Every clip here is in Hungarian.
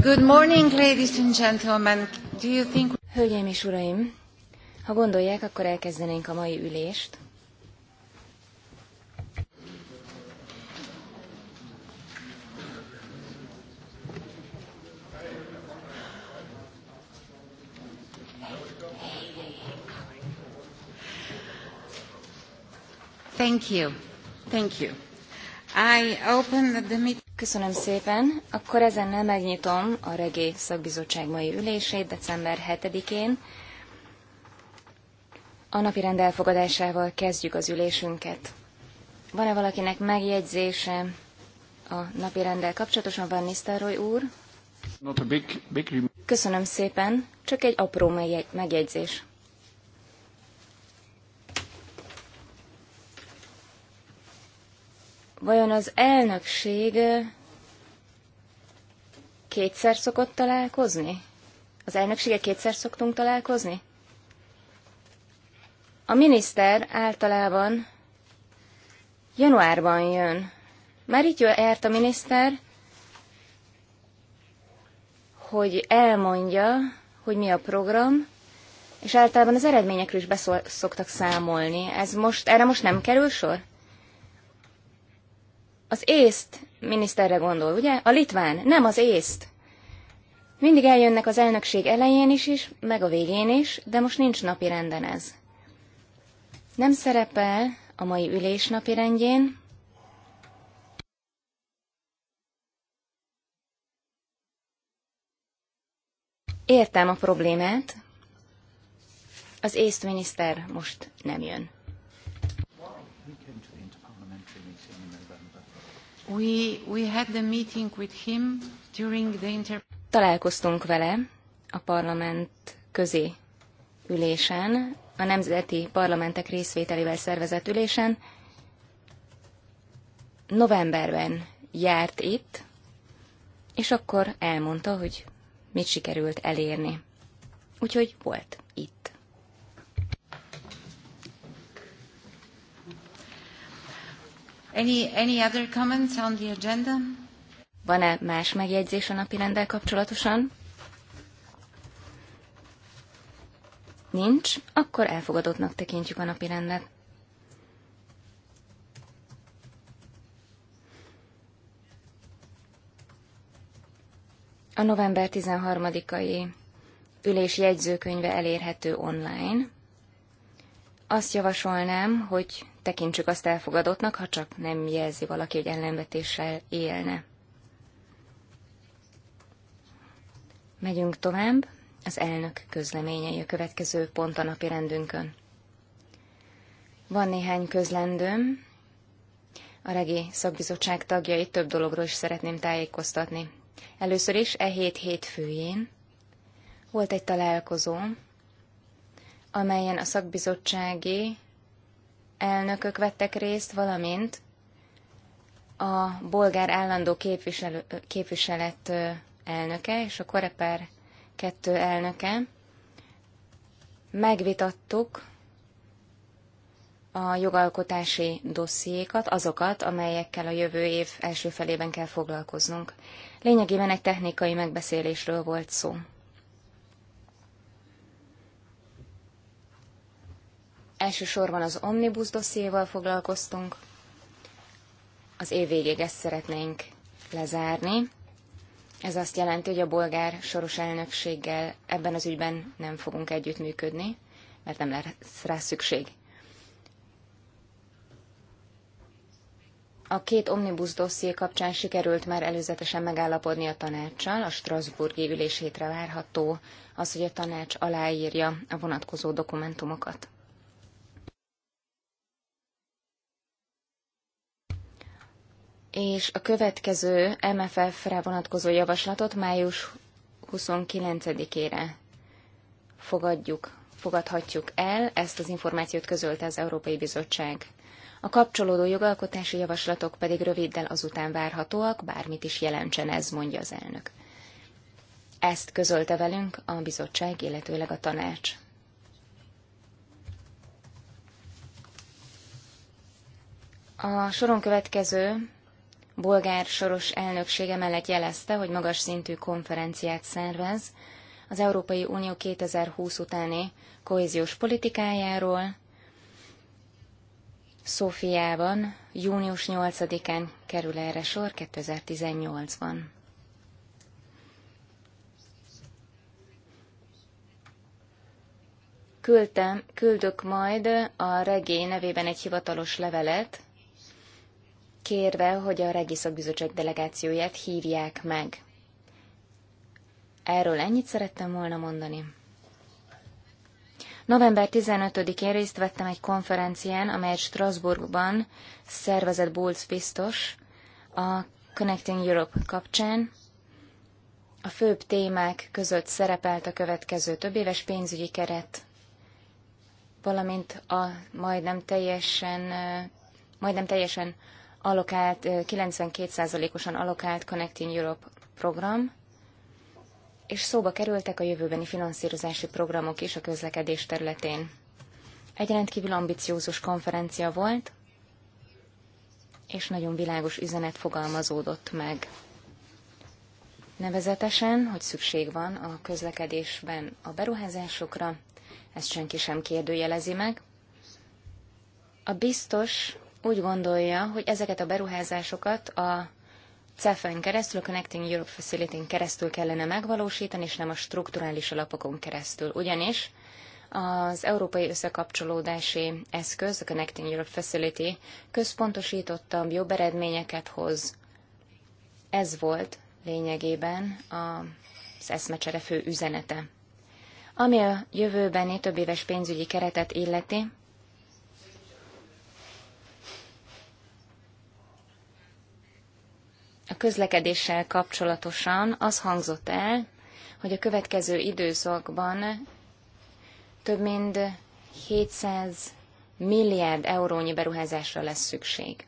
Good morning, ladies and gentlemen. Do you think... Hölgyeim és uraim, ha gondolják, akkor elkezdenénk a mai ülést. Thank you. Thank you. I open the meeting. Köszönöm szépen. Akkor ezennel megnyitom a Regé Szakbizottság mai ülését december 7-én. A napi rend elfogadásával kezdjük az ülésünket. Van-e valakinek megjegyzése a napi rendel kapcsolatosan? Van Nisztároly úr? Big, big... Köszönöm szépen. Csak egy apró megjegyzés. Vajon az elnökség kétszer szokott találkozni? Az elnöksége kétszer szoktunk találkozni? A miniszter általában januárban jön. Már itt járt a miniszter, hogy elmondja, hogy mi a program, és általában az eredményekről is beszoktak számolni. Ez most, erre most nem kerül sor? Az észt miniszterre gondol, ugye? A litván, nem az észt. Mindig eljönnek az elnökség elején is, is, meg a végén is, de most nincs napi renden ez. Nem szerepel a mai ülés napi rendjén. Értem a problémát. Az észt miniszter most nem jön. We, we had the meeting with him during the inter... Találkoztunk vele a parlament közé ülésen, a nemzeti parlamentek részvételével szervezett ülésen. Novemberben járt itt, és akkor elmondta, hogy mit sikerült elérni. Úgyhogy volt itt. Any, any other comments on the agenda? Van-e más megjegyzés a napi rendel kapcsolatosan? Nincs, akkor elfogadottnak tekintjük a napi rendet. A november 13-ai ülés jegyzőkönyve elérhető online. Azt javasolnám, hogy tekintsük azt elfogadottnak, ha csak nem jelzi valaki, hogy ellenvetéssel élne. Megyünk tovább. Az elnök közleményei a következő pont a napi rendünkön. Van néhány közlendőm. A regi szakbizottság tagjai több dologról is szeretném tájékoztatni. Először is e hét hétfőjén volt egy találkozó amelyen a szakbizottsági elnökök vettek részt, valamint a bolgár állandó képviselő, képviselet elnöke és a Koreper kettő elnöke. Megvitattuk a jogalkotási dossziékat, azokat, amelyekkel a jövő év első felében kell foglalkoznunk. Lényegében egy technikai megbeszélésről volt szó. Elsősorban az Omnibus dossziéval foglalkoztunk. Az év végéig ezt szeretnénk lezárni. Ez azt jelenti, hogy a bolgár soros elnökséggel ebben az ügyben nem fogunk együttműködni, mert nem lesz rá szükség. A két omnibus dosszié kapcsán sikerült már előzetesen megállapodni a tanácssal, a Strasburgi ülésétre várható az, hogy a tanács aláírja a vonatkozó dokumentumokat. és a következő MFF-re vonatkozó javaslatot május 29-ére fogadjuk, fogadhatjuk el, ezt az információt közölte az Európai Bizottság. A kapcsolódó jogalkotási javaslatok pedig röviddel azután várhatóak, bármit is jelentsen ez, mondja az elnök. Ezt közölte velünk a bizottság, illetőleg a tanács. A soron következő bolgár soros elnöksége mellett jelezte, hogy magas szintű konferenciát szervez az Európai Unió 2020 utáni kohéziós politikájáról, Szófiában június 8-án kerül erre sor 2018-ban. Küldtem, küldök majd a regély nevében egy hivatalos levelet kérve, hogy a Regiszakbizottság delegációját hívják meg. Erről ennyit szerettem volna mondani. November 15-én részt vettem egy konferencián, amelyet Strasbourgban szervezett Bulls biztos a Connecting Europe kapcsán. A főbb témák között szerepelt a következő többéves pénzügyi keret, valamint a majdnem teljesen, majdnem teljesen alokált, 92%-osan alokált Connecting Europe program, és szóba kerültek a jövőbeni finanszírozási programok is a közlekedés területén. Egy rendkívül ambiciózus konferencia volt, és nagyon világos üzenet fogalmazódott meg. Nevezetesen, hogy szükség van a közlekedésben a beruházásokra, ezt senki sem kérdőjelezi meg. A biztos úgy gondolja, hogy ezeket a beruházásokat a CEF-en keresztül, a Connecting Europe facility keresztül kellene megvalósítani, és nem a strukturális alapokon keresztül. Ugyanis az Európai Összekapcsolódási Eszköz, a Connecting Europe Facility központosítottabb, jobb eredményeket hoz. Ez volt lényegében az eszmecsere fő üzenete. Ami a jövőbeni több éves pénzügyi keretet illeti, a közlekedéssel kapcsolatosan az hangzott el, hogy a következő időszakban több mint 700 milliárd eurónyi beruházásra lesz szükség.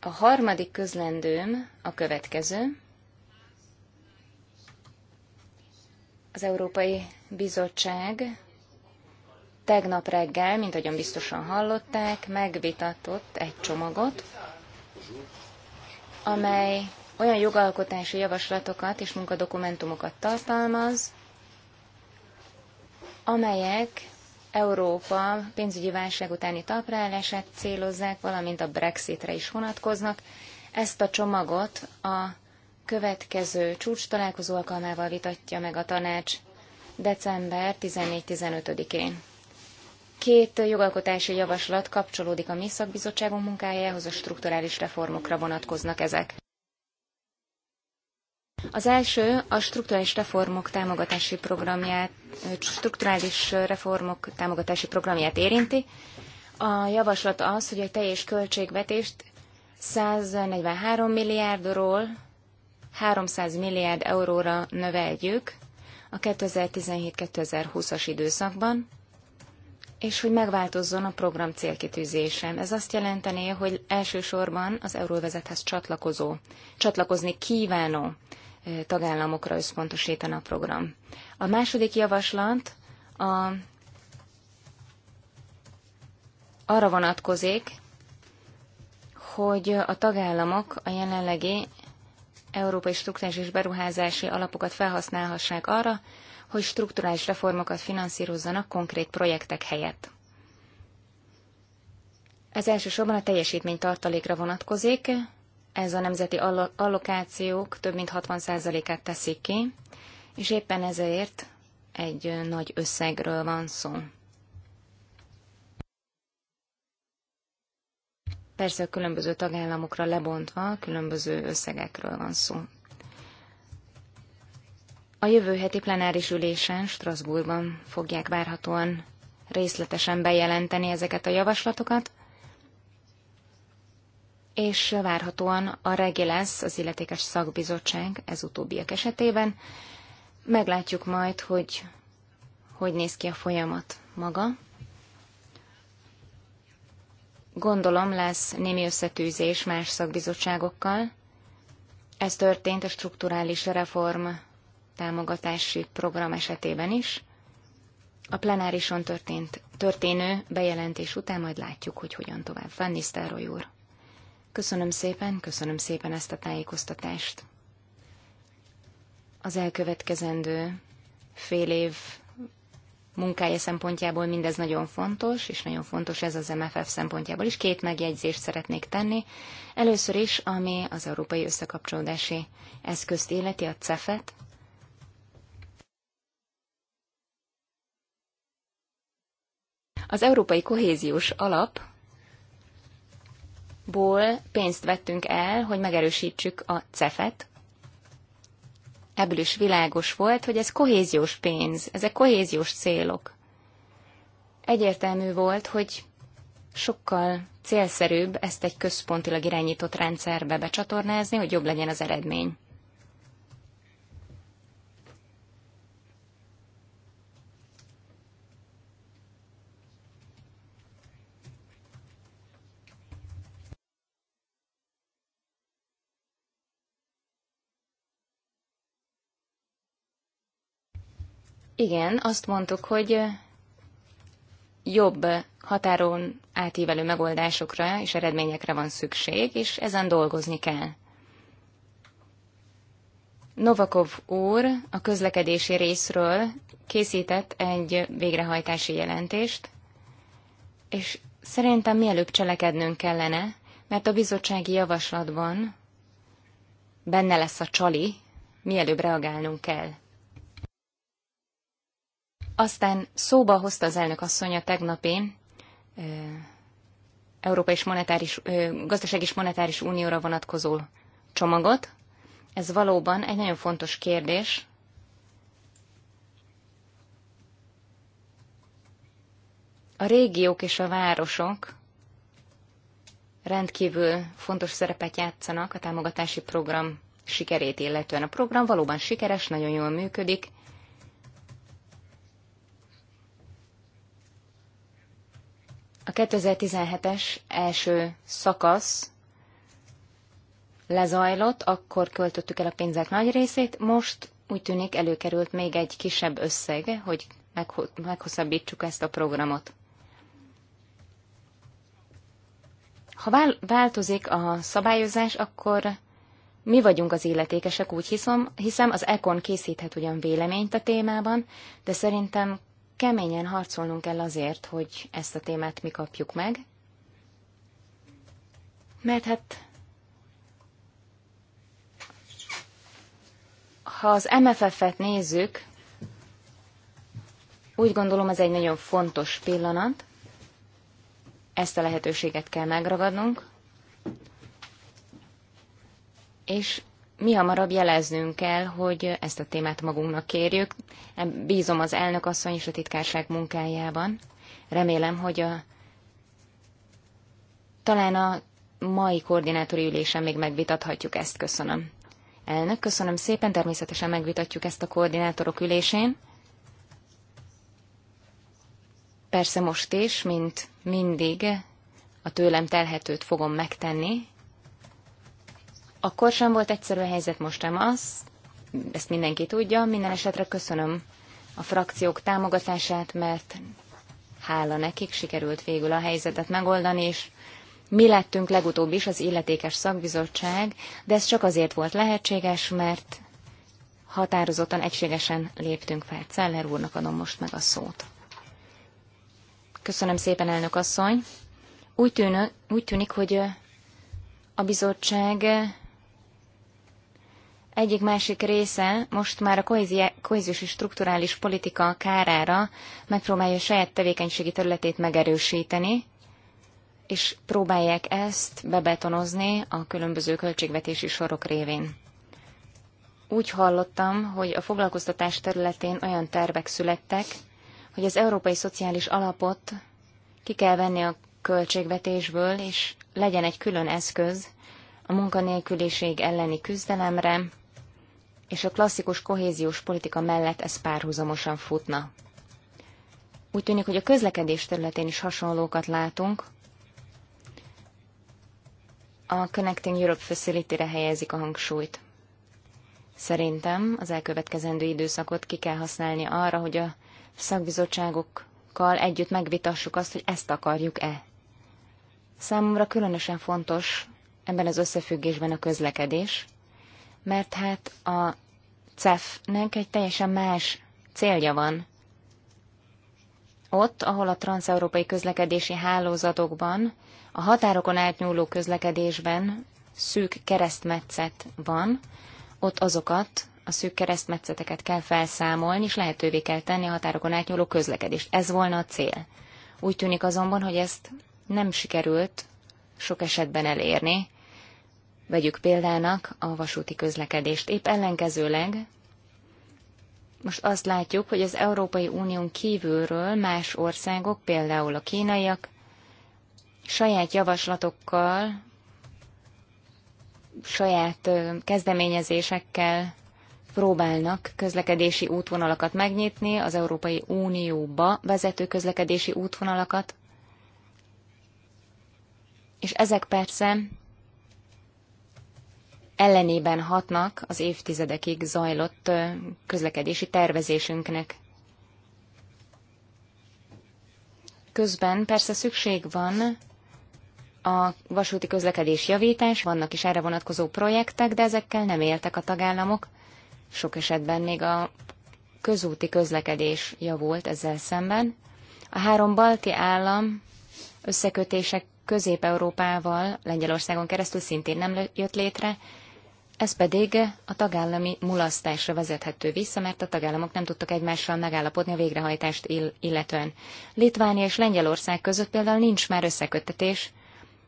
A harmadik közlendőm a következő. Az Európai Bizottság tegnap reggel, mint ahogyan biztosan hallották, megvitatott egy csomagot, amely olyan jogalkotási javaslatokat és munkadokumentumokat tartalmaz, amelyek Európa pénzügyi válság utáni talpraállását célozzák, valamint a Brexitre is vonatkoznak. Ezt a csomagot a következő csúcs találkozó alkalmával vitatja meg a tanács december 14-15-én. Két jogalkotási javaslat kapcsolódik a mi szakbizottságunk munkájához, a strukturális reformokra vonatkoznak ezek. Az első a strukturális reformok támogatási programját, strukturális reformok támogatási programját érinti. A javaslat az, hogy a teljes költségvetést 143 milliárdról 300 milliárd euróra növeljük a 2017-2020-as időszakban, és hogy megváltozzon a program célkitűzésem. Ez azt jelentené, hogy elsősorban az euróvezethez csatlakozó, csatlakozni kívánó tagállamokra összpontosítana a program. A második javaslat a, arra vonatkozik, hogy a tagállamok a jelenlegi európai struktúrás és beruházási alapokat felhasználhassák arra, hogy strukturális reformokat finanszírozzanak konkrét projektek helyett. Ez elsősorban a teljesítmény tartalékra vonatkozik, ez a nemzeti allokációk több mint 60%-át teszik ki, és éppen ezért egy nagy összegről van szó. Persze a különböző tagállamokra lebontva különböző összegekről van szó. A jövő heti plenáris ülésen Strasbourgban fogják várhatóan részletesen bejelenteni ezeket a javaslatokat, és várhatóan a regi lesz az illetékes szakbizottság ez utóbbiak esetében. Meglátjuk majd, hogy hogy néz ki a folyamat maga. Gondolom lesz némi összetűzés más szakbizottságokkal. Ez történt a strukturális reform támogatási program esetében is. A plenárison történt, történő bejelentés után majd látjuk, hogy hogyan tovább. Van Nisztároly úr. Köszönöm szépen, köszönöm szépen ezt a tájékoztatást. Az elkövetkezendő fél év munkája szempontjából mindez nagyon fontos, és nagyon fontos ez az MFF szempontjából is. Két megjegyzést szeretnék tenni. Először is, ami az Európai Összekapcsolódási Eszközt illeti, a CEFET. Az Európai Kohéziós Alap ból pénzt vettünk el, hogy megerősítsük a CEFET. Ebből is világos volt, hogy ez kohéziós pénz, ezek kohéziós célok. Egyértelmű volt, hogy sokkal célszerűbb ezt egy központilag irányított rendszerbe becsatornázni, hogy jobb legyen az eredmény. Igen, azt mondtuk, hogy jobb határon átívelő megoldásokra és eredményekre van szükség, és ezen dolgozni kell. Novakov úr a közlekedési részről készített egy végrehajtási jelentést, és szerintem mielőbb cselekednünk kellene, mert a bizottsági javaslatban benne lesz a csali, mielőbb reagálnunk kell. Aztán szóba hozta az elnök asszony a tegnapi Európai és Monetáris, Gazdaság és Monetáris Unióra vonatkozó csomagot. Ez valóban egy nagyon fontos kérdés. A régiók és a városok rendkívül fontos szerepet játszanak a támogatási program sikerét illetően. A program valóban sikeres, nagyon jól működik, A 2017-es első szakasz lezajlott, akkor költöttük el a pénzek nagy részét, most úgy tűnik előkerült még egy kisebb összeg, hogy meghosszabbítsuk ezt a programot. Ha változik a szabályozás, akkor mi vagyunk az illetékesek, úgy hiszem, hiszem az ECON készíthet ugyan véleményt a témában, de szerintem Keményen harcolnunk kell azért, hogy ezt a témát mi kapjuk meg, mert hát ha az MFF-et nézzük, úgy gondolom ez egy nagyon fontos pillanat, ezt a lehetőséget kell megragadnunk, és mi hamarabb jeleznünk kell, hogy ezt a témát magunknak kérjük. Bízom az elnök asszony és a titkárság munkájában. Remélem, hogy a, talán a mai koordinátori ülésen még megvitathatjuk ezt. Köszönöm. Elnök, köszönöm szépen, természetesen megvitatjuk ezt a koordinátorok ülésén. Persze most is, mint mindig, a tőlem telhetőt fogom megtenni, akkor sem volt egyszerű a helyzet, most sem az. Ezt mindenki tudja. Minden esetre köszönöm a frakciók támogatását, mert hála nekik sikerült végül a helyzetet megoldani, és mi lettünk legutóbb is az illetékes szakbizottság, de ez csak azért volt lehetséges, mert határozottan, egységesen léptünk fel. Celler úrnak adom most meg a szót. Köszönöm szépen, elnök asszony. Úgy, tűnő, úgy tűnik, hogy a bizottság egyik másik része most már a kohéziós és strukturális politika kárára megpróbálja a saját tevékenységi területét megerősíteni, és próbálják ezt bebetonozni a különböző költségvetési sorok révén. Úgy hallottam, hogy a foglalkoztatás területén olyan tervek születtek, hogy az Európai Szociális Alapot ki kell venni a költségvetésből, és legyen egy külön eszköz a munkanélküliség elleni küzdelemre, és a klasszikus kohéziós politika mellett ez párhuzamosan futna. Úgy tűnik, hogy a közlekedés területén is hasonlókat látunk. A Connecting Europe Facility-re helyezik a hangsúlyt. Szerintem az elkövetkezendő időszakot ki kell használni arra, hogy a szakbizottságokkal együtt megvitassuk azt, hogy ezt akarjuk-e. Számomra különösen fontos ebben az összefüggésben a közlekedés, mert hát a CEF-nek egy teljesen más célja van. Ott, ahol a transeurópai közlekedési hálózatokban, a határokon átnyúló közlekedésben szűk keresztmetszet van, ott azokat a szűk keresztmetszeteket kell felszámolni, és lehetővé kell tenni a határokon átnyúló közlekedést. Ez volna a cél. Úgy tűnik azonban, hogy ezt nem sikerült sok esetben elérni, Vegyük példának a vasúti közlekedést. Épp ellenkezőleg most azt látjuk, hogy az Európai Unión kívülről más országok, például a kínaiak, saját javaslatokkal, saját kezdeményezésekkel próbálnak közlekedési útvonalakat megnyitni, az Európai Unióba vezető közlekedési útvonalakat, és ezek persze ellenében hatnak az évtizedekig zajlott közlekedési tervezésünknek. Közben persze szükség van a vasúti közlekedés javítás, vannak is erre vonatkozó projektek, de ezekkel nem éltek a tagállamok. Sok esetben még a közúti közlekedés javult ezzel szemben. A három balti állam összekötések Közép-Európával, Lengyelországon keresztül szintén nem jött létre, ez pedig a tagállami mulasztásra vezethető vissza, mert a tagállamok nem tudtak egymással megállapodni a végrehajtást illetően. Litvánia és Lengyelország között például nincs már összeköttetés,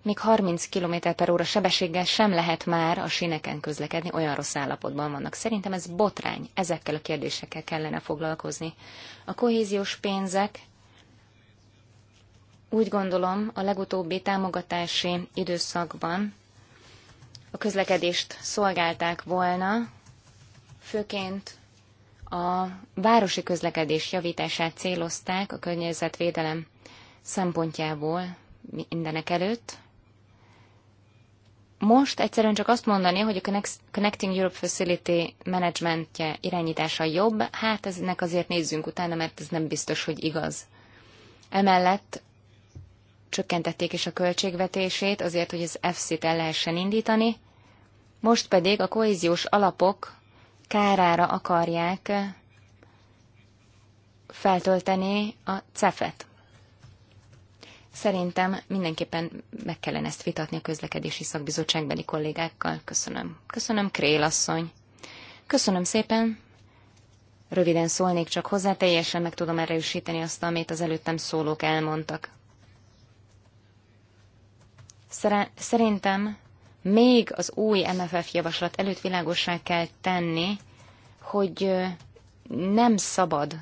még 30 km per óra sebességgel sem lehet már a sineken közlekedni, olyan rossz állapotban vannak. Szerintem ez botrány, ezekkel a kérdésekkel kellene foglalkozni. A kohéziós pénzek úgy gondolom a legutóbbi támogatási időszakban a közlekedést szolgálták volna, főként a városi közlekedés javítását célozták a környezetvédelem szempontjából mindenek előtt. Most egyszerűen csak azt mondani, hogy a Connecting Europe Facility menedzsmentje irányítása jobb, hát eznek azért nézzünk utána, mert ez nem biztos, hogy igaz. Emellett csökkentették is a költségvetését azért, hogy az EFSZ-t el lehessen indítani, most pedig a kohéziós alapok kárára akarják eh, feltölteni a CEF-et. Szerintem mindenképpen meg kellene ezt vitatni a közlekedési szakbizottságbeli kollégákkal. Köszönöm. Köszönöm, Krél asszony. Köszönöm szépen. Röviden szólnék csak hozzá, teljesen meg tudom erősíteni azt, amit az előttem szólók elmondtak. Szerintem még az új MFF javaslat előtt világosá kell tenni, hogy nem szabad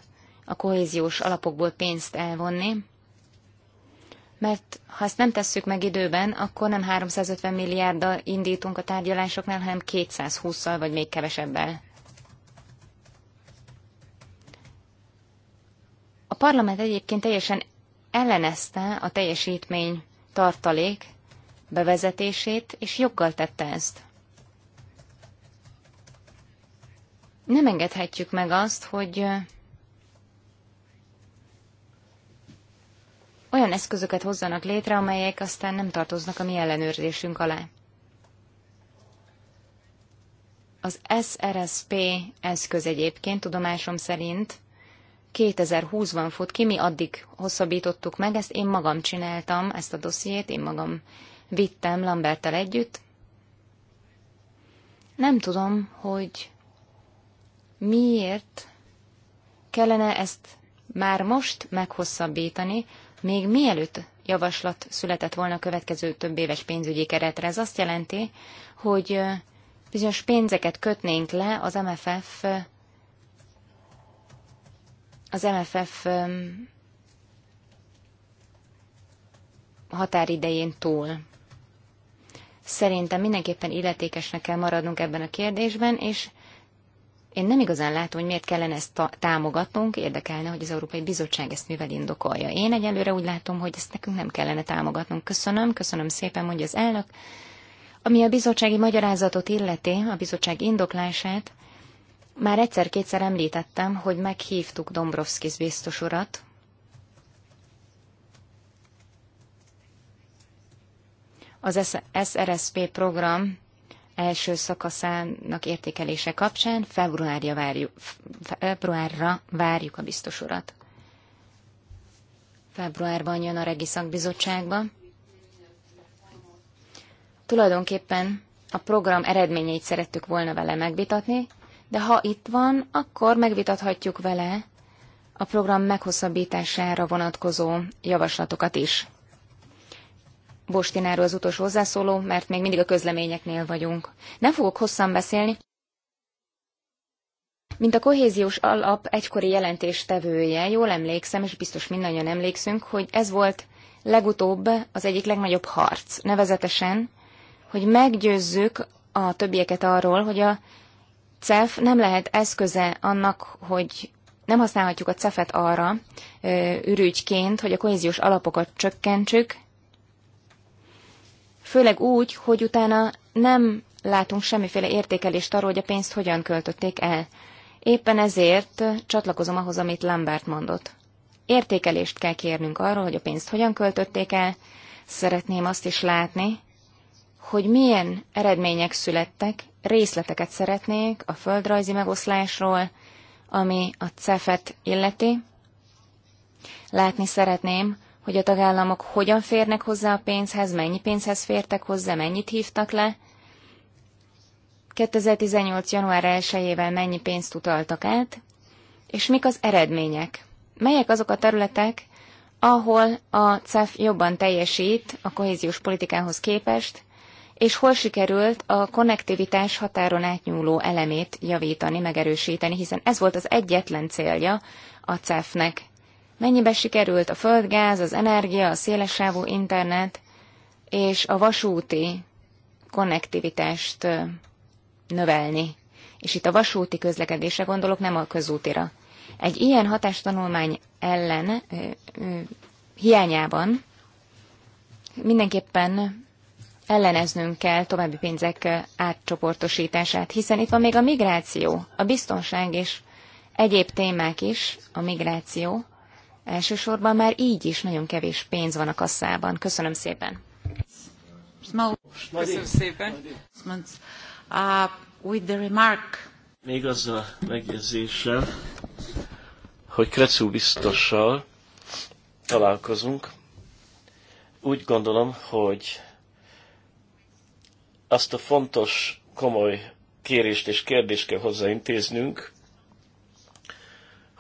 a kohéziós alapokból pénzt elvonni, mert ha ezt nem tesszük meg időben, akkor nem 350 milliárddal indítunk a tárgyalásoknál, hanem 220-szal vagy még kevesebbel. A parlament egyébként teljesen ellenezte a teljesítmény tartalék bevezetését, és joggal tette ezt. Nem engedhetjük meg azt, hogy olyan eszközöket hozzanak létre, amelyek aztán nem tartoznak a mi ellenőrzésünk alá. Az SRSP eszköz egyébként tudomásom szerint 2020-ban fut ki, mi addig hosszabbítottuk meg, ezt én magam csináltam, ezt a dossziét, én magam vittem Lambertel együtt. Nem tudom, hogy miért kellene ezt már most meghosszabbítani, még mielőtt javaslat született volna a következő több éves pénzügyi keretre. Ez azt jelenti, hogy bizonyos pénzeket kötnénk le az MFF az MFF határidején túl. Szerintem mindenképpen illetékesnek kell maradnunk ebben a kérdésben, és én nem igazán látom, hogy miért kellene ezt támogatnunk, érdekelne, hogy az Európai Bizottság ezt mivel indokolja. Én egyelőre úgy látom, hogy ezt nekünk nem kellene támogatnunk. Köszönöm, köszönöm szépen, mondja az elnök. Ami a bizottsági magyarázatot illeti, a bizottság indoklását, már egyszer-kétszer említettem, hogy meghívtuk Dombrovskis biztos urat, az SRSP program első szakaszának értékelése kapcsán februárja várjuk, februárra várjuk a biztos urat. Februárban jön a Regi Szakbizottságba. Tulajdonképpen a program eredményeit szerettük volna vele megvitatni, de ha itt van, akkor megvitathatjuk vele a program meghosszabbítására vonatkozó javaslatokat is. Bostináról az utolsó hozzászóló, mert még mindig a közleményeknél vagyunk. Nem fogok hosszan beszélni. Mint a kohéziós alap egykori jelentéstevője, jól emlékszem, és biztos mindannyian emlékszünk, hogy ez volt legutóbb az egyik legnagyobb harc, nevezetesen, hogy meggyőzzük a többieket arról, hogy a CEF nem lehet eszköze annak, hogy nem használhatjuk a CEF-et arra ürügyként, hogy a kohéziós alapokat csökkentsük, főleg úgy, hogy utána nem látunk semmiféle értékelést arról, hogy a pénzt hogyan költötték el. Éppen ezért csatlakozom ahhoz, amit Lambert mondott. Értékelést kell kérnünk arról, hogy a pénzt hogyan költötték el, szeretném azt is látni, hogy milyen eredmények születtek, részleteket szeretnék a földrajzi megoszlásról, ami a cefet illeti. Látni szeretném, hogy a tagállamok hogyan férnek hozzá a pénzhez, mennyi pénzhez fértek hozzá, mennyit hívtak le, 2018. január 1-ével mennyi pénzt utaltak át, és mik az eredmények. Melyek azok a területek, ahol a CEF jobban teljesít a kohéziós politikához képest, és hol sikerült a konnektivitás határon átnyúló elemét javítani, megerősíteni, hiszen ez volt az egyetlen célja a CEF-nek. Mennyibe sikerült a földgáz, az energia, a szélesávú internet és a vasúti konnektivitást növelni? És itt a vasúti közlekedésre gondolok, nem a közútira. Egy ilyen hatástanulmány ellen ö, ö, hiányában mindenképpen elleneznünk kell további pénzek átcsoportosítását, hiszen itt van még a migráció, a biztonság és egyéb témák is, a migráció, Elsősorban már így is nagyon kevés pénz van a kasszában. Köszönöm szépen. Köszönöm szépen. Uh, with the remark. Még azzal a megjegyzéssel, hogy Krecu biztossal találkozunk. Úgy gondolom, hogy azt a fontos, komoly kérést és kérdést kell hozzáintéznünk,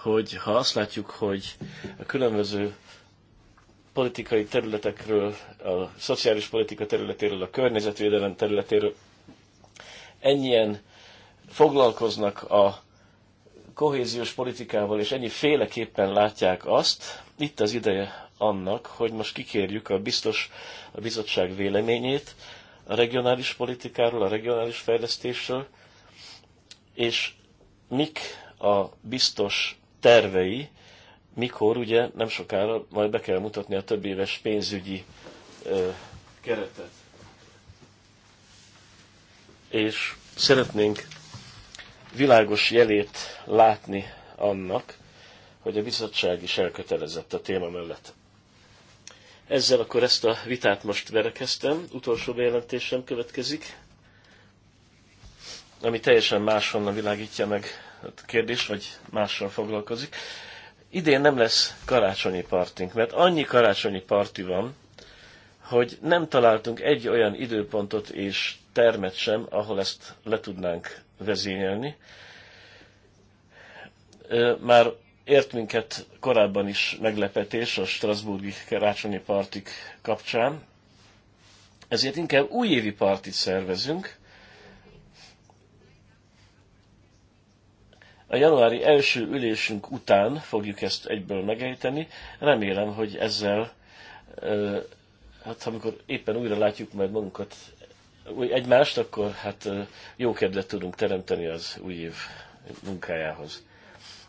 hogy ha azt látjuk, hogy a különböző politikai területekről, a szociális politika területéről, a környezetvédelem területéről ennyien foglalkoznak a kohéziós politikával, és ennyi féleképpen látják azt, itt az ideje annak, hogy most kikérjük a biztos a bizottság véleményét a regionális politikáról, a regionális fejlesztésről, és mik a biztos tervei, mikor ugye nem sokára majd be kell mutatni a több éves pénzügyi ö, keretet. És szeretnénk világos jelét látni annak, hogy a bizottság is elkötelezett a téma mellett. Ezzel akkor ezt a vitát most verekeztem, utolsó bejelentésem következik, ami teljesen máshonnan világítja meg kérdés, vagy mással foglalkozik. Idén nem lesz karácsonyi partink, mert annyi karácsonyi parti van, hogy nem találtunk egy olyan időpontot és termet sem, ahol ezt le tudnánk vezényelni. Már ért minket korábban is meglepetés a Strasburgi karácsonyi partik kapcsán, ezért inkább újévi partit szervezünk, A januári első ülésünk után fogjuk ezt egyből megejteni. Remélem, hogy ezzel, hát amikor éppen újra látjuk majd magunkat egymást, akkor hát jó kedvet tudunk teremteni az új év munkájához.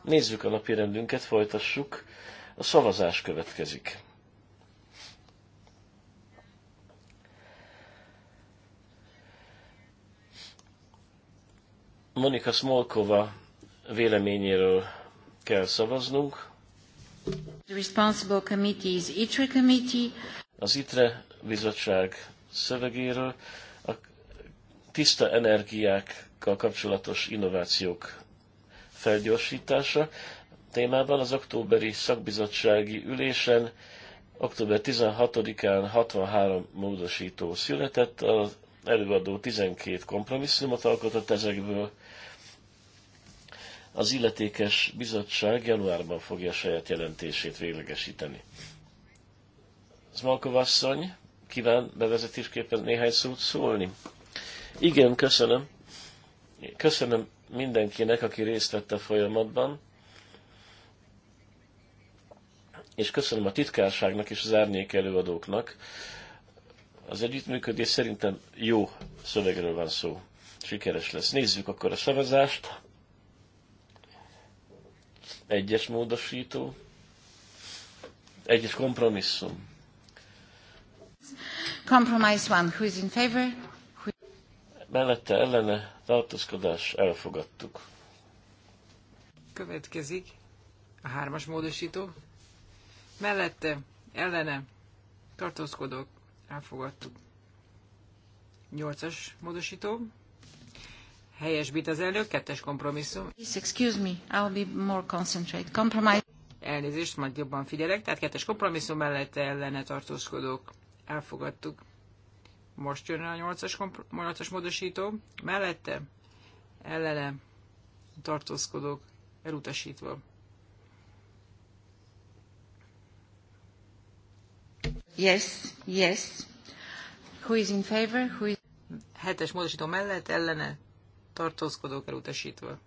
Nézzük a napi rendünket, folytassuk. A szavazás következik. Monika Smolkova véleményéről kell szavaznunk. Az ITRE bizottság szövegéről a tiszta energiákkal kapcsolatos innovációk felgyorsítása témában az októberi szakbizottsági ülésen október 16-án 63 módosító született, az előadó 12 kompromisszumot alkotott ezekből, az illetékes bizottság januárban fogja saját jelentését véglegesíteni. Zmalkov asszony, kíván bevezetésképpen néhány szót szólni? Igen, köszönöm. Köszönöm mindenkinek, aki részt vett a folyamatban, és köszönöm a titkárságnak és az árnyék előadóknak. Az együttműködés szerintem jó szövegről van szó. Sikeres lesz. Nézzük akkor a szavazást. Egyes módosító. Egyes kompromisszum. Compromise one. Who is in favor? Who... Mellette ellene tartózkodás elfogadtuk. Következik a hármas módosító. Mellette ellene tartózkodok elfogadtuk. Nyolcas módosító helyesbít az elnök, kettes kompromisszum. Please excuse me, I'll be more concentrated. Compromise. Elnézést, majd jobban figyelek, tehát kettes kompromisszum mellett ellene tartózkodók. Elfogadtuk. Most jön a nyolcas, nyolcas módosító, mellette ellene tartózkodók elutasítva. Yes, yes. Who is in favor? Who is... Hetes módosító mellett ellene tartózkodók elutasítva.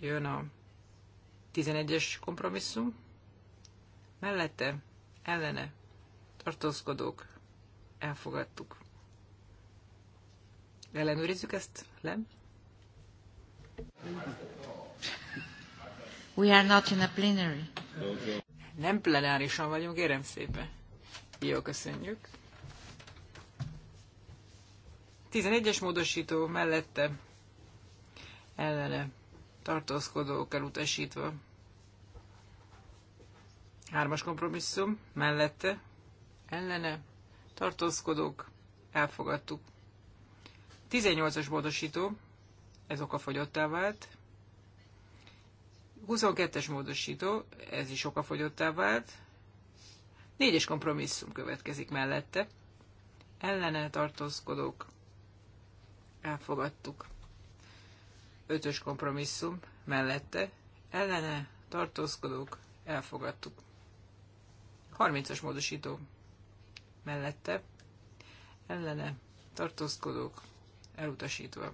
Jön a 11-es kompromisszum, mellette, ellene, tartózkodók, elfogadtuk. Ellenőrizzük ezt, nem? We are not in a plenary. Nem plenárisan vagyunk, érem szépen. Jó, köszönjük. 11-es módosító mellette ellene tartózkodók elutasítva. Hármas kompromisszum mellette ellene tartózkodók elfogadtuk. 18-as módosító, ez okafogyottá vált. 22-es módosító, ez is okafogyottá vált. 4-es kompromisszum következik mellette. Ellene tartózkodók elfogadtuk. Ötös kompromisszum mellette ellene tartózkodók elfogadtuk. 30-as módosító mellette ellene tartózkodók elutasítva.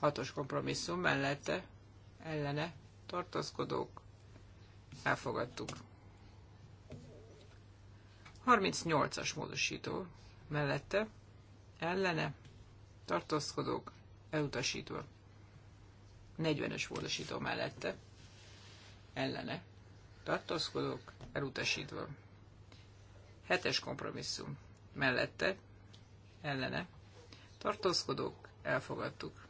Hatos kompromisszum mellette ellene tartózkodók elfogadtuk. 38-as módosító mellette ellene tartózkodók, elutasítva. 40-es módosító mellette, ellene, tartózkodók, elutasítva. 7-es kompromisszum mellette, ellene, tartózkodók, elfogadtuk.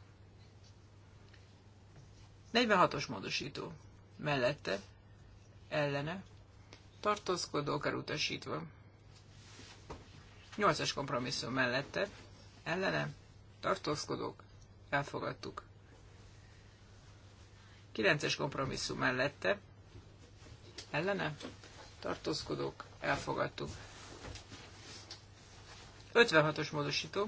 46-os módosító mellette, ellene, tartózkodók, elutasítva. 8-as kompromisszum mellette, ellene, tartózkodók, elfogadtuk. 9-es kompromisszum mellette, ellene, tartózkodók, elfogadtuk. 56-os módosító.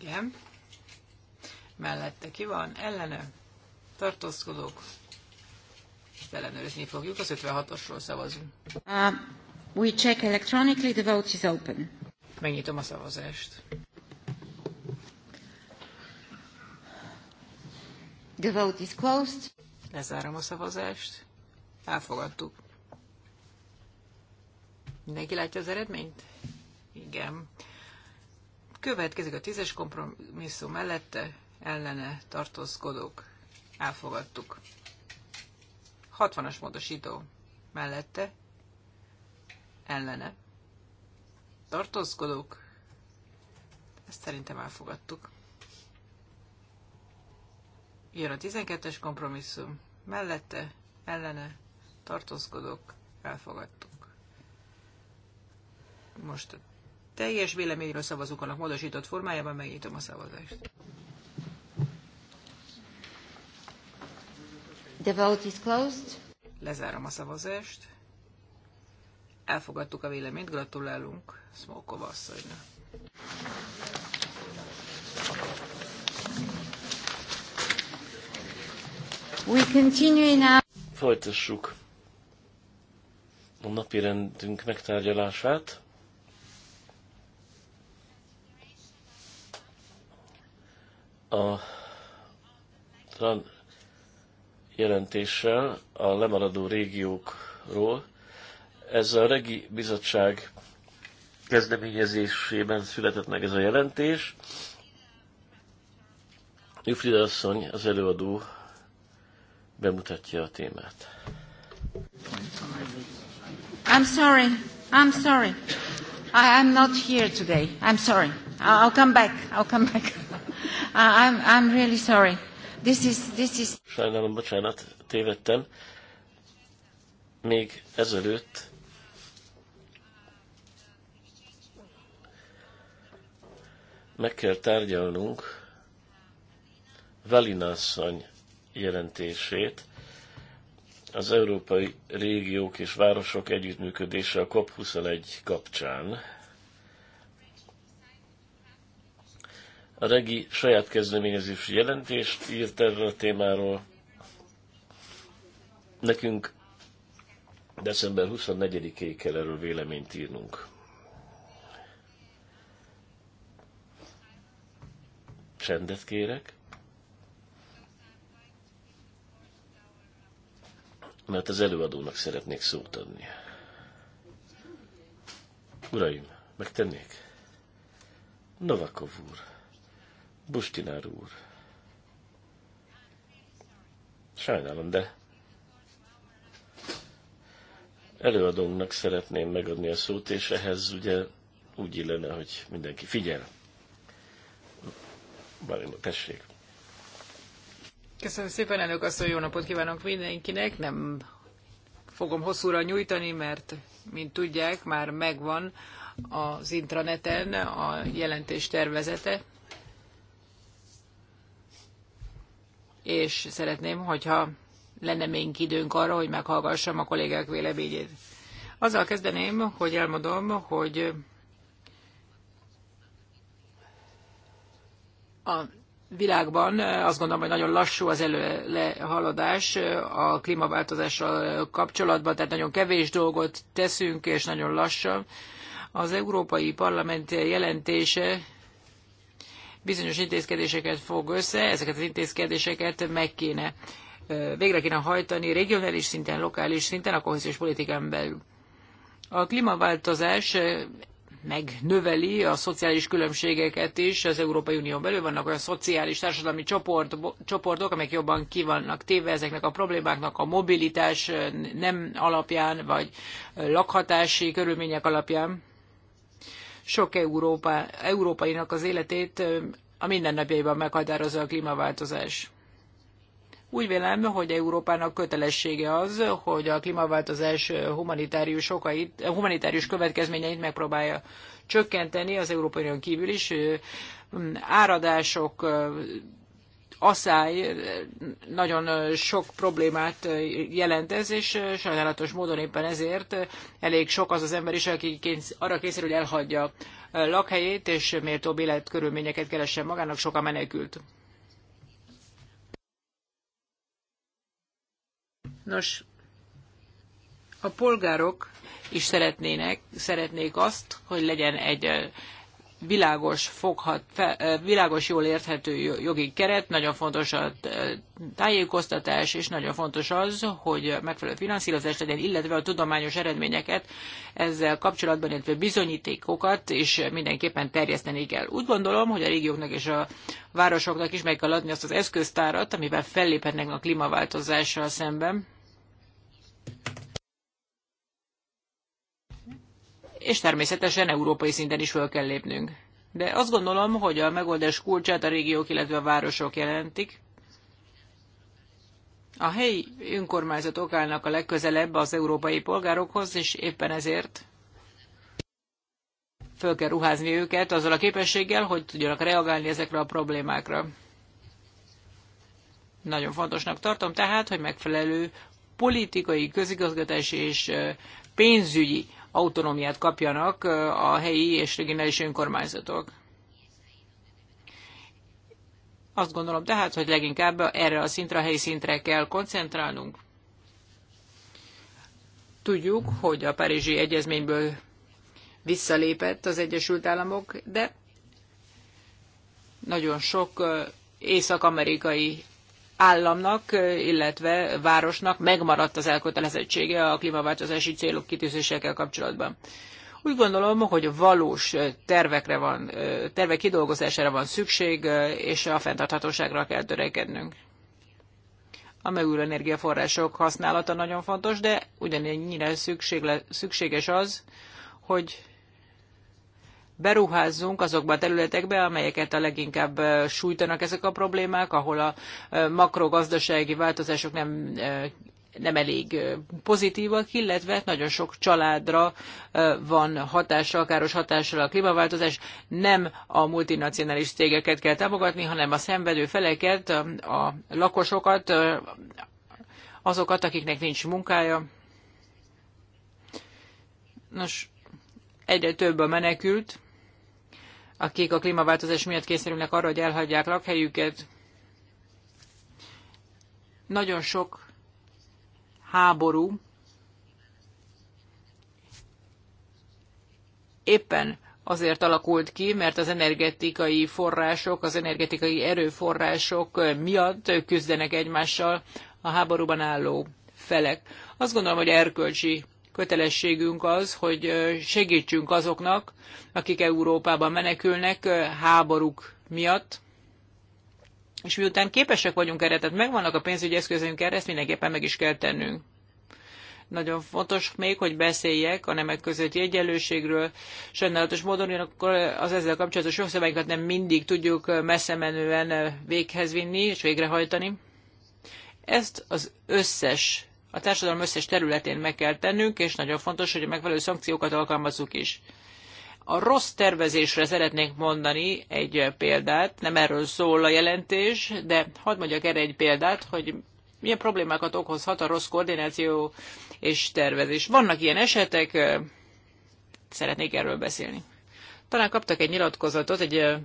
Igen. Mellette ki van, ellene, tartózkodók, és ellenőrizni fogjuk, az 56-osról szavazunk. Uh, we check electronically, the vote is open. Megnyitom a szavazást. The vote is closed. Lezárom a szavazást. Elfogadtuk. Mindenki látja az eredményt? Igen. Következik a tízes kompromisszum mellette, ellene tartózkodók. Elfogadtuk. 60-as módosító mellette, ellene tartózkodók, ezt szerintem elfogadtuk. Jön a 12-es kompromisszum, mellette, ellene, tartózkodók, elfogadtuk. Most a teljes véleményről szavazunk annak módosított formájában, megnyitom a szavazást. The vote is closed. Lezárom a szavazást elfogadtuk a véleményt, gratulálunk Smolkova asszonynak. We continue now. Folytassuk a napi rendünk megtárgyalását. A jelentéssel a lemaradó régiókról ez a Regi Bizottság kezdeményezésében született meg ez a jelentés. Jufrida asszony, az előadó bemutatja a témát. I'm sorry, I'm sorry. I, am not here today. I'm sorry. I'll come back. I'll come back. I'm, I'm really sorry. This is, this is... Sajnálom, bocsánat, tévedtem. Még ezelőtt meg kell tárgyalnunk Velina jelentését, az Európai Régiók és Városok Együttműködése a COP21 kapcsán. A Regi saját kezdeményezési jelentést írt erről a témáról. Nekünk december 24-éig kell erről véleményt írnunk. Csendet kérek. Mert az előadónak szeretnék szót adni. Uraim, megtennék? Novakov úr, Bustinár úr. Sajnálom, de előadónak szeretném megadni a szót, és ehhez ugye úgy illene, hogy mindenki figyel. Marino, tessék. Köszönöm szépen, elnök asszony, jó napot kívánok mindenkinek. Nem fogom hosszúra nyújtani, mert, mint tudják, már megvan az intraneten a jelentés tervezete, és szeretném, hogyha lenne még időnk arra, hogy meghallgassam a kollégák véleményét. Azzal kezdeném, hogy elmondom, hogy a világban azt gondolom, hogy nagyon lassú az előlehaladás a klímaváltozással kapcsolatban, tehát nagyon kevés dolgot teszünk, és nagyon lassan. Az Európai Parlament jelentése bizonyos intézkedéseket fog össze, ezeket az intézkedéseket meg kéne végre kéne hajtani regionális szinten, lokális szinten, a kohéziós politikán belül. A klímaváltozás megnöveli a szociális különbségeket is az Európai Unión belül. Vannak olyan szociális társadalmi csoport, csoportok, amelyek jobban kivannak téve ezeknek a problémáknak a mobilitás nem alapján, vagy lakhatási körülmények alapján. Sok Európa, európainak az életét a mindennapjaiban meghatározza a klímaváltozás. Úgy vélem, hogy Európának kötelessége az, hogy a klímaváltozás humanitárius, okait, humanitárius következményeit megpróbálja csökkenteni az Európai Unión kívül is. Áradások, asszály nagyon sok problémát jelent ez, és sajnálatos módon éppen ezért elég sok az az ember is, aki arra kényszerül, hogy elhagyja lakhelyét, és méltóbb életkörülményeket keressen magának, sokan menekült. Nos, a polgárok is szeretnének, szeretnék azt, hogy legyen egy világos, foghat, világos, jól érthető jogi keret, nagyon fontos a tájékoztatás, és nagyon fontos az, hogy megfelelő finanszírozás legyen, illetve a tudományos eredményeket ezzel kapcsolatban, illetve bizonyítékokat, és mindenképpen terjeszteni kell. Úgy gondolom, hogy a régióknak és a városoknak is meg kell adni azt az eszköztárat, amivel felléphetnek a klímaváltozással szemben és természetesen európai szinten is föl kell lépnünk. De azt gondolom, hogy a megoldás kulcsát a régiók, illetve a városok jelentik. A helyi önkormányzatok állnak a legközelebb az európai polgárokhoz, és éppen ezért föl kell ruházni őket azzal a képességgel, hogy tudjanak reagálni ezekre a problémákra. Nagyon fontosnak tartom tehát, hogy megfelelő politikai, közigazgatási és pénzügyi autonómiát kapjanak a helyi és regionális önkormányzatok. Azt gondolom tehát, hogy leginkább erre a szintre, a helyi szintre kell koncentrálnunk. Tudjuk, hogy a Párizsi Egyezményből visszalépett az Egyesült Államok, de nagyon sok észak-amerikai államnak, illetve városnak megmaradt az elkötelezettsége a klímaváltozási célok kitűzésekkel kapcsolatban. Úgy gondolom, hogy valós tervekre van, tervek kidolgozására van szükség, és a fenntarthatóságra kell törekednünk. A megújuló energiaforrások használata nagyon fontos, de ugyanennyire szükséges az, hogy beruházzunk azokba a területekbe, amelyeket a leginkább sújtanak ezek a problémák, ahol a makrogazdasági változások nem nem elég pozitívak, illetve nagyon sok családra van hatással, káros hatással a klímaváltozás. Nem a multinacionális cégeket kell támogatni, hanem a szenvedő feleket, a lakosokat, azokat, akiknek nincs munkája. Nos, egyre több a menekült, akik a klímaváltozás miatt kényszerülnek arra, hogy elhagyják lakhelyüket. Nagyon sok háború éppen azért alakult ki, mert az energetikai források, az energetikai erőforrások miatt küzdenek egymással a háborúban álló felek. Azt gondolom, hogy erkölcsi kötelességünk az, hogy segítsünk azoknak, akik Európában menekülnek háborúk miatt, és miután képesek vagyunk erre, tehát megvannak a pénzügyi eszközeink erre, ezt mindenképpen meg is kell tennünk. Nagyon fontos még, hogy beszéljek a nemek közötti egyenlőségről. Sajnálatos módon akkor az ezzel kapcsolatos jogszabályokat nem mindig tudjuk messze menően véghez vinni és végrehajtani. Ezt az összes a társadalom összes területén meg kell tennünk, és nagyon fontos, hogy a megfelelő szankciókat alkalmazzuk is. A rossz tervezésre szeretnék mondani egy példát, nem erről szól a jelentés, de hadd mondjak erre egy példát, hogy milyen problémákat okozhat a rossz koordináció és tervezés. Vannak ilyen esetek, szeretnék erről beszélni. Talán kaptak egy nyilatkozatot, egy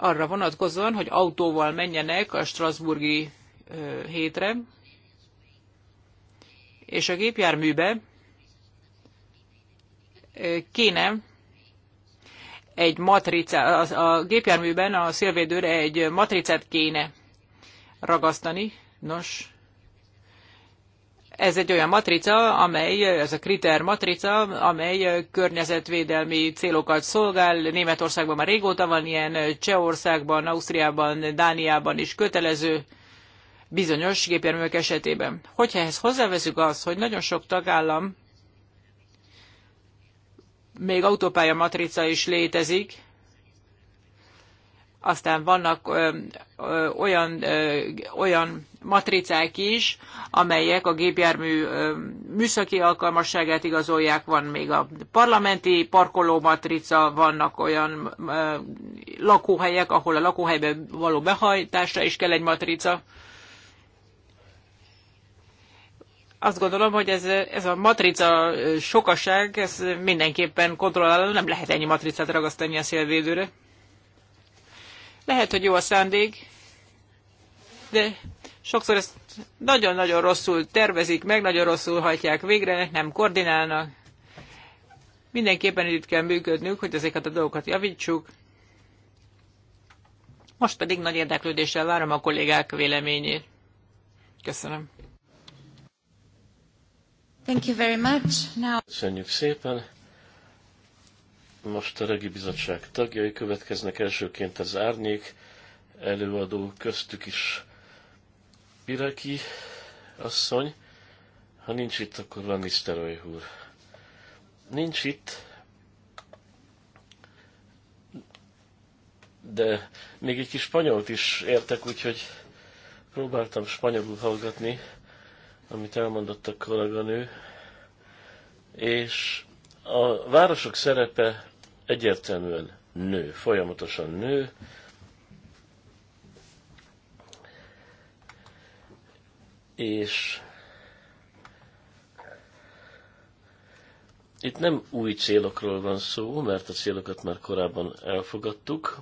arra vonatkozóan, hogy autóval menjenek a Strasburgi hétre, és a gépjárműbe kéne egy matricát, a gépjárműben a szélvédőre egy matricát kéne ragasztani. Nos, ez egy olyan matrica, amely, ez a kriter matrica, amely környezetvédelmi célokat szolgál. Németországban már régóta van ilyen, Csehországban, Ausztriában, Dániában is kötelező bizonyos gépjárművek esetében. Hogyha ehhez hozzáveszünk azt, hogy nagyon sok tagállam még autópálya matrica is létezik, aztán vannak ö, ö, olyan, ö, olyan matricák is, amelyek a gépjármű műszaki alkalmasságát igazolják, van még a parlamenti parkoló matrica, vannak olyan lakóhelyek, ahol a lakóhelybe való behajtásra is kell egy matrica. Azt gondolom, hogy ez, ez a matrica sokaság, ez mindenképpen kontrolláló, nem lehet ennyi matricát ragasztani a szélvédőre. Lehet, hogy jó a szándék, de sokszor ezt nagyon-nagyon rosszul tervezik meg, nagyon rosszul hajtják végre, nem koordinálnak. Mindenképpen itt kell működnünk, hogy ezeket a dolgokat javítsuk. Most pedig nagy érdeklődéssel várom a kollégák véleményét. Köszönöm. Thank you very much. Now... Köszönjük szépen. Most a Regi Bizottság tagjai következnek elsőként az árnyék előadó köztük is Biraki asszony. Ha nincs itt, akkor van Mr. Oihur. Nincs itt, de még egy kis spanyolt is értek, úgyhogy próbáltam spanyolul hallgatni, amit elmondott a kolléganő, és a városok szerepe egyértelműen nő, folyamatosan nő, és itt nem új célokról van szó, mert a célokat már korábban elfogadtuk.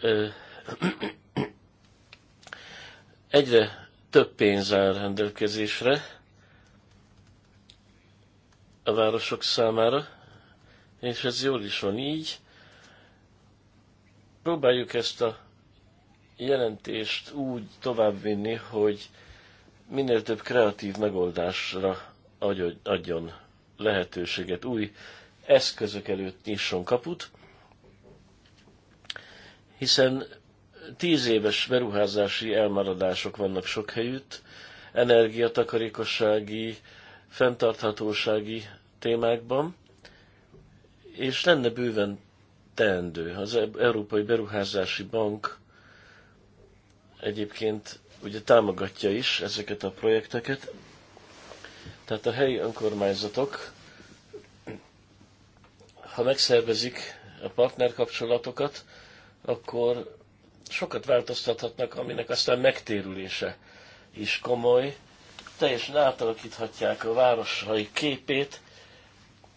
Egyre több pénz áll rendelkezésre, a városok számára, és ez jól is van így. Próbáljuk ezt a jelentést úgy továbbvinni, hogy minél több kreatív megoldásra adjon lehetőséget, új eszközök előtt nyisson kaput, hiszen tíz éves beruházási elmaradások vannak sok helyütt, energiatakarékossági, fenntarthatósági témákban, és lenne bőven teendő. Az e- Európai Beruházási Bank egyébként ugye támogatja is ezeket a projekteket, tehát a helyi önkormányzatok, ha megszervezik a partnerkapcsolatokat, akkor sokat változtathatnak, aminek aztán megtérülése is komoly, teljesen átalakíthatják a városai képét.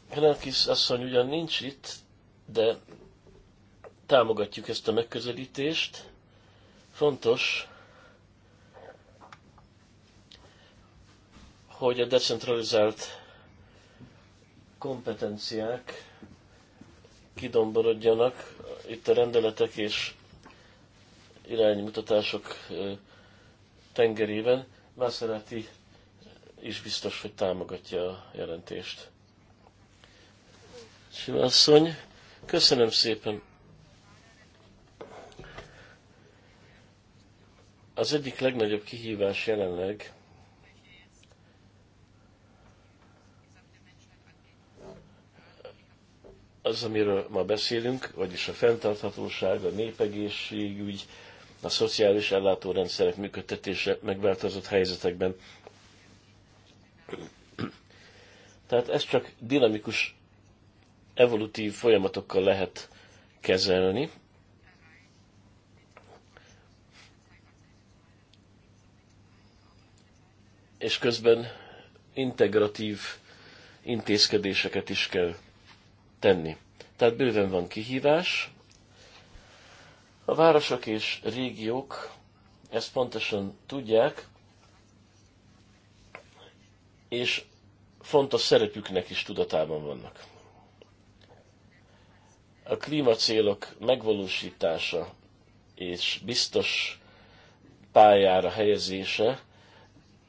Renkis asszony ugyan nincs itt, de támogatjuk ezt a megközelítést. Fontos, hogy a decentralizált kompetenciák kidomborodjanak itt a rendeletek és iránymutatások tengerében. Maserati is biztos, hogy támogatja a jelentést. Silasszony, köszönöm szépen. Az egyik legnagyobb kihívás jelenleg az, amiről ma beszélünk, vagyis a fenntarthatóság, a népegészségügy, a szociális ellátórendszerek működtetése megváltozott helyzetekben. Tehát ez csak dinamikus, evolutív folyamatokkal lehet kezelni. És közben integratív intézkedéseket is kell tenni. Tehát bőven van kihívás. A városok és régiók ezt pontosan tudják, és fontos szerepüknek is tudatában vannak. A klímacélok megvalósítása és biztos pályára helyezése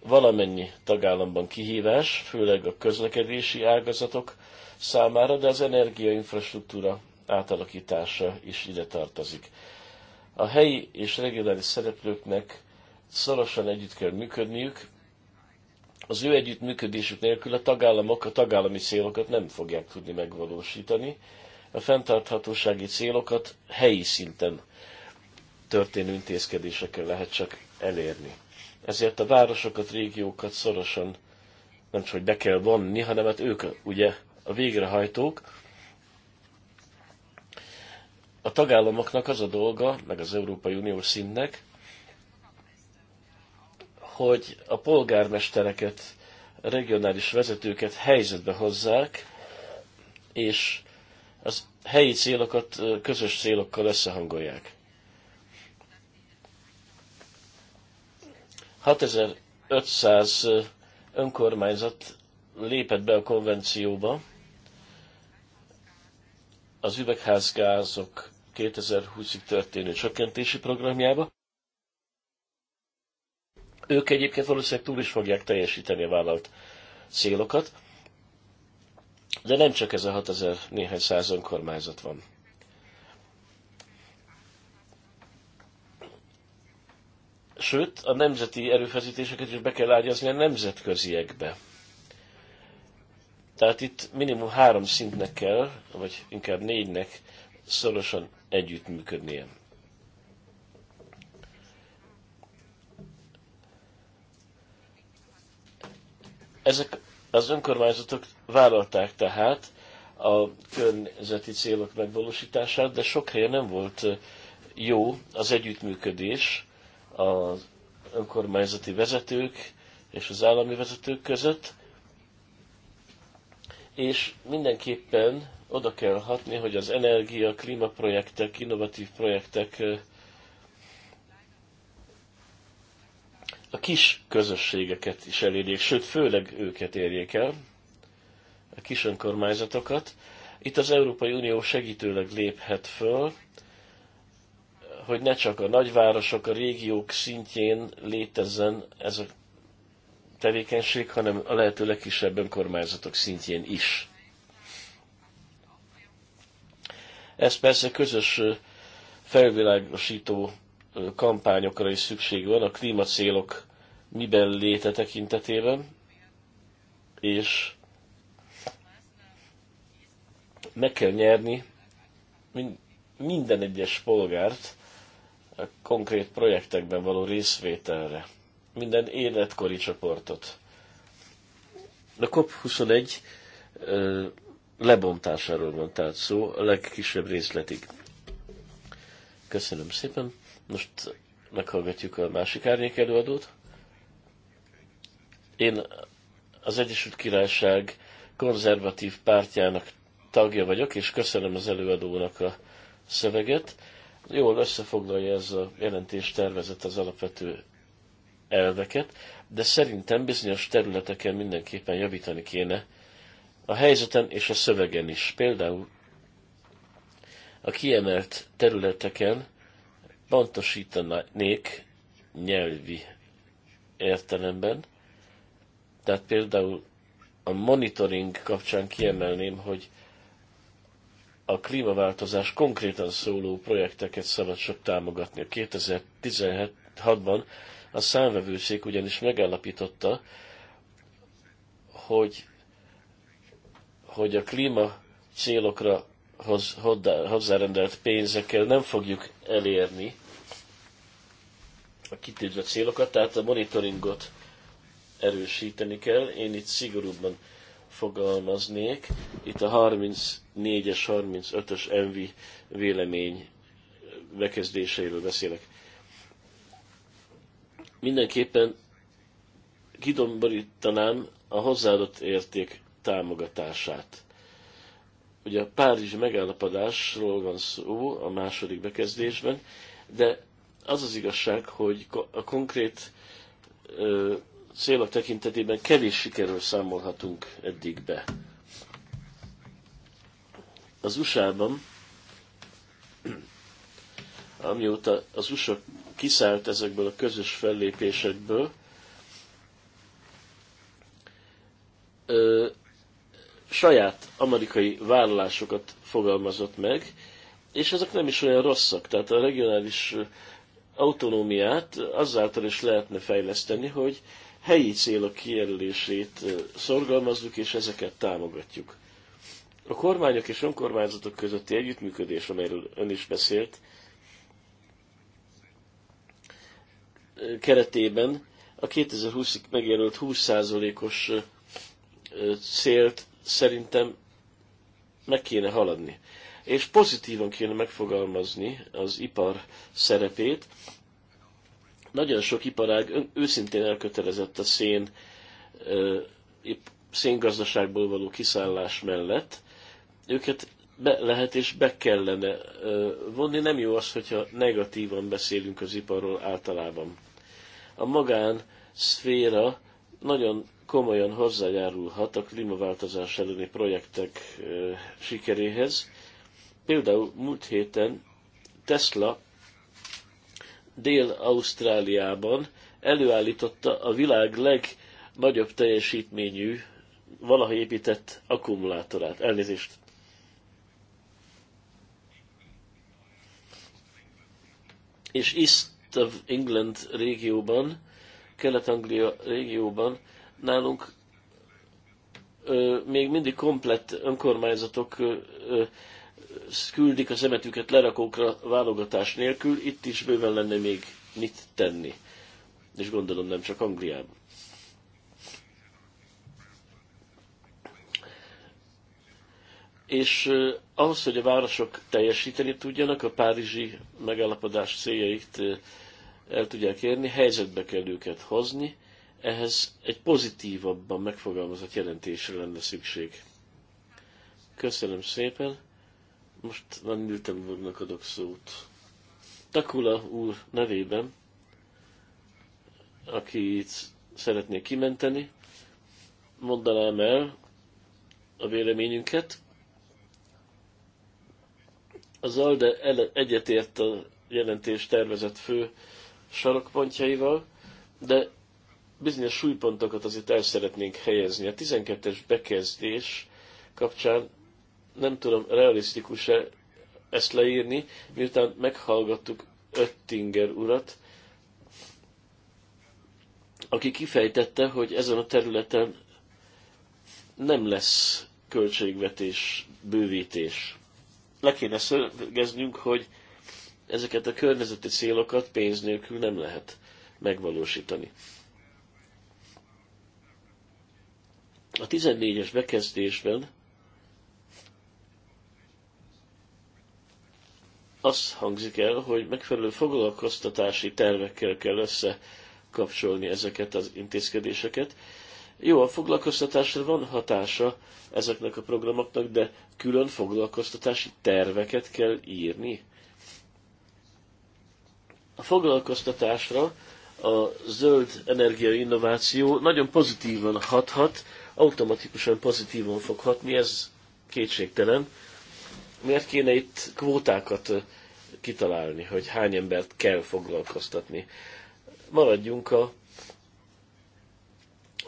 valamennyi tagállamban kihívás, főleg a közlekedési ágazatok számára, de az energiainfrastruktúra átalakítása is ide tartozik. A helyi és regionális szereplőknek szorosan együtt kell működniük, az ő együttműködésük nélkül a tagállamok a tagállami célokat nem fogják tudni megvalósítani, a fenntarthatósági célokat helyi szinten történő intézkedésekkel lehet csak elérni. Ezért a városokat, régiókat szorosan nem csak hogy be kell vonni, hanem hát ők ugye a végrehajtók. A tagállamoknak az a dolga, meg az Európai Uniós szintnek, hogy a polgármestereket, regionális vezetőket helyzetbe hozzák, és az helyi célokat közös célokkal összehangolják. 6500 önkormányzat lépett be a konvencióba az üvegházgázok 2020-ig történő csökkentési programjába. Ők egyébként valószínűleg túl is fogják teljesíteni a vállalt célokat, de nem csak ez a 6000 néhány száz önkormányzat van. Sőt, a nemzeti erőfeszítéseket is be kell ágyazni a nemzetköziekbe. Tehát itt minimum három szintnek kell, vagy inkább négynek szorosan együttműködnie. Ezek az önkormányzatok vállalták tehát a környezeti célok megvalósítását, de sok helyen nem volt jó az együttműködés az önkormányzati vezetők és az állami vezetők között, és mindenképpen oda kell hatni, hogy az energia, klímaprojektek, innovatív projektek a kis közösségeket is elérjék, sőt, főleg őket érjék el, a kis önkormányzatokat. Itt az Európai Unió segítőleg léphet föl, hogy ne csak a nagyvárosok, a régiók szintjén létezzen ez a tevékenység, hanem a lehető legkisebb önkormányzatok szintjén is. Ez persze közös felvilágosító kampányokra is szükség van a klímacélok miben léte tekintetében, és meg kell nyerni minden egyes polgárt a konkrét projektekben való részvételre, minden életkori csoportot. A COP21 lebontásáról van tehát szó, a legkisebb részletig. Köszönöm szépen! Most meghallgatjuk a másik árnyék előadót. Én az Egyesült Királyság konzervatív pártjának tagja vagyok, és köszönöm az előadónak a szöveget. Jól összefoglalja ez a jelentés tervezet az alapvető elveket, de szerintem bizonyos területeken mindenképpen javítani kéne a helyzeten és a szövegen is. Például a kiemelt területeken pontosítanék nyelvi értelemben. Tehát például a monitoring kapcsán kiemelném, hogy a klímaváltozás konkrétan szóló projekteket szabad sok támogatni. A 2016-ban a számvevőszék ugyanis megállapította, hogy, hogy a klíma célokra hozzárendelt pénzekkel nem fogjuk elérni a kitűzött célokat, tehát a monitoringot erősíteni kell. Én itt szigorúbban fogalmaznék. Itt a 34-es, 35-ös envi vélemény bekezdéseiről beszélek. Mindenképpen kidomborítanám a hozzáadott érték támogatását. Ugye a Párizsi megállapodásról van szó a második bekezdésben, de az az igazság, hogy a konkrét ö, célok tekintetében kevés sikerről számolhatunk eddig be. Az USA-ban, amióta az USA kiszállt ezekből a közös fellépésekből, ö, saját amerikai vállalásokat fogalmazott meg, és ezek nem is olyan rosszak. Tehát a regionális autonómiát azáltal is lehetne fejleszteni, hogy helyi célok kijelölését szorgalmazzuk és ezeket támogatjuk. A kormányok és önkormányzatok közötti együttműködés, amelyről ön is beszélt, keretében a 2020-ig megjelölt 20%-os célt szerintem meg kéne haladni és pozitívan kéne megfogalmazni az ipar szerepét. Nagyon sok iparág őszintén elkötelezett a szén, széngazdaságból való kiszállás mellett. Őket be lehet és be kellene vonni. Nem jó az, hogyha negatívan beszélünk az iparról általában. A magán szféra nagyon komolyan hozzájárulhat a klímaváltozás elleni projektek sikeréhez, Például múlt héten Tesla Dél-Ausztráliában előállította a világ legnagyobb teljesítményű valaha épített akkumulátorát. Elnézést! És East of England régióban, Kelet-Anglia régióban nálunk ö, még mindig komplett önkormányzatok ö, ö, küldik a szemetüket lerakókra válogatás nélkül, itt is bőven lenne még mit tenni. És gondolom nem csak Angliában. És ahhoz, hogy a városok teljesíteni tudjanak, a párizsi megállapodás céljait el tudják érni, helyzetbe kell őket hozni, ehhez egy pozitívabban megfogalmazott jelentésre lenne szükség. Köszönöm szépen! Most Van Miltenburgnak adok szót. Takula úr nevében, akit szeretnék kimenteni, mondanám el a véleményünket. Az ALDE egyetért a jelentés tervezett fő sarokpontjaival, de bizonyos súlypontokat azért el szeretnénk helyezni. A 12-es bekezdés kapcsán nem tudom realisztikus-e ezt leírni, miután meghallgattuk Öttinger urat, aki kifejtette, hogy ezen a területen nem lesz költségvetés bővítés. Le kéne szögeznünk, hogy ezeket a környezeti célokat pénz nélkül nem lehet megvalósítani. A 14-es bekezdésben az hangzik el, hogy megfelelő foglalkoztatási tervekkel kell összekapcsolni ezeket az intézkedéseket. Jó, a foglalkoztatásra van hatása ezeknek a programoknak, de külön foglalkoztatási terveket kell írni. A foglalkoztatásra a zöld energia innováció nagyon pozitívan hathat, automatikusan pozitívan fog hatni, ez kétségtelen miért kéne itt kvótákat kitalálni, hogy hány embert kell foglalkoztatni. Maradjunk a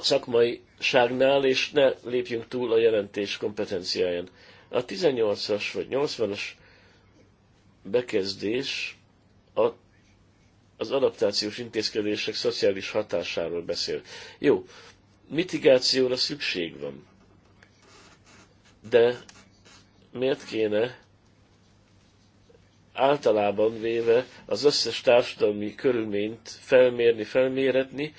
szakmai ságnál, és ne lépjünk túl a jelentés kompetenciáján. A 18-as vagy 80-as bekezdés a, az adaptációs intézkedések szociális hatásáról beszél. Jó, mitigációra szükség van, de miért kéne általában véve az összes társadalmi körülményt felmérni, felméretni,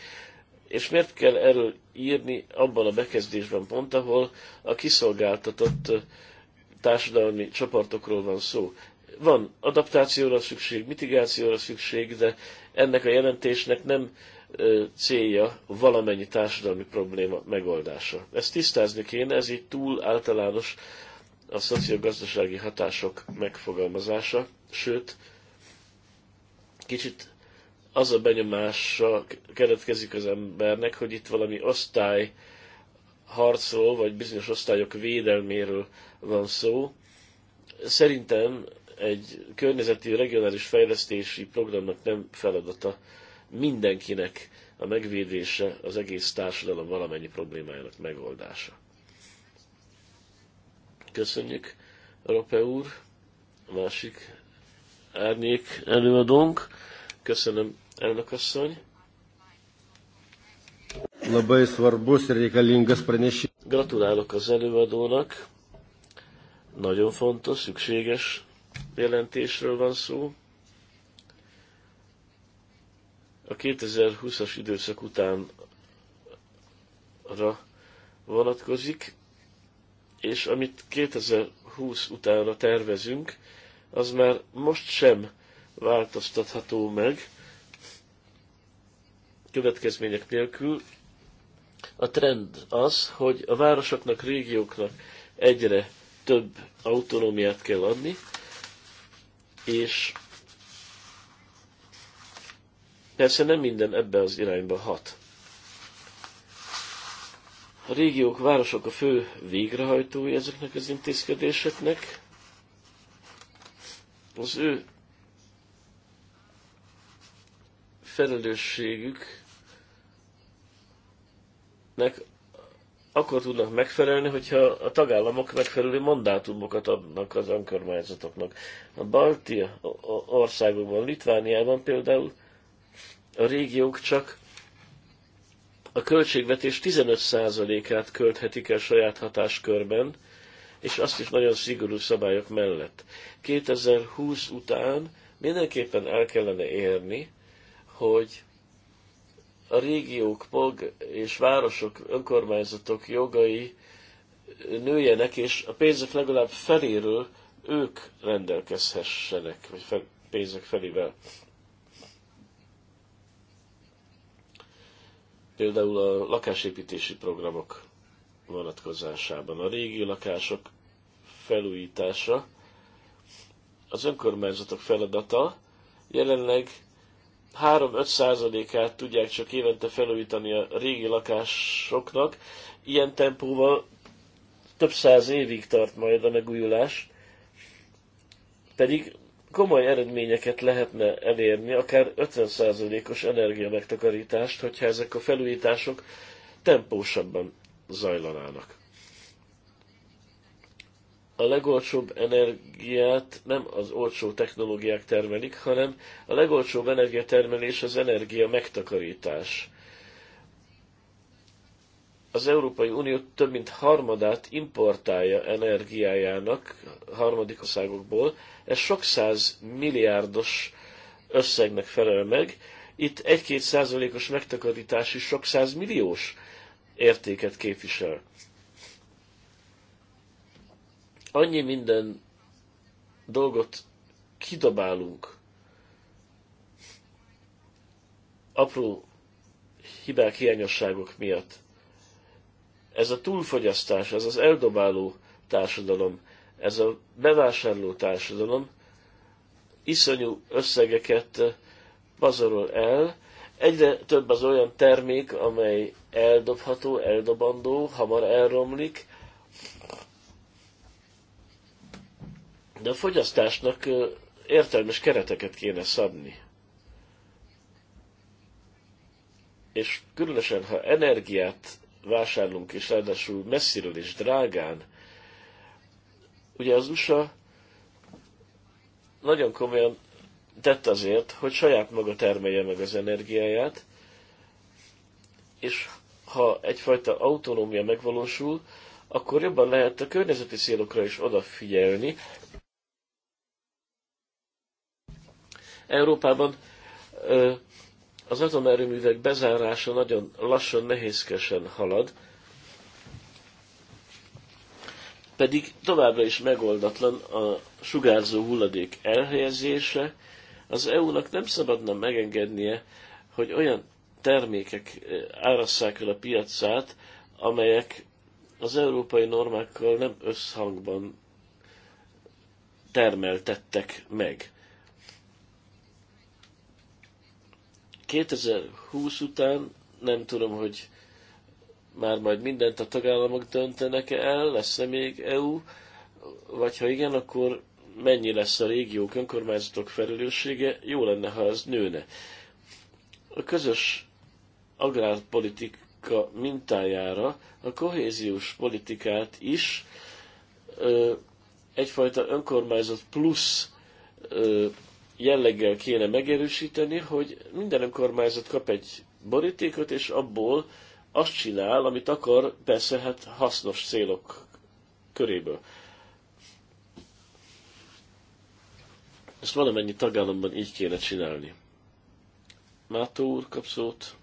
és miért kell erről írni abban a bekezdésben pont, ahol a kiszolgáltatott társadalmi csoportokról van szó. Van adaptációra szükség, mitigációra szükség, de ennek a jelentésnek nem célja valamennyi társadalmi probléma megoldása. Ezt tisztázni kéne, ez így túl általános a szociogazdasági hatások megfogalmazása, sőt, kicsit az a benyomása keretkezik az embernek, hogy itt valami osztály harcról, vagy bizonyos osztályok védelméről van szó. Szerintem egy környezeti regionális fejlesztési programnak nem feladata mindenkinek a megvédése, az egész társadalom valamennyi problémájának megoldása. Köszönjük, Rope úr, a másik árnyék előadónk. Köszönöm, elnök asszony. Gratulálok az előadónak. Nagyon fontos, szükséges jelentésről van szó. A 2020-as időszak utánra vonatkozik és amit 2020 utánra tervezünk, az már most sem változtatható meg következmények nélkül. A trend az, hogy a városoknak, régióknak egyre több autonómiát kell adni, és persze nem minden ebbe az irányba hat. A régiók, városok a fő végrehajtói ezeknek az intézkedéseknek. Az ő felelősségüknek akkor tudnak megfelelni, hogyha a tagállamok megfelelő mandátumokat adnak az önkormányzatoknak. A balti országokban, Litvániában például a régiók csak a költségvetés 15%-át költhetik el saját hatáskörben, és azt is nagyon szigorú szabályok mellett. 2020 után mindenképpen el kellene érni, hogy a régiók, pog és városok, önkormányzatok jogai nőjenek, és a pénzek legalább feléről ők rendelkezhessenek, vagy fel, pénzek felével. Például a lakásépítési programok vonatkozásában a régi lakások felújítása az önkormányzatok feladata. Jelenleg 3-5 százalékát tudják csak évente felújítani a régi lakásoknak. Ilyen tempóval több száz évig tart majd a megújulás, pedig komoly eredményeket lehetne elérni, akár 50%-os energia megtakarítást, hogyha ezek a felújítások tempósabban zajlanának. A legolcsóbb energiát nem az olcsó technológiák termelik, hanem a legolcsóbb energiatermelés az energia megtakarítás az Európai Unió több mint harmadát importálja energiájának harmadik országokból. Ez sok száz milliárdos összegnek felel meg. Itt egy-két százalékos megtakarítás is sok száz milliós értéket képvisel. Annyi minden dolgot kidobálunk apró hibák, hiányosságok miatt ez a túlfogyasztás, ez az eldobáló társadalom, ez a bevásárló társadalom iszonyú összegeket eh, pazarol el. Egyre több az olyan termék, amely eldobható, eldobandó, hamar elromlik, de a fogyasztásnak eh, értelmes kereteket kéne szabni. És különösen, ha energiát vásárlunk, és ráadásul messziről és drágán. Ugye az USA nagyon komolyan tett azért, hogy saját maga termelje meg az energiáját, és ha egyfajta autonómia megvalósul, akkor jobban lehet a környezeti célokra is odafigyelni. Európában ö, az atomerőművek bezárása nagyon lassan, nehézkesen halad, pedig továbbra is megoldatlan a sugárzó hulladék elhelyezése. Az EU-nak nem szabadna megengednie, hogy olyan termékek eh, árasszák el a piacát, amelyek az európai normákkal nem összhangban termeltettek meg. 2020 után nem tudom, hogy már majd mindent a tagállamok döntenek -e el, lesz-e még EU, vagy ha igen, akkor mennyi lesz a régiók önkormányzatok felelőssége, jó lenne, ha ez nőne. A közös agrárpolitika mintájára a kohéziós politikát is ö, egyfajta önkormányzat plusz ö, jelleggel kéne megerősíteni, hogy minden önkormányzat kap egy borítékot, és abból azt csinál, amit akar, persze hát hasznos célok köréből. Ezt valamennyi tagállamban így kéne csinálni. Mátó úr kap szót.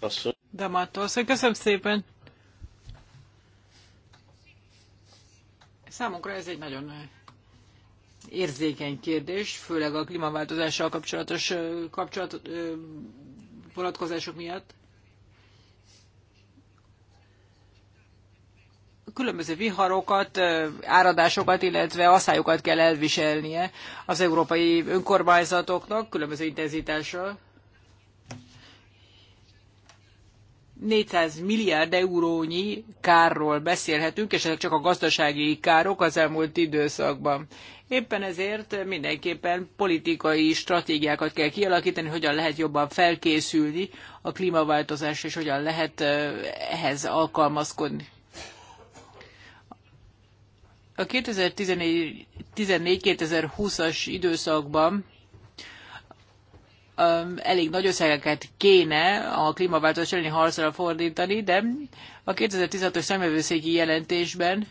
Asszony. De Mátó, azt köszönöm szépen. Számunkra ez egy nagyon érzékeny kérdés, főleg a klímaváltozással kapcsolatos kapcsolat, vonatkozások miatt. Különböző viharokat, áradásokat, illetve aszályokat kell elviselnie az európai önkormányzatoknak különböző intenzitással. 400 milliárd eurónyi kárról beszélhetünk, és ezek csak a gazdasági károk az elmúlt időszakban. Éppen ezért mindenképpen politikai stratégiákat kell kialakítani, hogyan lehet jobban felkészülni a klímaváltozásra, és hogyan lehet ehhez alkalmazkodni. A 2014-2020-as időszakban elég nagy összegeket kéne a klímaváltozás elleni harcra fordítani, de a 2016-os szemövőszéki jelentésben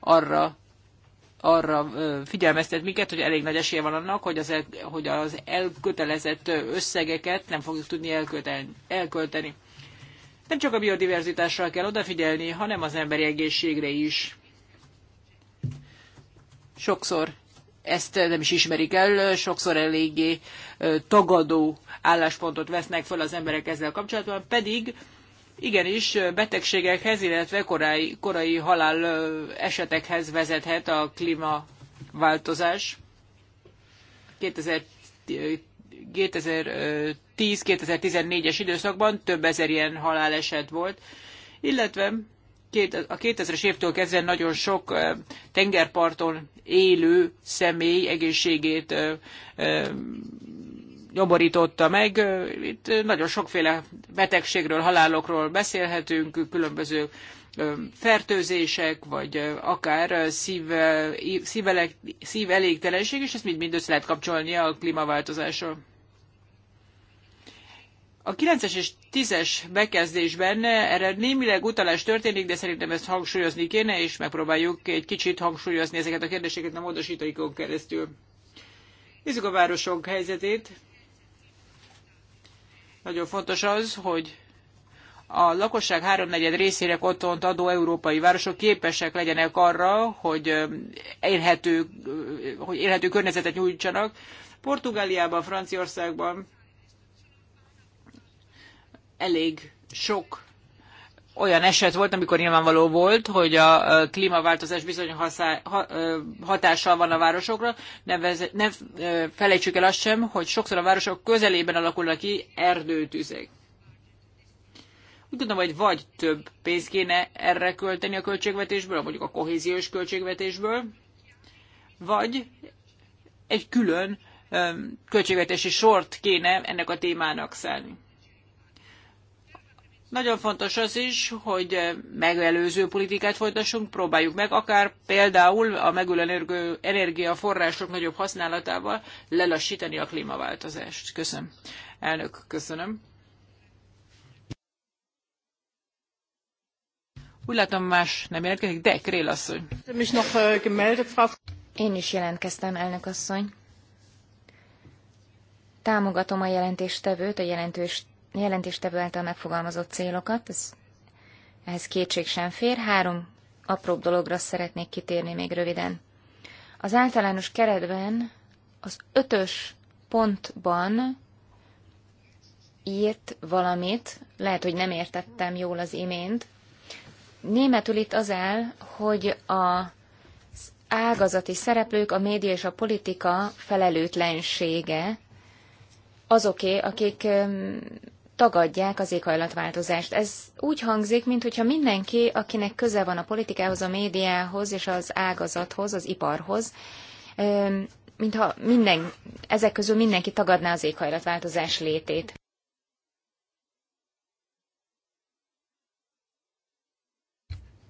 arra arra figyelmeztet minket, hogy elég nagy esélye van annak, hogy az, el, hogy az elkötelezett összegeket nem fogjuk tudni elkölteni. Nem csak a biodiverzitásra kell odafigyelni, hanem az emberi egészségre is. Sokszor ezt nem is ismerik el, sokszor eléggé tagadó álláspontot vesznek föl az emberek ezzel kapcsolatban, pedig igenis betegségekhez, illetve korai, korai halál esetekhez vezethet a klímaváltozás. 2010-2014-es időszakban több ezer ilyen haláleset volt, illetve a 2000-es évtől kezdve nagyon sok tengerparton élő személy egészségét nyomorította meg. Itt nagyon sokféle betegségről, halálokról beszélhetünk, különböző fertőzések, vagy akár szív, szívelek, szív és ezt mind, mindössze lehet kapcsolni a klímaváltozással. A 9-es és 10-es bekezdésben erre némileg utalás történik, de szerintem ezt hangsúlyozni kéne, és megpróbáljuk egy kicsit hangsúlyozni ezeket a kérdéseket a módosítóikon keresztül. Nézzük a városok helyzetét. Nagyon fontos az, hogy a lakosság háromnegyed részének otthont adó európai városok képesek legyenek arra, hogy élhető, hogy élhető környezetet nyújtsanak. Portugáliában, Franciaországban elég sok olyan eset volt, amikor nyilvánvaló volt, hogy a klímaváltozás bizony hatással van a városokra. Ne, veze, ne felejtsük el azt sem, hogy sokszor a városok közelében alakulnak ki erdőtüzek. Úgy gondolom, hogy vagy több pénzt kéne erre költeni a költségvetésből, mondjuk a kohéziós költségvetésből, vagy egy külön költségvetési sort kéne ennek a témának szállni. Nagyon fontos az is, hogy megelőző politikát folytassunk, próbáljuk meg, akár például a megülő energiaforrások nagyobb használatával lelassítani a klímaváltozást. Köszönöm. Elnök, köszönöm. Úgy látom, más nem jelentkezik, de Krél asszony. Äh, Én is jelentkeztem, elnök asszony. Támogatom a jelentéstevőt a jelentős jelentéstevő által megfogalmazott célokat, ez, ehhez kétség sem fér. Három apróbb dologra szeretnék kitérni még röviden. Az általános keretben az ötös pontban írt valamit, lehet, hogy nem értettem jól az imént. Németül itt az el, hogy a ágazati szereplők, a média és a politika felelőtlensége azoké, akik tagadják az éghajlatváltozást. Ez úgy hangzik, mintha mindenki, akinek köze van a politikához, a médiához és az ágazathoz, az iparhoz, mintha minden, ezek közül mindenki tagadná az éghajlatváltozás létét.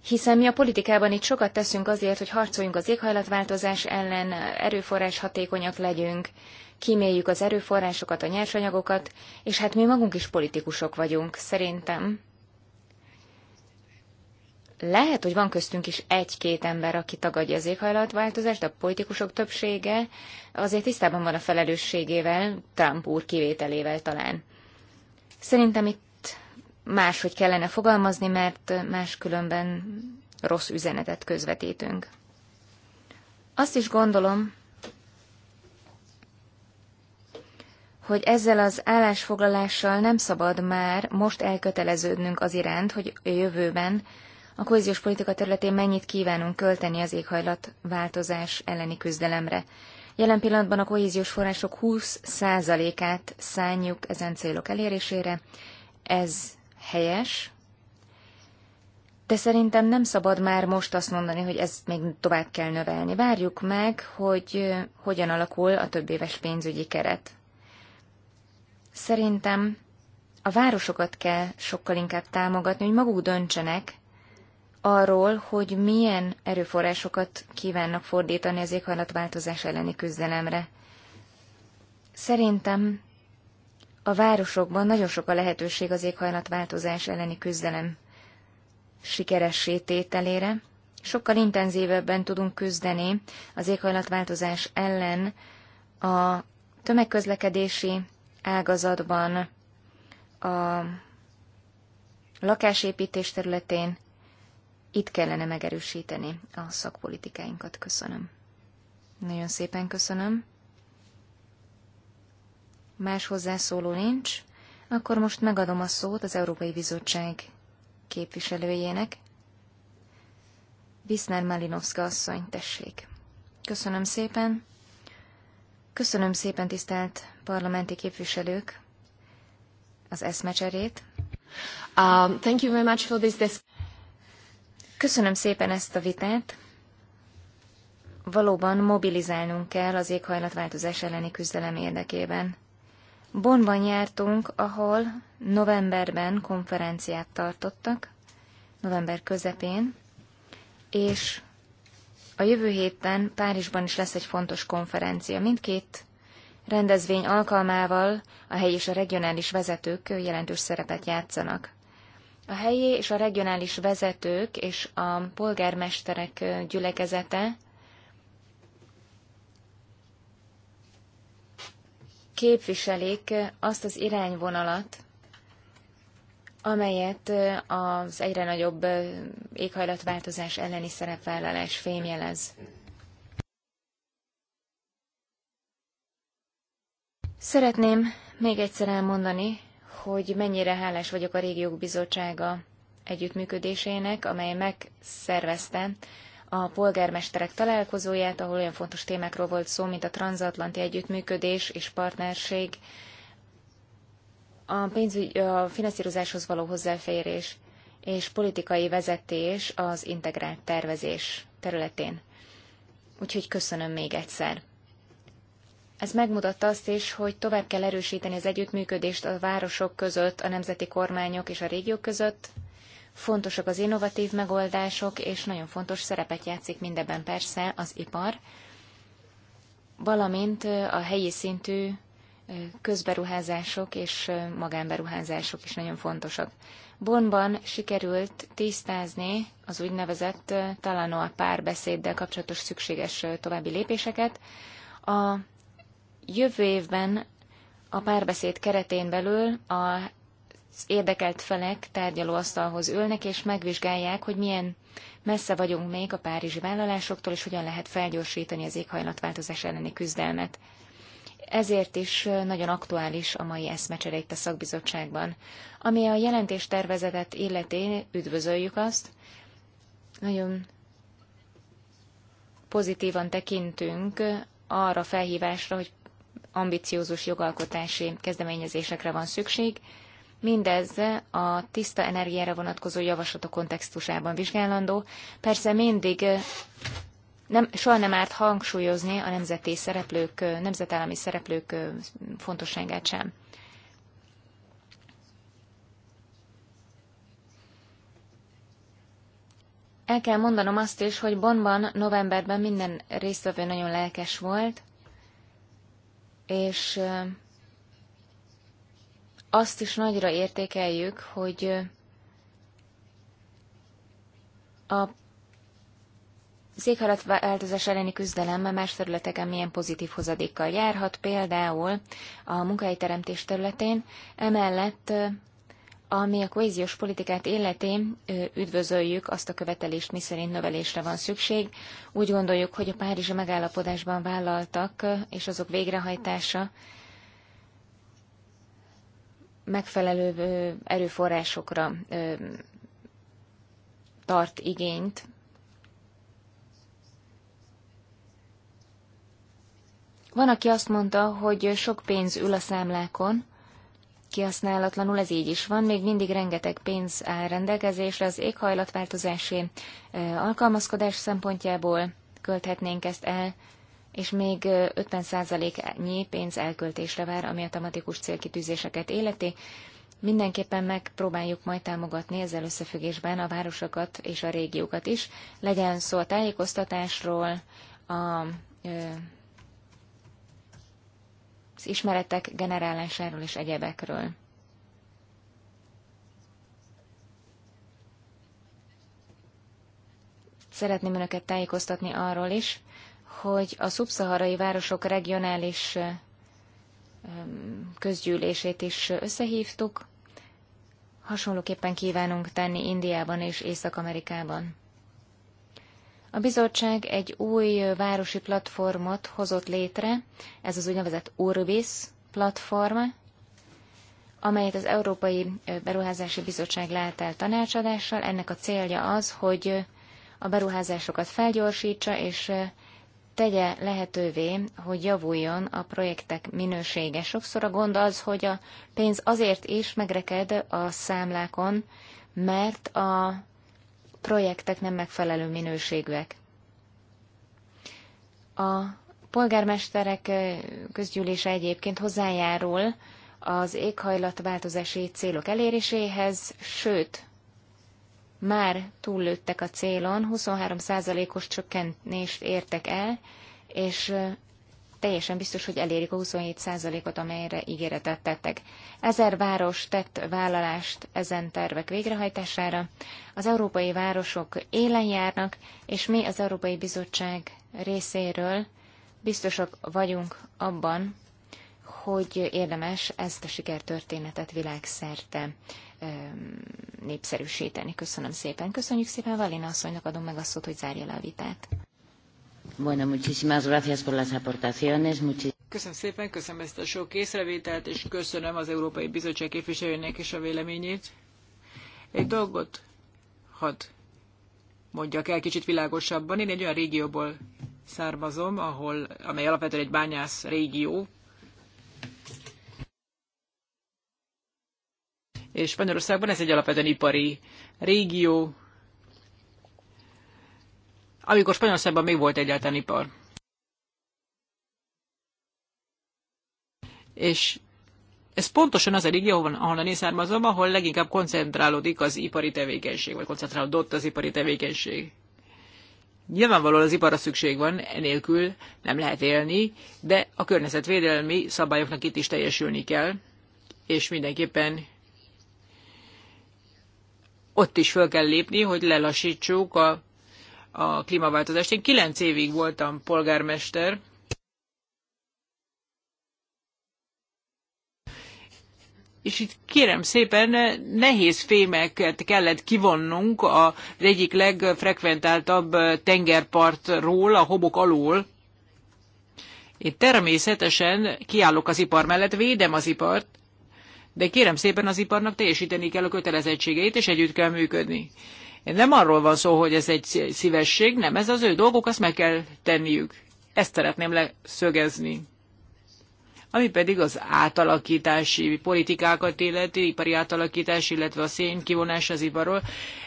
hiszen mi a politikában itt sokat teszünk azért, hogy harcoljunk az éghajlatváltozás ellen, erőforrás hatékonyak legyünk, kíméljük az erőforrásokat, a nyersanyagokat, és hát mi magunk is politikusok vagyunk, szerintem. Lehet, hogy van köztünk is egy-két ember, aki tagadja az éghajlatváltozást, de a politikusok többsége azért tisztában van a felelősségével, Trump úr kivételével talán. Szerintem itt máshogy kellene fogalmazni, mert máskülönben rossz üzenetet közvetítünk. Azt is gondolom, hogy ezzel az állásfoglalással nem szabad már most elköteleződnünk az iránt, hogy a jövőben a kohéziós politika területén mennyit kívánunk költeni az éghajlatváltozás elleni küzdelemre. Jelen pillanatban a kohéziós források 20%-át szánjuk ezen célok elérésére, ez helyes, de szerintem nem szabad már most azt mondani, hogy ezt még tovább kell növelni. Várjuk meg, hogy hogyan alakul a több éves pénzügyi keret. Szerintem a városokat kell sokkal inkább támogatni, hogy maguk döntsenek arról, hogy milyen erőforrásokat kívánnak fordítani az éghajlatváltozás elleni küzdelemre. Szerintem a városokban nagyon sok a lehetőség az éghajlatváltozás elleni küzdelem sikeressé tételére. Sokkal intenzívebben tudunk küzdeni az éghajlatváltozás ellen a tömegközlekedési ágazatban, a lakásépítés területén. Itt kellene megerősíteni a szakpolitikáinkat. Köszönöm. Nagyon szépen köszönöm. Más hozzászóló nincs, akkor most megadom a szót az Európai Bizottság képviselőjének. Viszner Malinowska asszony, tessék. Köszönöm szépen. Köszönöm szépen, tisztelt parlamenti képviselők, az eszmecserét. Um, thank you very much for this Köszönöm szépen ezt a vitát. Valóban mobilizálnunk kell az éghajlatváltozás elleni küzdelem érdekében. Bonban jártunk, ahol novemberben konferenciát tartottak, november közepén, és a jövő héten Párizsban is lesz egy fontos konferencia. Mindkét rendezvény alkalmával a helyi és a regionális vezetők jelentős szerepet játszanak. A helyi és a regionális vezetők és a polgármesterek gyülekezete képviselik azt az irányvonalat, amelyet az egyre nagyobb éghajlatváltozás elleni szerepvállalás fémjelez. Szeretném még egyszer elmondani, hogy mennyire hálás vagyok a Régiók Bizottsága együttműködésének, amely megszervezte a polgármesterek találkozóját, ahol olyan fontos témákról volt szó, mint a transatlanti együttműködés és partnerség, a, pénzügy, a finanszírozáshoz való hozzáférés és politikai vezetés az integrált tervezés területén. Úgyhogy köszönöm még egyszer. Ez megmutatta azt is, hogy tovább kell erősíteni az együttműködést a városok között, a nemzeti kormányok és a régiók között, fontosak az innovatív megoldások, és nagyon fontos szerepet játszik mindebben persze az ipar, valamint a helyi szintű közberuházások és magánberuházások is nagyon fontosak. Bonban sikerült tisztázni az úgynevezett a párbeszéddel kapcsolatos szükséges további lépéseket. A jövő évben a párbeszéd keretén belül a érdekelt felek tárgyalóasztalhoz ülnek, és megvizsgálják, hogy milyen messze vagyunk még a párizsi vállalásoktól, és hogyan lehet felgyorsítani az éghajlatváltozás elleni küzdelmet. Ezért is nagyon aktuális a mai eszmecsere itt a szakbizottságban. Ami a jelentés tervezetet illeti, üdvözöljük azt. Nagyon pozitívan tekintünk arra felhívásra, hogy ambiciózus jogalkotási kezdeményezésekre van szükség, Mindez a tiszta energiára vonatkozó javaslatok kontextusában vizsgálandó. Persze mindig nem, soha nem árt hangsúlyozni a nemzeti szereplők, nemzetállami szereplők fontosságát sem. El kell mondanom azt is, hogy Bonban novemberben minden résztvevő nagyon lelkes volt, és azt is nagyra értékeljük, hogy a az változás elleni küzdelem más területeken milyen pozitív hozadékkal járhat, például a munkahelyteremtés területén, emellett ami a kohéziós politikát illeti, üdvözöljük azt a követelést, miszerint növelésre van szükség. Úgy gondoljuk, hogy a Párizsi megállapodásban vállaltak, és azok végrehajtása megfelelő erőforrásokra tart igényt. Van, aki azt mondta, hogy sok pénz ül a számlákon, kihasználatlanul, ez így is van, még mindig rengeteg pénz áll rendelkezésre az éghajlatváltozási alkalmazkodás szempontjából költhetnénk ezt el és még 50%-nyi pénz elköltésre vár, ami a tematikus célkitűzéseket életi. Mindenképpen megpróbáljuk majd támogatni ezzel összefüggésben a városokat és a régiókat is. Legyen szó a tájékoztatásról, a, az ismeretek generálásáról és egyebekről. Szeretném önöket tájékoztatni arról is, hogy a szubszaharai városok regionális közgyűlését is összehívtuk. Hasonlóképpen kívánunk tenni Indiában és Észak-Amerikában. A bizottság egy új városi platformot hozott létre, ez az úgynevezett Urbis platform, amelyet az Európai Beruházási Bizottság lát el tanácsadással. Ennek a célja az, hogy a beruházásokat felgyorsítsa, és tegye lehetővé, hogy javuljon a projektek minősége. Sokszor a gond az, hogy a pénz azért is megreked a számlákon, mert a projektek nem megfelelő minőségűek. A polgármesterek közgyűlése egyébként hozzájárul az éghajlatváltozási célok eléréséhez, sőt, már túllőttek a célon, 23%-os csökkentést értek el, és teljesen biztos, hogy elérik a 27%-ot, amelyre ígéretet tettek. Ezer város tett vállalást ezen tervek végrehajtására. Az európai városok élen járnak, és mi az Európai Bizottság részéről biztosak vagyunk abban, hogy érdemes ezt a sikertörténetet világszerte népszerűsíteni. Köszönöm szépen. Köszönjük szépen Valina asszonynak, adom meg a szót, hogy zárja le a vitát. Bueno, muchísimas gracias por las aportaciones. Muchis... Köszönöm szépen, köszönöm ezt a sok észrevételt, és köszönöm az Európai Bizottság képviselőjének is a véleményét. Egy dolgot hadd mondjak el kicsit világosabban. Én egy olyan régióból származom, ahol, amely alapvetően egy bányász régió, és Spanyolországban ez egy alapvetően ipari régió. Amikor Spanyolországban még volt egyáltalán ipar. És ez pontosan az a régió, ahonnan én származom, ahol leginkább koncentrálódik az ipari tevékenység, vagy koncentrálódott az ipari tevékenység. Nyilvánvalóan az iparra szükség van, enélkül nem lehet élni, de a környezetvédelmi szabályoknak itt is teljesülni kell, és mindenképpen ott is föl kell lépni, hogy lelassítsuk a, a klímaváltozást. Én kilenc évig voltam polgármester, és itt kérem szépen nehéz fémeket kellett kivonnunk az egyik legfrekventáltabb tengerpartról, a hobok alól. Én természetesen kiállok az ipar mellett, védem az ipart, de kérem szépen az iparnak teljesíteni kell a kötelezettségeit, és együtt kell működni. Nem arról van szó, hogy ez egy szívesség, nem, ez az ő dolgok, azt meg kell tenniük. Ezt szeretném leszögezni ami pedig az átalakítási politikákat illeti, ipari átalakítás, illetve a szén kivonás az iparról.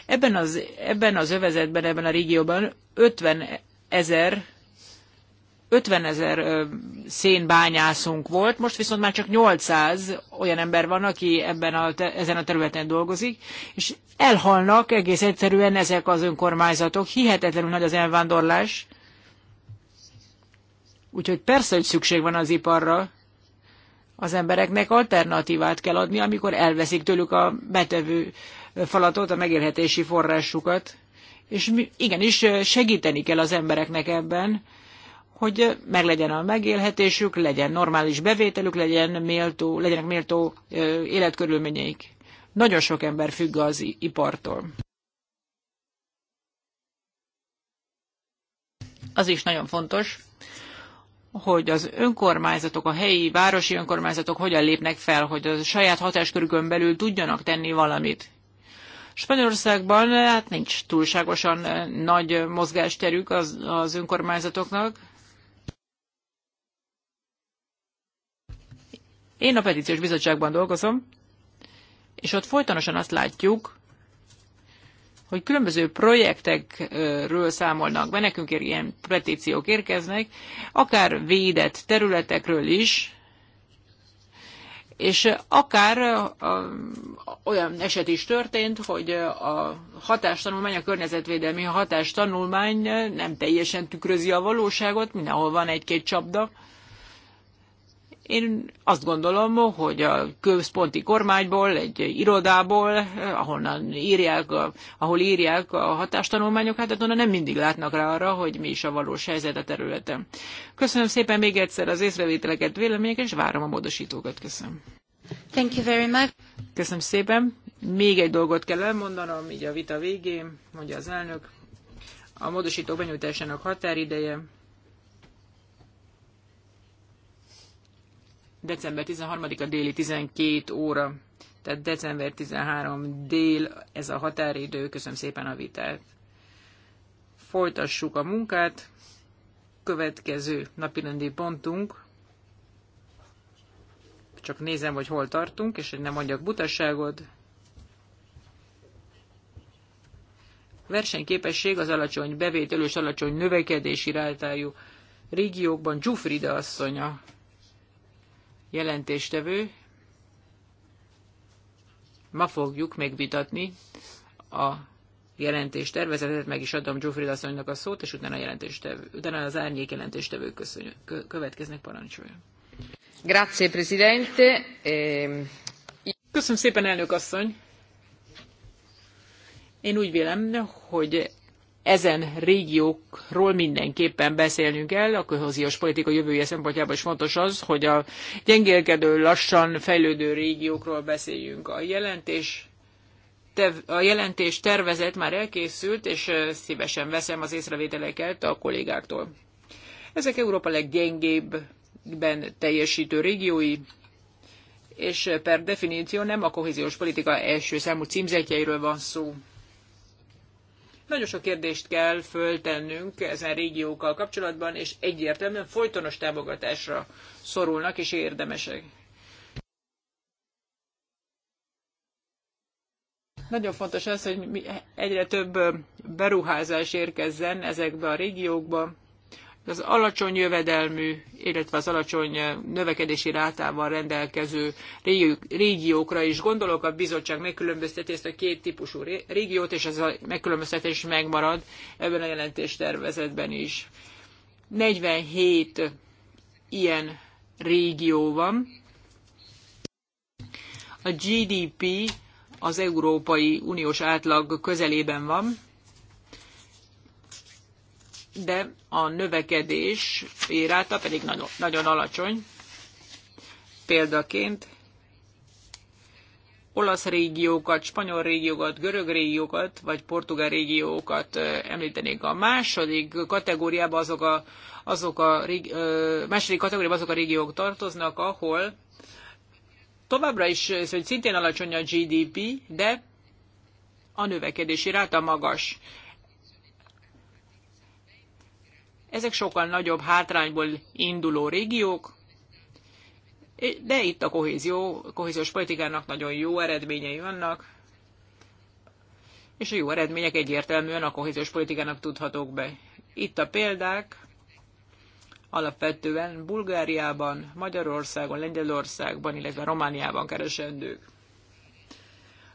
Ebben az, ebben az övezetben, ebben a régióban 50 ezer 50 ezer szénbányászunk volt, most viszont már csak 800 olyan ember van, aki ebben a, ezen a területen dolgozik, és elhalnak egész egyszerűen ezek az önkormányzatok, hihetetlenül nagy az elvándorlás, úgyhogy persze, hogy szükség van az iparra, az embereknek alternatívát kell adni, amikor elveszik tőlük a betevő falatot, a megélhetési forrásukat. És igenis segíteni kell az embereknek ebben, hogy meglegyen a megélhetésük, legyen normális bevételük, legyen méltó, legyenek méltó életkörülményeik. Nagyon sok ember függ az ipartól. Az is nagyon fontos, hogy az önkormányzatok, a helyi, városi önkormányzatok hogyan lépnek fel, hogy a saját hatáskörükön belül tudjanak tenni valamit. Spanyolországban hát nincs túlságosan eh, nagy mozgásterük az, az önkormányzatoknak. Én a petíciós bizottságban dolgozom, és ott folytonosan azt látjuk, hogy különböző projektekről számolnak be, nekünk ilyen petíciók érkeznek, akár védett területekről is, és akár olyan eset is történt, hogy a hatástanulmány, a környezetvédelmi hatástanulmány nem teljesen tükrözi a valóságot, mindenhol van egy-két csapda, én azt gondolom, hogy a központi kormányból, egy irodából, eh, ahonnan írják, ahol írják a hatástanulmányokat, hát onnan nem mindig látnak rá arra, hogy mi is a valós helyzet a területen. Köszönöm szépen még egyszer az észrevételeket, véleményeket, és várom a módosítókat. Köszönöm. Thank you very much. Köszönöm szépen. Még egy dolgot kell elmondanom, így a vita végén, mondja az elnök. A módosítók benyújtásának határideje december 13-a déli 12 óra, tehát december 13 dél ez a határidő. Köszönöm szépen a vitát. Folytassuk a munkát. Következő napirendi pontunk. Csak nézem, hogy hol tartunk, és hogy nem mondjak butasságot. Versenyképesség az alacsony bevételős, alacsony növekedési rátájú régiókban Zsufrida asszonya jelentéstevő. Ma fogjuk megvitatni a jelentést. tervezetet, meg is adom Zsufrid asszonynak a szót, és utána, jelentéstevő, utána az árnyék jelentéstevő köszönjük. következnek parancsolja. Grazie, Presidente. Ehm, Köszönöm szépen, elnök asszony. Én úgy vélem, hogy ezen régiókról mindenképpen beszélnünk kell. A kohéziós politika jövője szempontjából is fontos az, hogy a gyengélkedő, lassan fejlődő régiókról beszéljünk. A jelentés a jelentés tervezet már elkészült, és szívesen veszem az észrevételeket a kollégáktól. Ezek Európa leggyengébbben teljesítő régiói, és per definíció nem a kohéziós politika első számú címzetjeiről van szó. Nagyon sok kérdést kell föltennünk ezen régiókkal kapcsolatban, és egyértelműen folytonos támogatásra szorulnak és érdemesek. Nagyon fontos az, hogy egyre több beruházás érkezzen ezekbe a régiókba, az alacsony jövedelmű, illetve az alacsony eh, növekedési rátával rendelkező régiókra is gondolok. A bizottság megkülönbözteti ezt a két típusú régiót, és ez a megkülönböztetés megmarad ebben a jelentéstervezetben is. 47 ilyen régió van. A GDP az Európai Uniós átlag közelében van, de a növekedés éráta pedig nagyon, nagyon alacsony. Példaként olasz régiókat, spanyol régiókat, görög régiókat, vagy portugál régiókat említenék. A második kategóriába azok a, azok a második kategóriába azok a régiók tartoznak, ahol továbbra is hogy szintén alacsony a GDP, de a növekedési ráta magas. Ezek sokkal nagyobb hátrányból induló régiók, de itt a kohézió, a kohéziós politikának nagyon jó eredményei vannak, és a jó eredmények egyértelműen a kohéziós politikának tudhatók be. Itt a példák, alapvetően Bulgáriában, Magyarországon, Lengyelországban, illetve Romániában keresendők.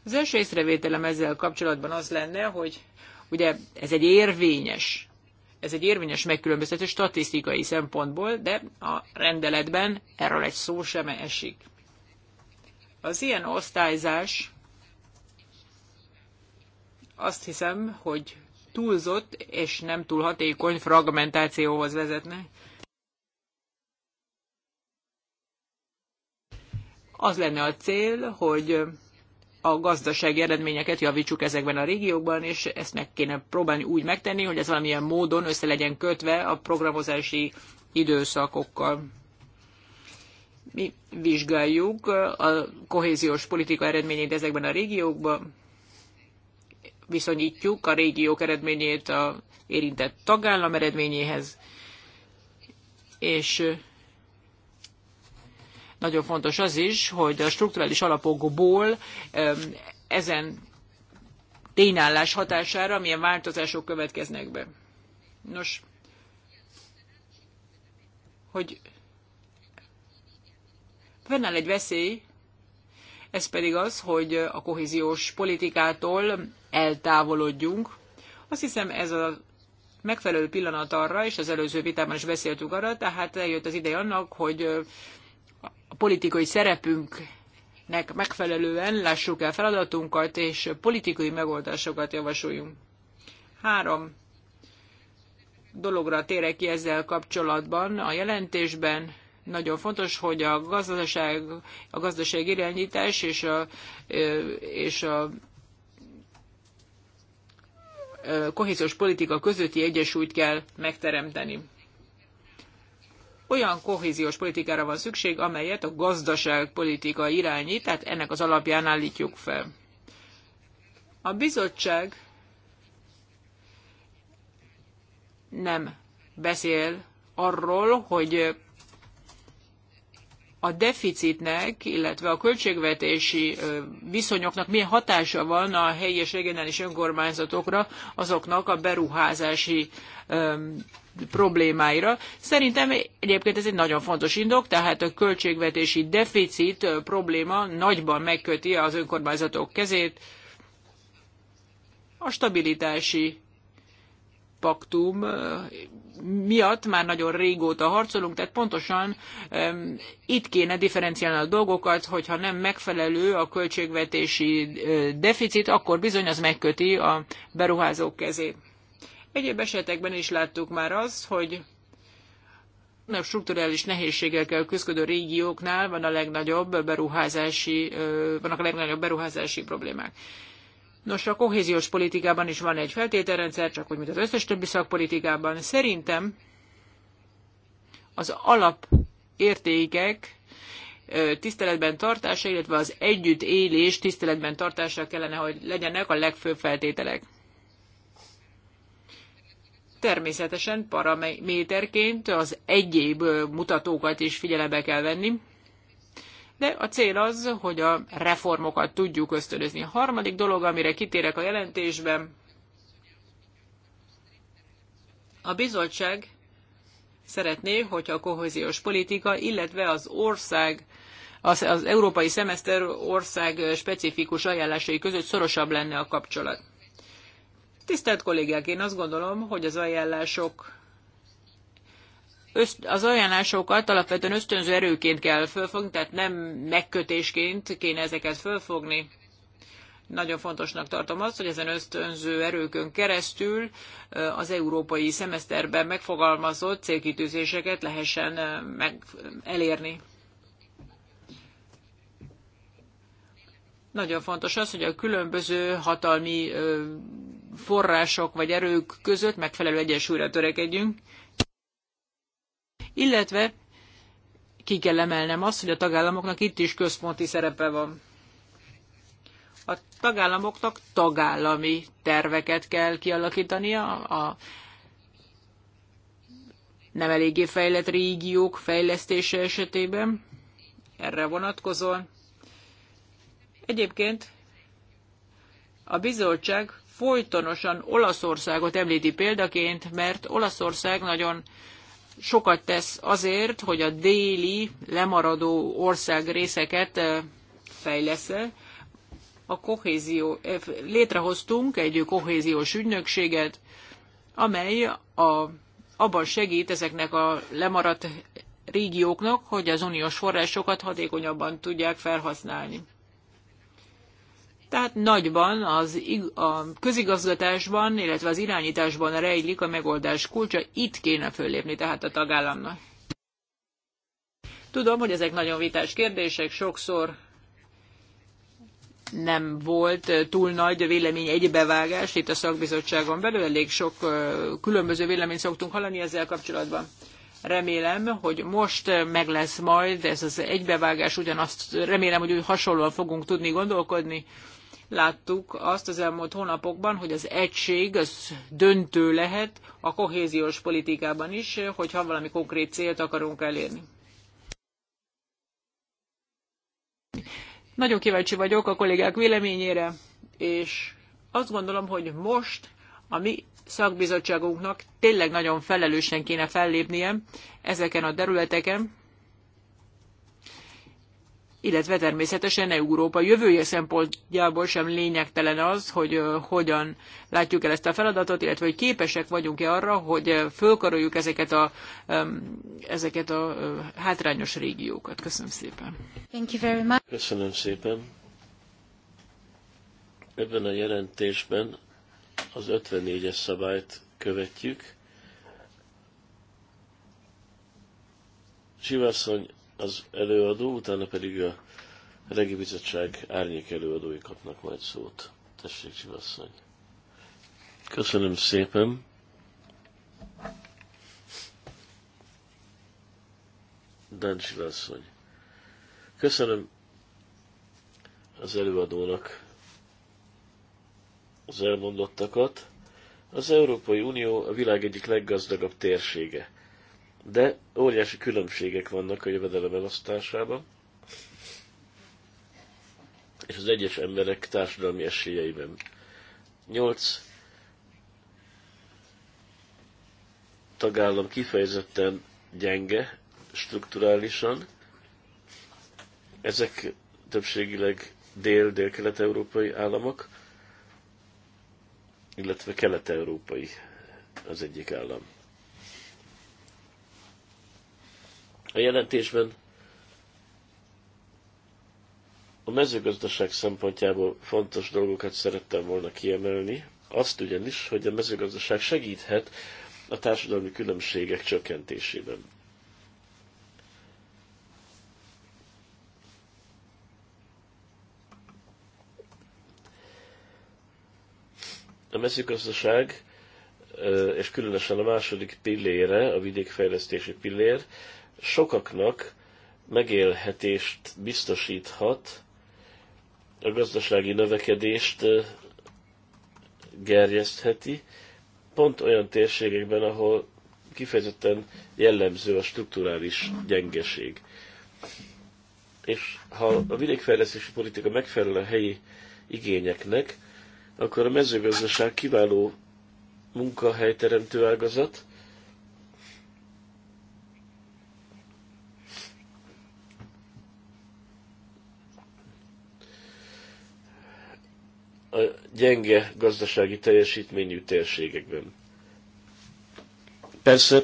Az első észrevételem ezzel kapcsolatban az lenne, hogy ugye ez egy érvényes ez egy érvényes megkülönböztető statisztikai szempontból, de a rendeletben erről egy szó sem esik. Az ilyen osztályzás azt hiszem, hogy túlzott és nem túl hatékony fragmentációhoz vezetne. Az lenne a cél, hogy a gazdasági eredményeket javítsuk ezekben a régiókban, és ezt meg kéne próbálni úgy megtenni, hogy ez valamilyen módon össze legyen kötve a programozási időszakokkal. Mi vizsgáljuk a kohéziós politika eredményét ezekben a régiókban, viszonyítjuk a régiók eredményét a érintett tagállam eredményéhez, és nagyon fontos az is, hogy a strukturális alapokból ezen tényállás hatására milyen változások következnek be. Nos, hogy fennáll egy veszély, ez pedig az, hogy a kohéziós politikától eltávolodjunk. Azt hiszem ez a megfelelő pillanat arra, és az előző vitában is beszéltük arra, tehát eljött az ideje annak, hogy a politikai szerepünknek megfelelően lássuk el feladatunkat, és politikai megoldásokat javasoljunk. Három dologra térek ki ezzel kapcsolatban. A jelentésben nagyon fontos, hogy a gazdaság, a gazdaság irányítás és a, és a kohéziós politika közötti egyensúlyt kell megteremteni olyan kohéziós politikára van szükség, amelyet a gazdaságpolitika irányít, tehát ennek az alapján állítjuk fel. A bizottság nem beszél arról, hogy a deficitnek, illetve a költségvetési viszonyoknak milyen hatása van a helyi és regionális önkormányzatokra, azoknak a beruházási problémáira. Szerintem egyébként ez egy nagyon fontos indok, tehát a költségvetési deficit probléma nagyban megköti az önkormányzatok kezét. A stabilitási paktum miatt már nagyon régóta harcolunk, tehát pontosan um, itt kéne differenciálni a dolgokat, hogyha nem megfelelő a költségvetési deficit, akkor bizony az megköti a beruházók kezét. Egyéb esetekben is láttuk már azt, hogy a strukturális nehézségekkel küzdő régióknál van a legnagyobb beruházási, vannak a legnagyobb beruházási problémák. Nos, a kohéziós politikában is van egy feltételrendszer, csak úgy, mint az összes többi szakpolitikában. Szerintem az alapértékek tiszteletben tartása, illetve az együttélés tiszteletben tartása kellene, hogy legyenek a legfőbb feltételek természetesen paraméterként az egyéb mutatókat is figyelembe kell venni, de a cél az, hogy a reformokat tudjuk ösztönözni. A harmadik dolog, amire kitérek a jelentésben, a bizottság szeretné, hogyha a kohéziós politika, illetve az ország, az, az európai szemeszter ország specifikus ajánlásai között szorosabb lenne a kapcsolat. Tisztelt kollégák, én azt gondolom, hogy az ajánlások az ajánlásokat alapvetően ösztönző erőként kell fölfogni, tehát nem megkötésként kéne ezeket fölfogni. Nagyon fontosnak tartom azt, hogy ezen ösztönző erőkön keresztül az európai szemeszterben megfogalmazott célkitűzéseket lehessen meg, elérni. Nagyon fontos az, hogy a különböző hatalmi források vagy erők között megfelelő egyensúlyra törekedjünk, illetve ki kell emelnem azt, hogy a tagállamoknak itt is központi szerepe van. A tagállamoknak tagállami terveket kell kialakítania, a nem eléggé fejlett régiók fejlesztése esetében. Erre vonatkozóan. Egyébként a bizottság folytonosan Olaszországot említi példaként, mert Olaszország nagyon sokat tesz azért, hogy a déli lemaradó ország részeket fejlesze. A kohézió, létrehoztunk egy kohéziós ügynökséget, amely a, abban segít ezeknek a lemaradt régióknak, hogy az uniós forrásokat hatékonyabban tudják felhasználni. Tehát nagyban az, a közigazgatásban, illetve az irányításban rejlik a megoldás kulcsa, itt kéne föllépni tehát a tagállamnak. Tudom, hogy ezek nagyon vitás kérdések, sokszor nem volt túl nagy vélemény egybevágás itt a szakbizottságon belül, elég sok különböző véleményt szoktunk hallani ezzel kapcsolatban. Remélem, hogy most meg lesz majd ez az egybevágás, ugyanazt remélem, hogy hasonlóan fogunk tudni gondolkodni, Láttuk azt az elmúlt hónapokban, hogy az egység az döntő lehet a kohéziós politikában is, hogyha valami konkrét célt akarunk elérni. Nagyon kíváncsi vagyok a kollégák véleményére, és azt gondolom, hogy most a mi szakbizottságunknak tényleg nagyon felelősen kéne fellépnie ezeken a területeken, illetve természetesen Európa jövője szempontjából sem lényegtelen az, hogy hogyan látjuk el ezt a feladatot, illetve hogy képesek vagyunk-e arra, hogy fölkaroljuk ezeket a, ezeket a hátrányos régiókat. Köszönöm szépen. Thank you very much. Köszönöm szépen. Ebben a jelentésben az 54-es szabályt követjük. Sivasszony az előadó, utána pedig a Regi Bizottság árnyék előadói kapnak majd szót. Tessék, Csivasszony. Köszönöm szépen. Dan Csivasszony! Köszönöm az előadónak az elmondottakat. Az Európai Unió a világ egyik leggazdagabb térsége de óriási különbségek vannak a jövedelem elosztásában, és az egyes emberek társadalmi esélyeiben. 8 tagállam kifejezetten gyenge strukturálisan, ezek többségileg dél-dél-kelet-európai államok, illetve kelet-európai az egyik állam. a jelentésben a mezőgazdaság szempontjából fontos dolgokat szerettem volna kiemelni, azt ugyanis, hogy a mezőgazdaság segíthet a társadalmi különbségek csökkentésében. A mezőgazdaság, és különösen a második pillére, a vidékfejlesztési pillér sokaknak megélhetést biztosíthat, a gazdasági növekedést gerjesztheti, pont olyan térségekben, ahol kifejezetten jellemző a strukturális gyengeség. És ha a vidékfejlesztési politika megfelel a helyi igényeknek, akkor a mezőgazdaság kiváló munkahelyteremtő ágazat, a gyenge gazdasági teljesítményű térségekben. Persze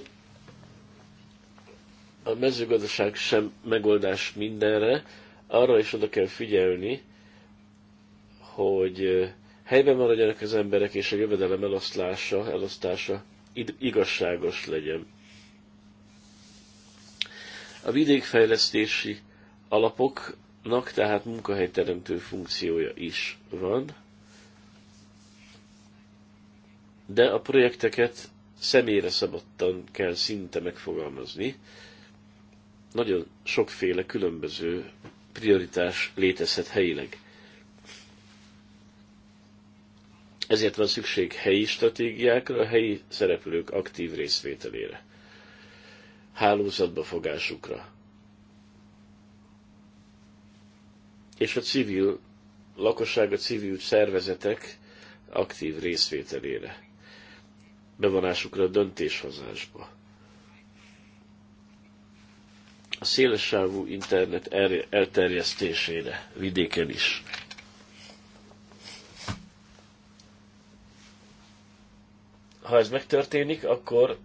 a mezőgazdaság sem megoldás mindenre, arra is oda kell figyelni, hogy helyben maradjanak az emberek, és a jövedelem elosztása, elosztása igazságos legyen. A vidékfejlesztési alapoknak tehát munkahelyteremtő funkciója is van, de a projekteket személyre szabottan kell szinte megfogalmazni. Nagyon sokféle különböző prioritás létezhet helyileg. Ezért van szükség helyi stratégiákra, a helyi szereplők aktív részvételére, hálózatba fogásukra. És a civil lakosság, a civil szervezetek aktív részvételére bevonásukra a döntéshozásba. A szélessávú internet elterjesztésére vidéken is. Ha ez megtörténik, akkor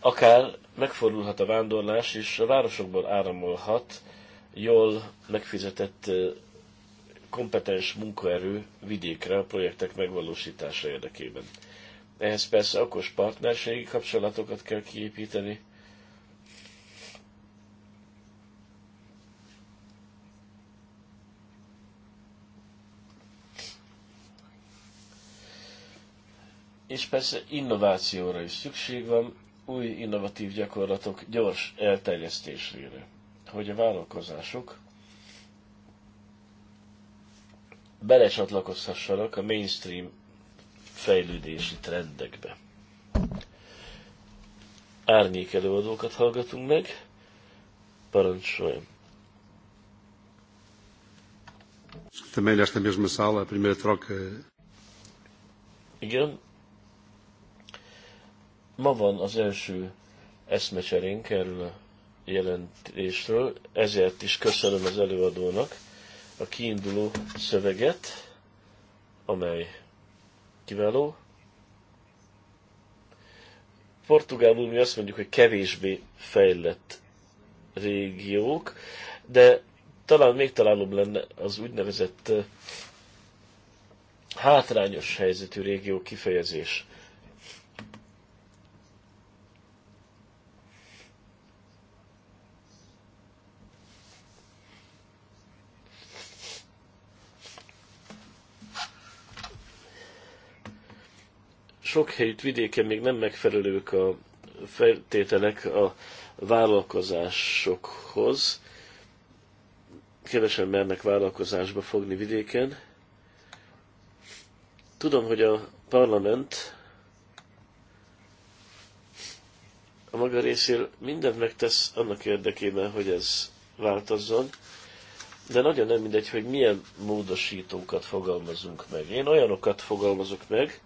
akár megfordulhat a vándorlás, és a városokból áramolhat jól megfizetett kompetens munkaerő vidékre a projektek megvalósítása érdekében. Ehhez persze okos partnerségi kapcsolatokat kell kiépíteni, és persze innovációra is szükség van, új innovatív gyakorlatok gyors elterjesztésére, hogy a vállalkozások belecsatlakozhassanak a mainstream fejlődési trendekbe. Árnyék előadókat hallgatunk meg. Parancsoljon! Também nesta mesma sala, a primeira troca. Igen. Ma van az első eszmecserénk erről a jelentésről, ezért is köszönöm az előadónak a kiinduló szöveget, amely kiváló. Portugálul mi azt mondjuk, hogy kevésbé fejlett régiók, de talán még találóbb lenne az úgynevezett eh, hátrányos helyzetű régió kifejezés. Sok helyütt vidéken még nem megfelelők a feltételek a vállalkozásokhoz. Kevesen mernek vállalkozásba fogni vidéken. Tudom, hogy a parlament a maga részéről mindent megtesz annak érdekében, hogy ez változzon, de nagyon nem mindegy, hogy milyen módosítókat fogalmazunk meg. Én olyanokat fogalmazok meg,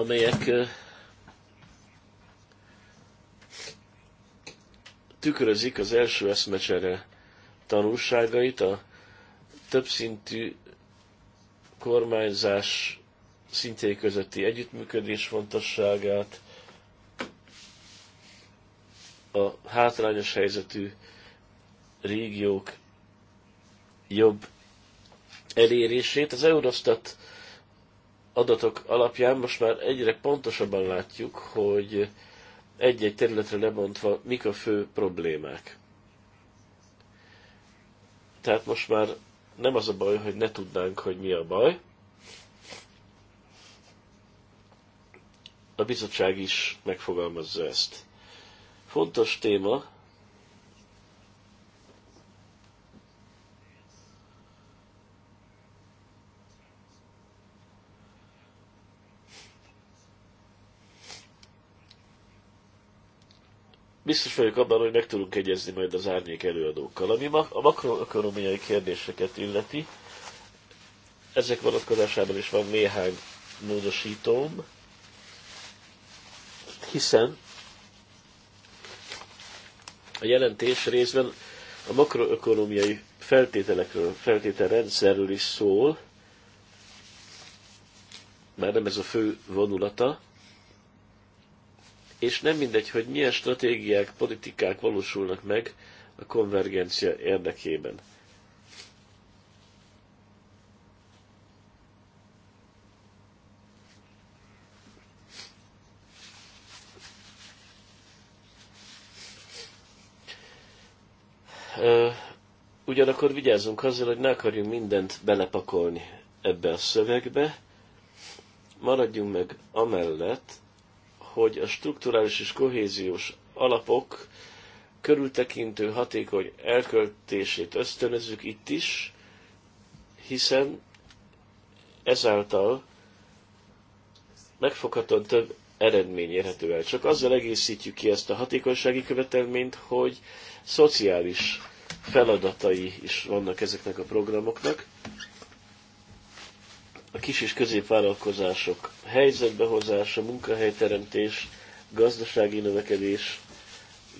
amelyek tükrözik az első eszmecsere tanulságait, a többszintű kormányzás szintjei közötti együttműködés fontosságát, a hátrányos helyzetű régiók jobb elérését. Az Eurostat adatok alapján most már egyre pontosabban látjuk, hogy egy-egy területre lebontva mik a fő problémák. Tehát most már nem az a baj, hogy ne tudnánk, hogy mi a baj. A bizottság is megfogalmazza ezt. Fontos téma, Biztos vagyok abban, hogy meg tudunk egyezni majd az árnyék előadókkal. Ami a makroökonomiai kérdéseket illeti, ezek vonatkozásában is van néhány módosítóm, hiszen a jelentés részben a makroökonomiai feltételekről, feltételrendszerről is szól, már nem ez a fő vonulata, és nem mindegy, hogy milyen stratégiák, politikák valósulnak meg a konvergencia érdekében. Ugyanakkor vigyázzunk azzal, hogy ne akarjunk mindent belepakolni ebbe a szövegbe, maradjunk meg amellett, hogy a strukturális és kohéziós alapok körültekintő, hatékony elköltését ösztönözzük itt is, hiszen ezáltal megfoghatóan több eredmény érhető el. Csak azzal egészítjük ki ezt a hatékonysági követelményt, hogy szociális feladatai is vannak ezeknek a programoknak, a kis és középvállalkozások helyzetbehozása, munkahelyteremtés, gazdasági növekedés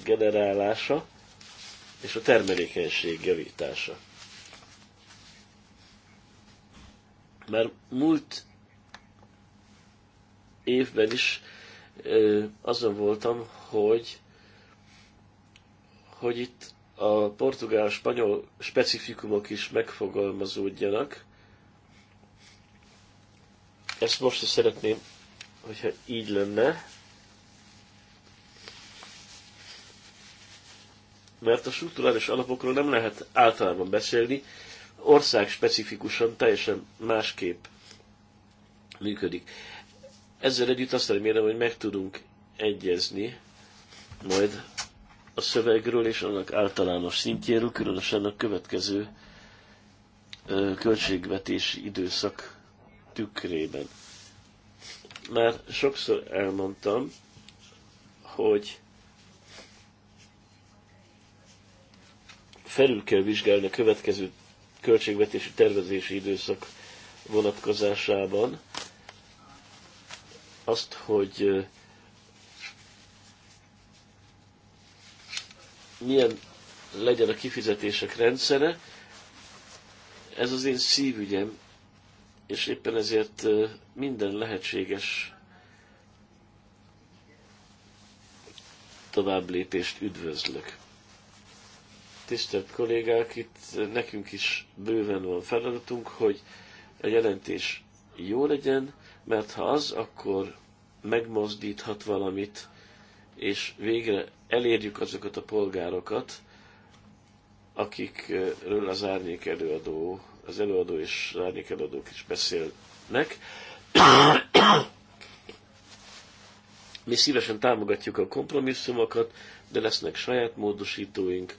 generálása és a termelékenység javítása. Már múlt évben is ö, azon voltam, hogy, hogy itt a portugál-spanyol specifikumok is megfogalmazódjanak, ezt most is szeretném, hogyha így lenne. Mert a struktúrális alapokról nem lehet általában beszélni, ország specifikusan teljesen másképp működik. Ezzel együtt azt remélem, hogy meg tudunk egyezni majd a szövegről és annak általános szintjéről, különösen a következő költségvetési időszak tükrében. Már sokszor elmondtam, hogy felül kell vizsgálni a következő költségvetési tervezési időszak vonatkozásában azt, hogy milyen legyen a kifizetések rendszere. Ez az én szívügyem, és éppen ezért minden lehetséges tovább lépést üdvözlök. Tisztelt kollégák, itt nekünk is bőven van feladatunk, hogy a jelentés jó legyen, mert ha az, akkor megmozdíthat valamit, és végre elérjük azokat a polgárokat, akikről az árnyék előadó az előadó és árnyék előadók is beszélnek. Mi szívesen támogatjuk a kompromisszumokat, de lesznek saját módosítóink,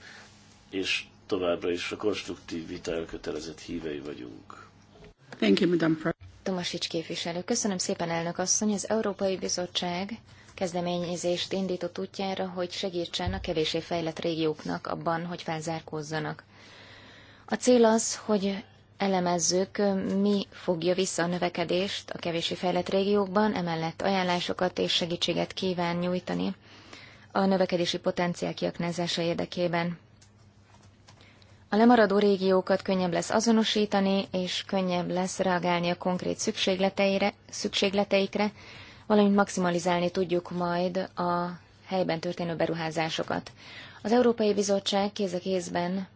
és továbbra is a konstruktív vita elkötelezett hívei vagyunk. Thank you, Madam Tomasics képviselő. Köszönöm szépen, elnök asszony. Az Európai Bizottság kezdeményezést indított útjára, hogy segítsen a kevésé fejlett régióknak abban, hogy felzárkózzanak. A cél az, hogy elemezzük, mi fogja vissza a növekedést a kevési fejlett régiókban, emellett ajánlásokat és segítséget kíván nyújtani a növekedési potenciál kiaknázása érdekében. A lemaradó régiókat könnyebb lesz azonosítani, és könnyebb lesz reagálni a konkrét szükségleteire, szükségleteikre, valamint maximalizálni tudjuk majd a helyben történő beruházásokat. Az Európai Bizottság kéz a kézben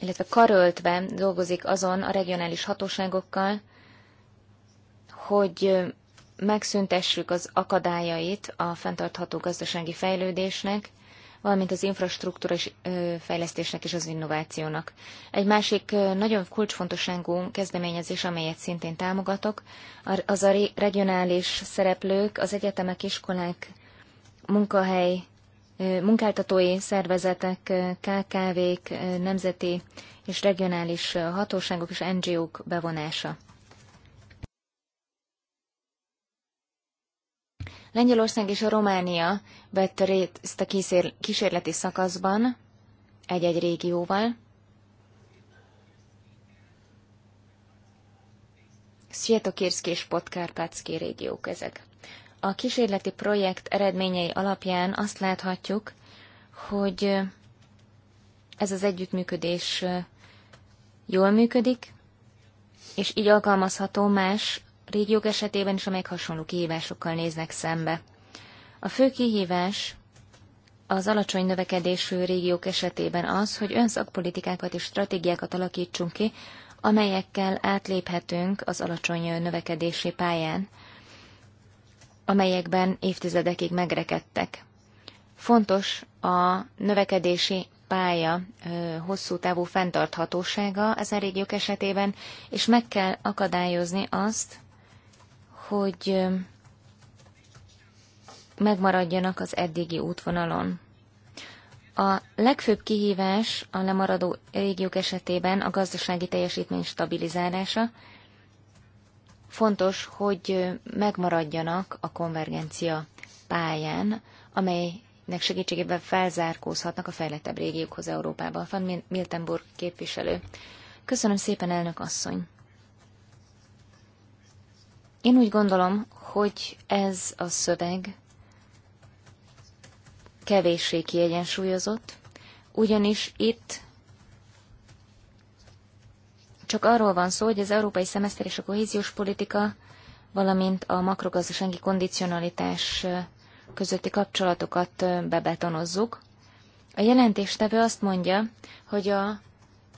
illetve karöltve dolgozik azon a regionális hatóságokkal, hogy megszüntessük az akadályait a fenntartható gazdasági fejlődésnek, valamint az infrastruktúrás fejlesztésnek és az innovációnak. Egy másik nagyon kulcsfontosságú kezdeményezés, amelyet szintén támogatok, az a regionális szereplők, az egyetemek, iskolák, munkahely munkáltatói szervezetek, KKV-k, nemzeti és regionális hatóságok és NGO-k bevonása. Lengyelország és a Románia vett részt a kísérleti szakaszban egy-egy régióval. Svietokirszki és Podkárpácki régiók ezek. A kísérleti projekt eredményei alapján azt láthatjuk, hogy ez az együttműködés jól működik, és így alkalmazható más régiók esetében is, amelyek hasonló kihívásokkal néznek szembe. A fő kihívás az alacsony növekedésű régiók esetében az, hogy önszakpolitikákat és stratégiákat alakítsunk ki, amelyekkel átléphetünk az alacsony növekedési pályán amelyekben évtizedekig megrekedtek. Fontos a növekedési pálya hosszú távú fenntarthatósága ezen régiók esetében, és meg kell akadályozni azt, hogy megmaradjanak az eddigi útvonalon. A legfőbb kihívás a lemaradó régiók esetében a gazdasági teljesítmény stabilizálása, Fontos, hogy megmaradjanak a konvergencia pályán, amelynek segítségével felzárkózhatnak a fejlettebb régiókhoz Európában. Van Miltenburg képviselő. Köszönöm szépen, elnök asszony! Én úgy gondolom, hogy ez a szöveg kevéssé kiegyensúlyozott, ugyanis itt csak arról van szó, hogy az európai szemeszter és a kohéziós politika, valamint a makrogazdasági kondicionalitás közötti kapcsolatokat bebetonozzuk. A jelentéstevő azt mondja, hogy a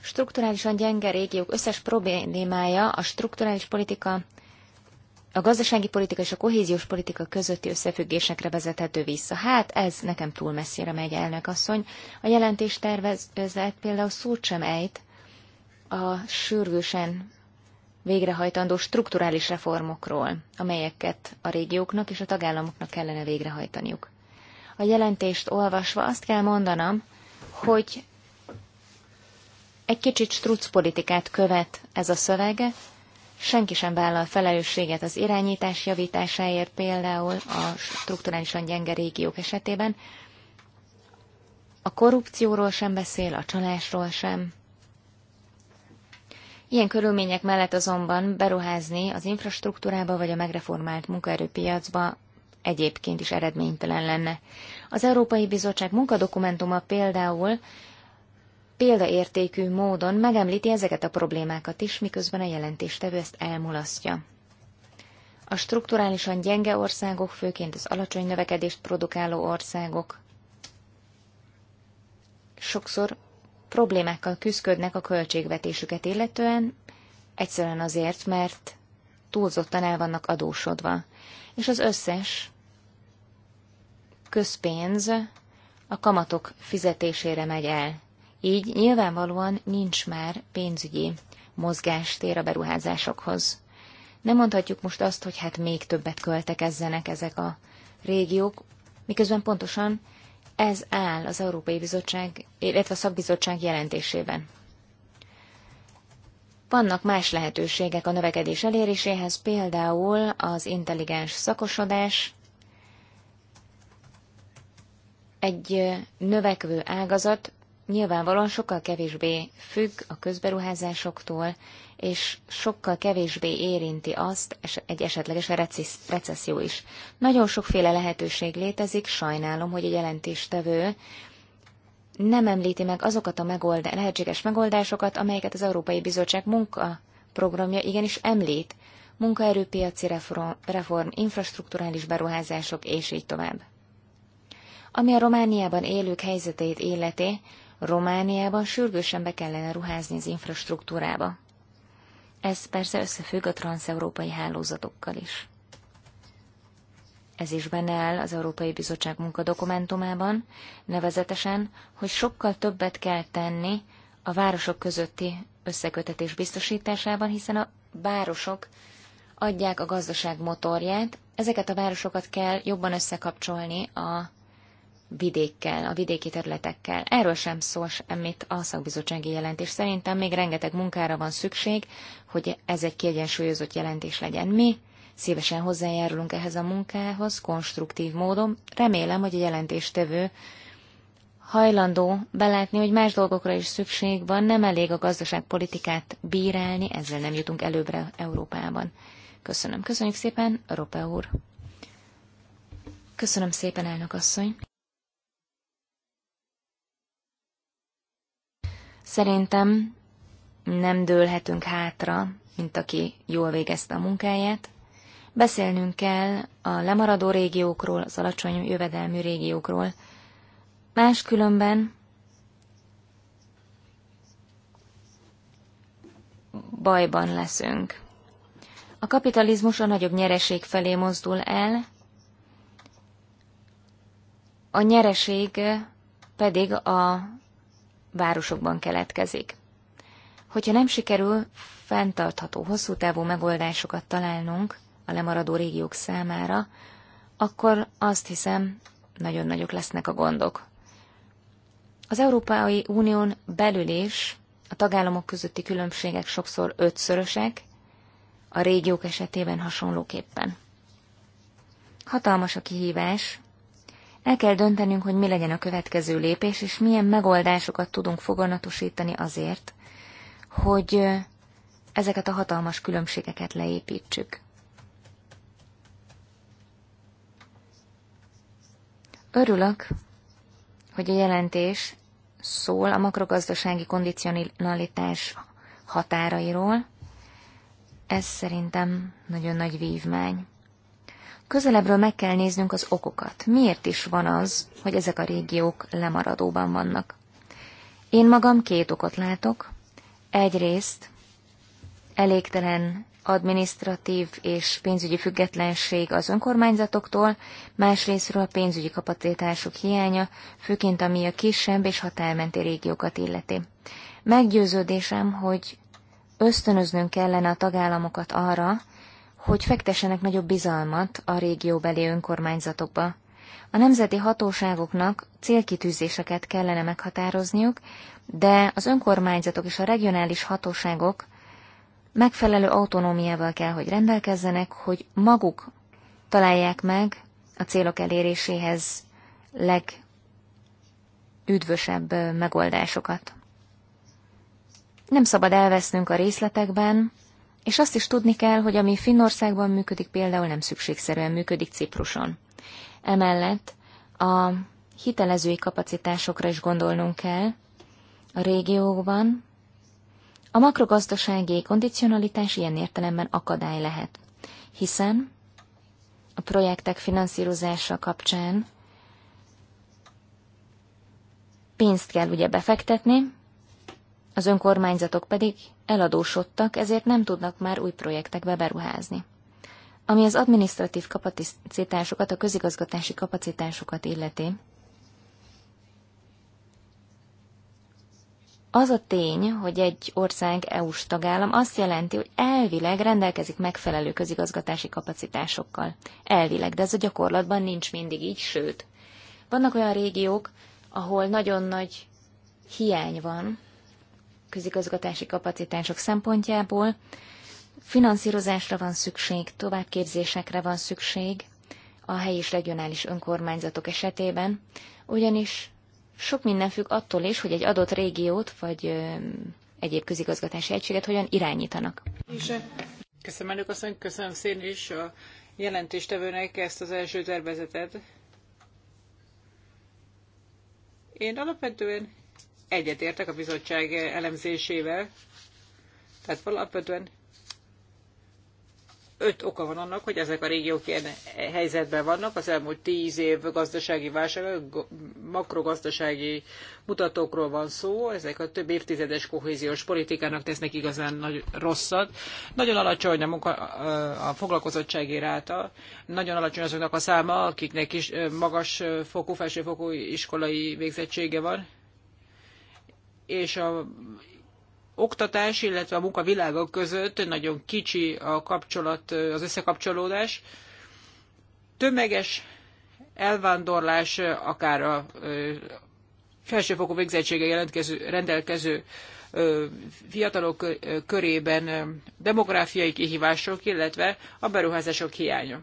strukturálisan gyenge régiók összes problémája a strukturális politika, a gazdasági politika és a kohéziós politika közötti összefüggésekre vezethető vissza. Hát ez nekem túl messzire megy, elnök asszony. A jelentés tervezett például szót sem ejt a sürgősen végrehajtandó strukturális reformokról, amelyeket a régióknak és a tagállamoknak kellene végrehajtaniuk. A jelentést olvasva azt kell mondanom, hogy egy kicsit politikát követ ez a szövege, senki sem vállal felelősséget az irányítás javításáért, például a strukturálisan gyenge régiók esetében. A korrupcióról sem beszél, a csalásról sem. Ilyen körülmények mellett azonban beruházni az infrastruktúrába vagy a megreformált munkaerőpiacba egyébként is eredménytelen lenne. Az Európai Bizottság munkadokumentuma például példaértékű módon megemlíti ezeket a problémákat is, miközben a jelentéstevő ezt elmulasztja. A strukturálisan gyenge országok, főként az alacsony növekedést produkáló országok sokszor problémákkal küzdködnek a költségvetésüket illetően, egyszerűen azért, mert túlzottan el vannak adósodva. És az összes közpénz a kamatok fizetésére megy el. Így nyilvánvalóan nincs már pénzügyi mozgástér a beruházásokhoz. Nem mondhatjuk most azt, hogy hát még többet költekezzenek ezek a régiók, miközben pontosan ez áll az Európai Bizottság, illetve a szakbizottság jelentésében. Vannak más lehetőségek a növekedés eléréséhez, például az intelligens szakosodás, egy növekvő ágazat nyilvánvalóan sokkal kevésbé függ a közberuházásoktól, és sokkal kevésbé érinti azt egy esetleges recesszió is. Nagyon sokféle lehetőség létezik, sajnálom, hogy a jelentéstevő nem említi meg azokat a megoldá- lehetséges megoldásokat, amelyeket az Európai Bizottság munkaprogramja igenis említ, munkaerőpiaci reform, reform, infrastruktúrális beruházások, és így tovább. Ami a Romániában élők helyzetét illeti, Romániában sürgősen be kellene ruházni az infrastruktúrába. Ez persze összefügg a transeurópai hálózatokkal is. Ez is benne áll az Európai Bizottság munkadokumentumában, nevezetesen, hogy sokkal többet kell tenni a városok közötti összekötetés biztosításában, hiszen a városok adják a gazdaság motorját, ezeket a városokat kell jobban összekapcsolni a vidékkel, a vidéki területekkel. Erről sem szól semmit a szakbizottsági jelentés. Szerintem még rengeteg munkára van szükség, hogy ez egy kiegyensúlyozott jelentés legyen. Mi szívesen hozzájárulunk ehhez a munkához konstruktív módon. Remélem, hogy a jelentéstevő hajlandó belátni, hogy más dolgokra is szükség van, nem elég a gazdaságpolitikát bírálni, ezzel nem jutunk előbbre Európában. Köszönöm. Köszönjük szépen, Rope úr. Köszönöm szépen, elnök asszony. Szerintem nem dőlhetünk hátra, mint aki jól végezte a munkáját. Beszélnünk kell a lemaradó régiókról, az alacsony jövedelmű régiókról. Máskülönben bajban leszünk. A kapitalizmus a nagyobb nyereség felé mozdul el, a nyereség pedig a városokban keletkezik. Hogyha nem sikerül fenntartható, hosszú távú megoldásokat találnunk a lemaradó régiók számára, akkor azt hiszem, nagyon nagyok lesznek a gondok. Az Európai Unión belül is a tagállamok közötti különbségek sokszor ötszörösek, a régiók esetében hasonlóképpen. Hatalmas a kihívás, el kell döntenünk, hogy mi legyen a következő lépés, és milyen megoldásokat tudunk foganatosítani azért, hogy ezeket a hatalmas különbségeket leépítsük. Örülök, hogy a jelentés szól a makrogazdasági kondicionalitás határairól. Ez szerintem nagyon nagy vívmány. Közelebbről meg kell néznünk az okokat. Miért is van az, hogy ezek a régiók lemaradóban vannak? Én magam két okot látok. Egyrészt elégtelen adminisztratív és pénzügyi függetlenség az önkormányzatoktól, másrésztről a pénzügyi kapacitások hiánya, főként ami a kisebb és határmenti régiókat illeti. Meggyőződésem, hogy ösztönöznünk kellene a tagállamokat arra, hogy fektessenek nagyobb bizalmat a régióbeli önkormányzatokba. A nemzeti hatóságoknak célkitűzéseket kellene meghatározniuk, de az önkormányzatok és a regionális hatóságok megfelelő autonómiával kell, hogy rendelkezzenek, hogy maguk találják meg a célok eléréséhez legüdvösebb megoldásokat. Nem szabad elvesznünk a részletekben, és azt is tudni kell, hogy ami Finnországban működik, például nem szükségszerűen működik Cipruson. Emellett a hitelezői kapacitásokra is gondolnunk kell a régióban. A makrogazdasági kondicionalitás ilyen értelemben akadály lehet, hiszen a projektek finanszírozása kapcsán pénzt kell ugye befektetni, az önkormányzatok pedig eladósodtak, ezért nem tudnak már új projektekbe beruházni. Ami az administratív kapacitásokat, a közigazgatási kapacitásokat illeti, Az a tény, hogy egy ország EU-s tagállam azt jelenti, hogy elvileg rendelkezik megfelelő közigazgatási kapacitásokkal. Elvileg, de ez a gyakorlatban nincs mindig így, sőt. Vannak olyan régiók, ahol nagyon nagy hiány van közigazgatási kapacitások szempontjából. Finanszírozásra van szükség, továbbképzésekre van szükség a helyi és regionális önkormányzatok esetében, ugyanis sok minden függ attól is, hogy egy adott régiót vagy egyéb közigazgatási egységet hogyan irányítanak. Köszönöm, elnök asszony, köszönöm szépen is a jelentéstevőnek ezt az első tervezetet. Én alapvetően egyetértek a bizottság elemzésével. Tehát alapvetően öt oka van annak, hogy ezek a régiók ilyen helyzetben vannak. Az elmúlt tíz év gazdasági válság, makrogazdasági mutatókról van szó. Ezek a több évtizedes kohéziós politikának tesznek igazán nagy rosszat. Nagyon alacsony a, munka, a foglalkozottsági ráta, nagyon alacsony azoknak a száma, akiknek is magas fokú, felsőfokú iskolai végzettsége van és a oktatás, illetve a munkavilága között nagyon kicsi a kapcsolat, az összekapcsolódás. Tömeges elvándorlás, akár a felsőfokú végzettsége jelentkező, rendelkező fiatalok körében demográfiai kihívások, illetve a beruházások hiánya.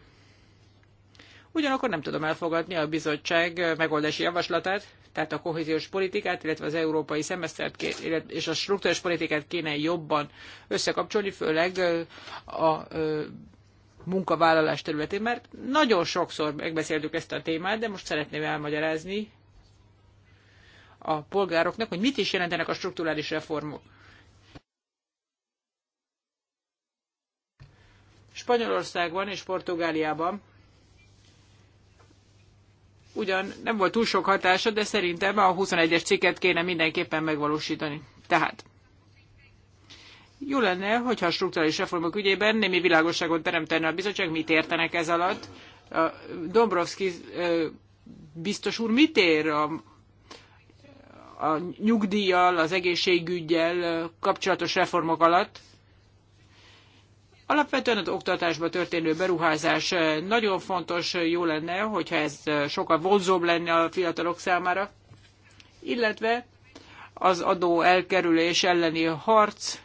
Ugyanakkor nem tudom elfogadni a bizottság megoldási javaslatát, tehát a kohéziós politikát, illetve az európai szemesztert és a struktúrás politikát kéne jobban összekapcsolni, főleg a munkavállalás területén, mert nagyon sokszor megbeszéltük ezt a témát, de most szeretném elmagyarázni a polgároknak, hogy mit is jelentenek a strukturális reformok. Spanyolországban és Portugáliában ugyan nem volt túl sok hatása, de szerintem a 21-es cikket kéne mindenképpen megvalósítani. Tehát jó lenne, hogyha a strukturális reformok ügyében némi világosságot teremtene a bizottság, mit értenek ez alatt. A Dombrovski biztos úr mit ér a, a nyugdíjjal, az egészségügyjel kapcsolatos reformok alatt? Alapvetően az oktatásba történő beruházás eh, nagyon fontos, eh, jó lenne, hogyha ez eh, sokkal vonzóbb lenne a fiatalok számára, illetve az adó elkerülés elleni harc,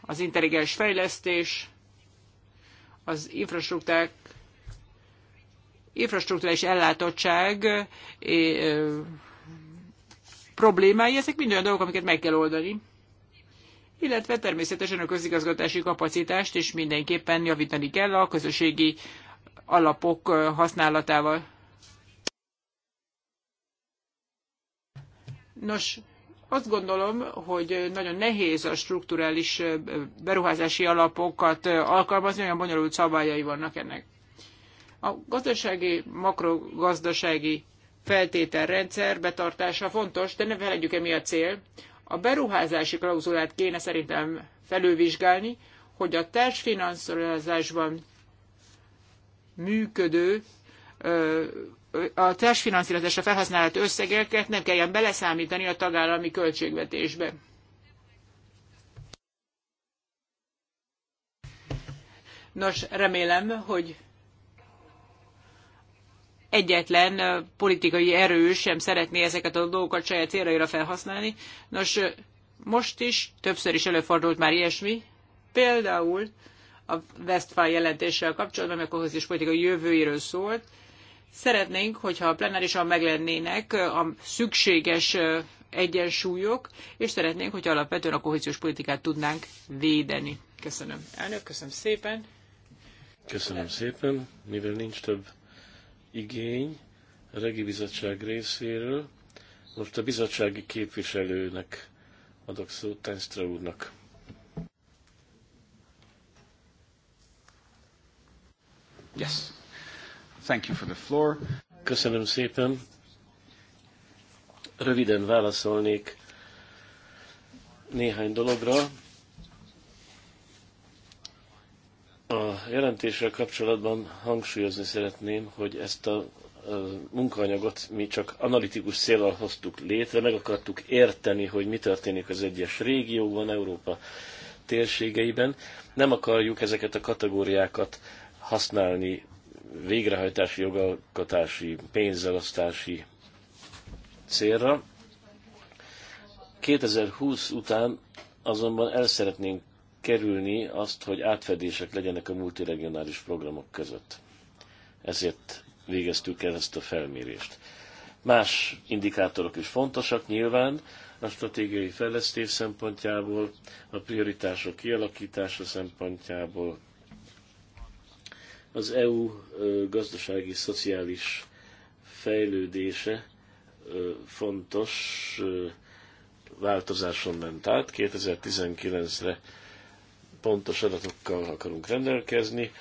az intelligens fejlesztés, az infrastruktúrák infrastruktúrális ellátottság problémái, ezek mind olyan dolgok, amiket meg kell oldani illetve természetesen a közigazgatási kapacitást is mindenképpen javítani kell a közösségi alapok használatával. Nos, azt gondolom, hogy nagyon nehéz a strukturális beruházási alapokat alkalmazni, olyan bonyolult szabályai vannak ennek. A gazdasági, makrogazdasági feltételrendszer betartása fontos, de ne felejtjük el mi a cél. A beruházási klauzulát kéne szerintem felülvizsgálni, hogy a társfinanszírozásban működő a társfinanszírozásra felhasznált összegeket nem kelljen beleszámítani a tagállami költségvetésbe. Nos, remélem, hogy egyetlen politikai erő sem szeretné ezeket a dolgokat saját céljaira felhasználni. Nos, most is többször is előfordult már ilyesmi, például a Westfál jelentéssel kapcsolatban, amikor a is politika jövőjéről szólt. Szeretnénk, hogyha a plenárisan meglennének a szükséges egyensúlyok, és szeretnénk, hogy alapvetően a kohéziós politikát tudnánk védeni. Köszönöm. Elnök, köszönöm szépen. Köszönöm szépen, mivel nincs több igény a Regi Bizottság részéről. Most a bizottsági képviselőnek adok szót, Tenstra úrnak. Yes. Thank you for the floor. Köszönöm szépen. Röviden válaszolnék néhány dologra. A jelentéssel kapcsolatban hangsúlyozni szeretném, hogy ezt a munkaanyagot mi csak analitikus célral hoztuk létre, meg akartuk érteni, hogy mi történik az egyes régiókban, Európa térségeiben. Nem akarjuk ezeket a kategóriákat használni végrehajtási, jogalkotási, pénzelasztási célra. 2020 után azonban el szeretnénk kerülni azt, hogy átfedések legyenek a multiregionális programok között. Ezért végeztük el ezt a felmérést. Más indikátorok is fontosak nyilván, a stratégiai fejlesztés szempontjából, a prioritások kialakítása szempontjából, az EU gazdasági szociális fejlődése fontos változáson ment át. 2019-re pontos adatokkal akarunk rendelkezni,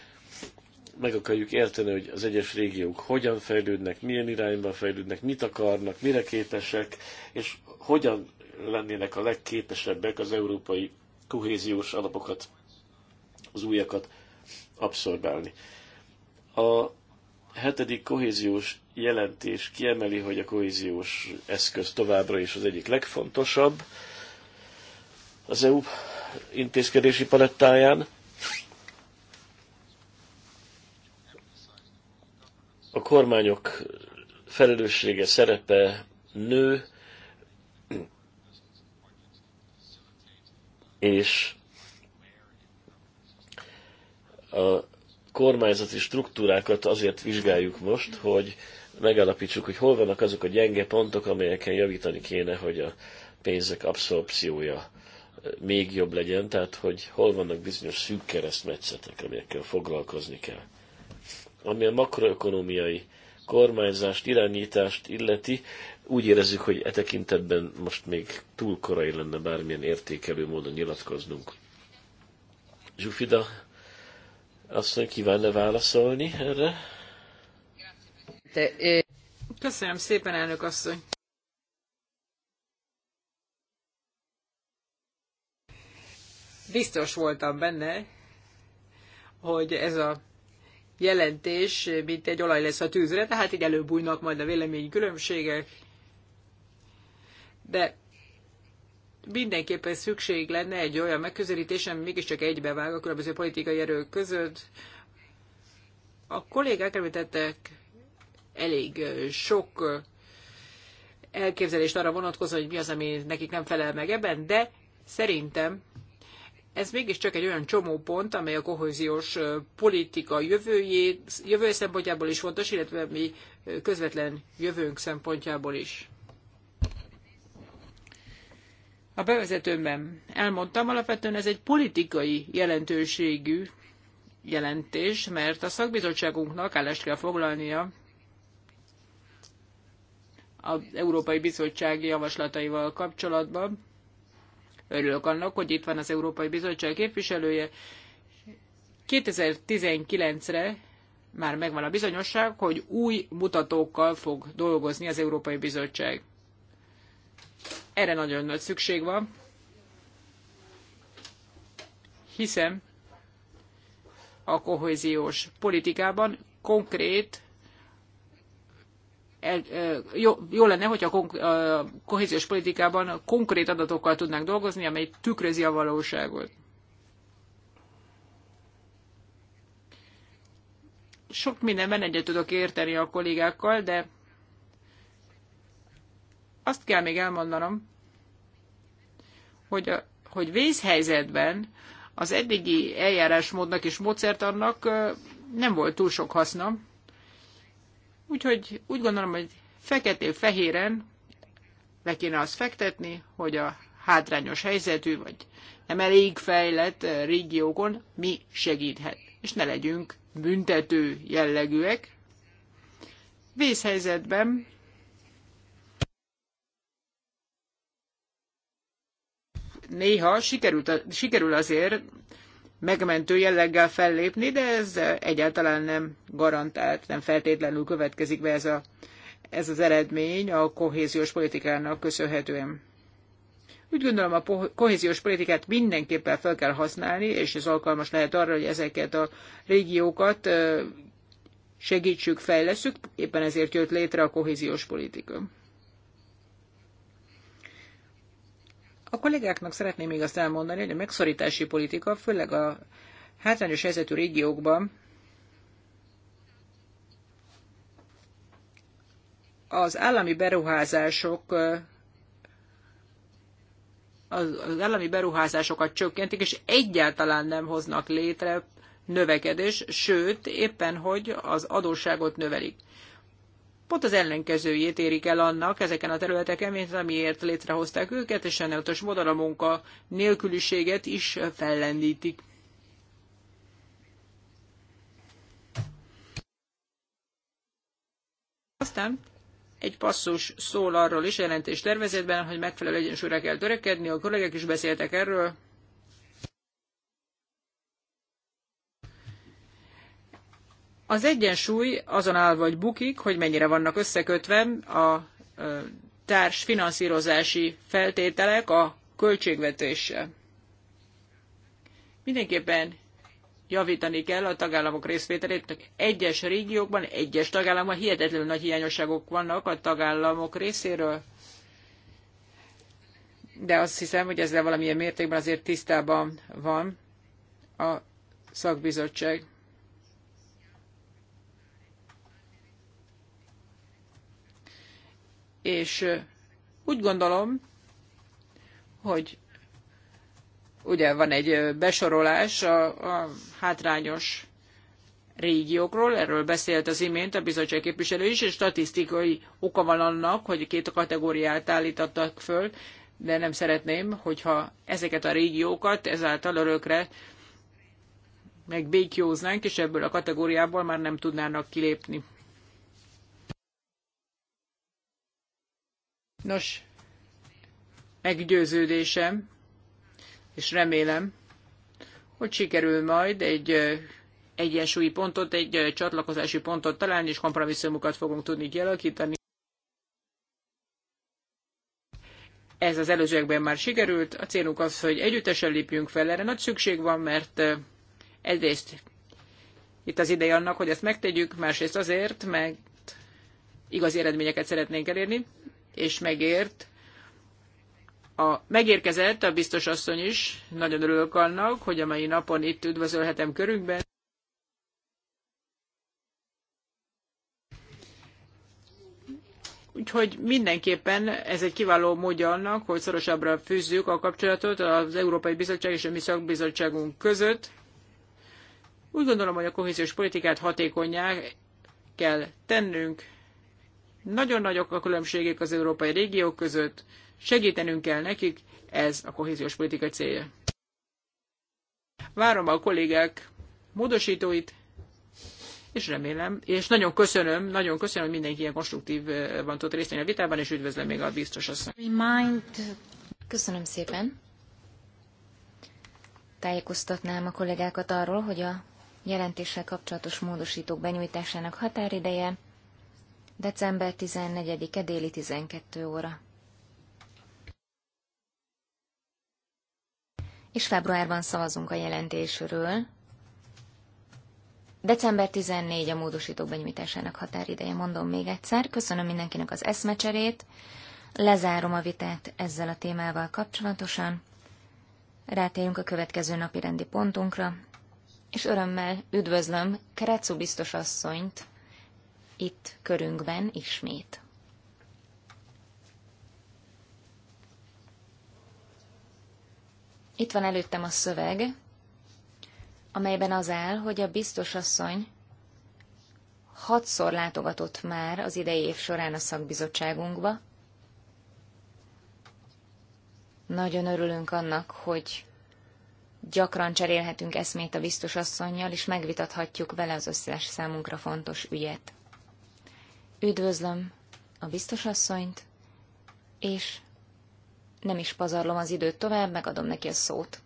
meg akarjuk érteni, hogy az egyes régiók hogyan fejlődnek, milyen irányba fejlődnek, mit akarnak, mire képesek, és hogyan lennének a legképesebbek az európai kohéziós alapokat, az újakat abszorbálni. A hetedik kohéziós jelentés kiemeli, hogy a kohéziós eszköz továbbra is az egyik legfontosabb az EU intézkedési palettáján. A kormányok felelőssége, szerepe nő, és a kormányzati struktúrákat azért vizsgáljuk most, hogy megalapítsuk, hogy hol vannak azok a gyenge pontok, amelyeken javítani kéne, hogy a pénzek abszorpciója még jobb legyen, tehát hogy hol vannak bizonyos szűk keresztmetszetek, amelyekkel foglalkozni kell. Ami a makroökonomiai kormányzást, irányítást illeti, úgy érezzük, hogy e tekintetben most még túl korai lenne bármilyen értékelő módon nyilatkoznunk. Zsufida asszony kívánna válaszolni erre? Köszönöm szépen, elnök asszony! biztos voltam benne, hogy ez a jelentés, mint egy olaj lesz a tűzre, tehát így előbújnak majd a különbségek. De mindenképpen szükség lenne egy olyan megközelítés, ami mégiscsak egybevág a különböző politikai erők között. A kollégák említettek elég sok elképzelést arra vonatkozó, hogy mi az, ami nekik nem felel meg ebben, de szerintem ez mégiscsak egy olyan csomópont, amely a kohéziós politika jövőjét, jövője szempontjából is fontos, illetve mi közvetlen jövőnk szempontjából is. A bevezetőmben elmondtam, alapvetően ez egy politikai jelentőségű jelentés, mert a szakbizottságunknak állást kell foglalnia az Európai Bizottság javaslataival kapcsolatban, Örülök annak, hogy itt van az Európai Bizottság képviselője. 2019-re már megvan a bizonyosság, hogy új mutatókkal fog dolgozni az Európai Bizottság. Erre nagyon nagy szükség van, hiszen a kohéziós politikában konkrét jó lenne, hogyha a kohéziós politikában konkrét adatokkal tudnánk dolgozni, amely tükrözi a valóságot. Sok mindenben egyet tudok érteni a kollégákkal, de azt kell még elmondanom, hogy, a, hogy vészhelyzetben az eddigi eljárásmódnak és módszertannak nem volt túl sok haszna, Úgyhogy úgy gondolom, hogy feketén-fehéren le kéne azt fektetni, hogy a hátrányos helyzetű vagy nem elég fejlett eh, régiókon mi segíthet, és ne legyünk büntető jellegűek. Vészhelyzetben néha sikerült, sikerül azért megmentő jelleggel fellépni, de ez egyáltalán nem garantált, nem feltétlenül következik be ez, a, ez az eredmény a kohéziós politikának köszönhetően. Úgy gondolom, a kohéziós politikát mindenképpen fel kell használni, és ez alkalmas lehet arra, hogy ezeket a régiókat segítsük, fejleszünk, éppen ezért jött létre a kohéziós politika. A kollégáknak szeretném még azt elmondani, hogy a megszorítási politika, főleg a hátrányos helyzetű régiókban az állami beruházások az állami beruházásokat csökkentik, és egyáltalán nem hoznak létre növekedés, sőt, éppen hogy az adósságot növelik pont az ellenkezőjét érik el annak ezeken a területeken, mint amiért létrehozták őket, és sajnálatos módon a munka nélküliséget is fellendítik. Aztán egy passzus szól arról is jelentés tervezetben, hogy megfelelő egyensúlyra kell törekedni, a kollégek is beszéltek erről, Az egyensúly azon áll vagy bukik, hogy mennyire vannak összekötve a társ finanszírozási feltételek a költségvetéssel. Mindenképpen javítani kell a tagállamok részvételét. Egyes régiókban, egyes tagállamban hihetetlenül nagy hiányosságok vannak a tagállamok részéről. De azt hiszem, hogy ezzel valamilyen mértékben azért tisztában van a szakbizottság. és úgy gondolom, hogy ugye van egy besorolás a, a hátrányos régiókról, erről beszélt az imént a bizottság képviselő is, és statisztikai oka van annak, hogy két kategóriát állítottak föl, de nem szeretném, hogyha ezeket a régiókat ezáltal örökre megbékjóznánk, és ebből a kategóriából már nem tudnának kilépni. Nos, meggyőződésem, és remélem, hogy sikerül majd egy egyensúlyi pontot, egy csatlakozási pontot találni, és kompromisszumokat fogunk tudni kialakítani. Ez az előzőekben már sikerült. A célunk az, hogy együttesen lépjünk fel. Erre nagy szükség van, mert egyrészt itt az ideje annak, hogy ezt megtegyük, másrészt azért, mert igazi eredményeket szeretnénk elérni és megért. A, megérkezett a biztos asszony is, nagyon örülök annak, hogy a mai napon itt üdvözölhetem körünkben. Úgyhogy mindenképpen ez egy kiváló módja annak, hogy szorosabbra fűzzük a kapcsolatot az Európai Bizottság és a mi szakbizottságunk között. Úgy gondolom, hogy a kohéziós politikát hatékonyá kell tennünk, nagyon nagyok a különbségek az európai régiók között, segítenünk kell nekik, ez a kohéziós politika célja. Várom a kollégák módosítóit, és remélem, és nagyon köszönöm, nagyon köszönöm, hogy mindenki ilyen van tudott részt venni a vitában, és üdvözlöm még a biztos asszonyt. Köszönöm szépen. Tájékoztatnám a kollégákat arról, hogy a jelentéssel kapcsolatos módosítók benyújtásának határideje december 14-e déli 12 óra. És februárban szavazunk a jelentésről. December 14 a módosítók benyújtásának határideje, mondom még egyszer. Köszönöm mindenkinek az eszmecserét. Lezárom a vitát ezzel a témával kapcsolatosan. Rátérjünk a következő napi rendi pontunkra, és örömmel üdvözlöm Kerecu biztos asszonyt, itt körünkben ismét. Itt van előttem a szöveg, amelyben az áll, hogy a biztos asszony hatszor látogatott már az idei év során a szakbizottságunkba. Nagyon örülünk annak, hogy gyakran cserélhetünk eszmét a biztos asszonynal, és megvitathatjuk vele az összes számunkra fontos ügyet. Üdvözlöm a biztosasszonyt, és nem is pazarlom az időt tovább, megadom neki a szót.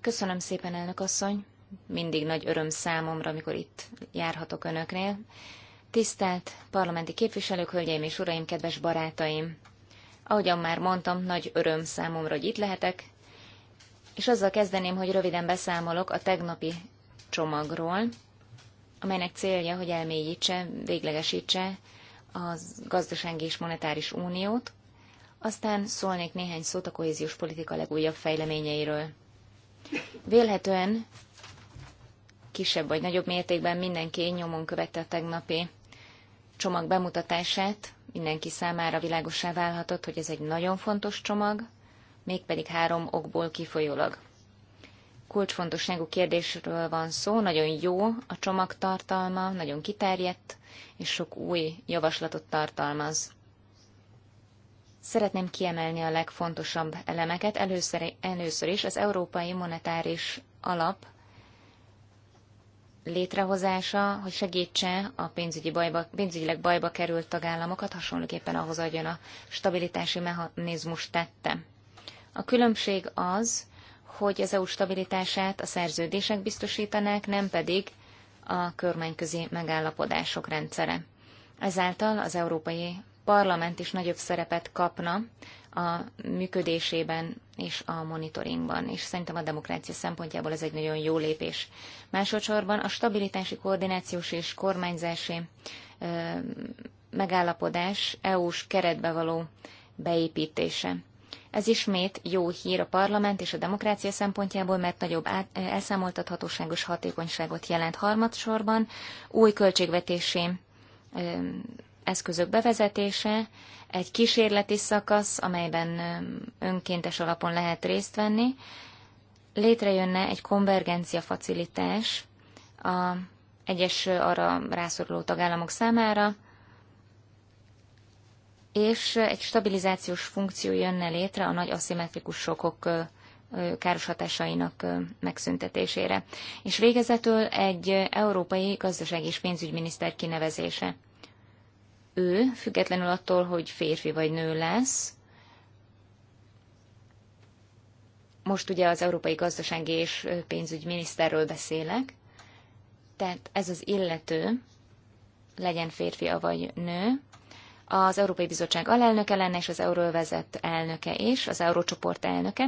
Köszönöm szépen, elnök asszony, mindig nagy öröm számomra, amikor itt járhatok önöknél. Tisztelt parlamenti képviselők, hölgyeim és uraim, kedves barátaim! Ahogyan már mondtam, nagy öröm számomra, hogy itt lehetek, és azzal kezdeném, hogy röviden beszámolok a tegnapi csomagról, amelynek célja, hogy elmélyítse, véglegesítse az gazdasági és monetáris uniót, aztán szólnék néhány szót a kohéziós politika legújabb fejleményeiről. Vélhetően kisebb vagy nagyobb mértékben mindenki nyomon követte a tegnapi csomag bemutatását, mindenki számára világosá válhatott, hogy ez egy nagyon fontos csomag, mégpedig három okból kifolyólag. Kulcsfontosságú kérdésről van szó, nagyon jó a csomag tartalma, nagyon kiterjedt, és sok új javaslatot tartalmaz. Szeretném kiemelni a legfontosabb elemeket. Először, először is az Európai Monetáris Alap létrehozása, hogy segítse a pénzügyi bajba, pénzügyileg bajba került tagállamokat, hasonlóképpen ahhoz adjon a stabilitási mechanizmus tette. A különbség az, hogy az EU stabilitását a szerződések biztosítanák, nem pedig a kormányközi megállapodások rendszere. Ezáltal az Európai Parlament is nagyobb szerepet kapna a működésében és a monitoringban, és szerintem a demokrácia szempontjából ez egy nagyon jó lépés. Másodszorban a stabilitási, koordinációs és kormányzási ö, megállapodás EU-s keretbe való beépítése. Ez ismét jó hír a parlament és a demokrácia szempontjából, mert nagyobb át, elszámoltathatóságos hatékonyságot jelent harmadsorban, új költségvetési eszközök bevezetése, egy kísérleti szakasz, amelyben önkéntes alapon lehet részt venni, létrejönne egy konvergencia facilitás a egyes arra rászoruló tagállamok számára, és egy stabilizációs funkció jönne létre a nagy aszimmetrikus sokok káros hatásainak megszüntetésére. És végezetül egy európai gazdaság és pénzügyminiszter kinevezése. Ő, függetlenül attól, hogy férfi vagy nő lesz, most ugye az európai gazdasági és pénzügyminiszterről beszélek, tehát ez az illető, legyen férfi vagy nő, az Európai Bizottság alelnöke lenne, és az Euróvezet elnöke és az Eurócsoport elnöke.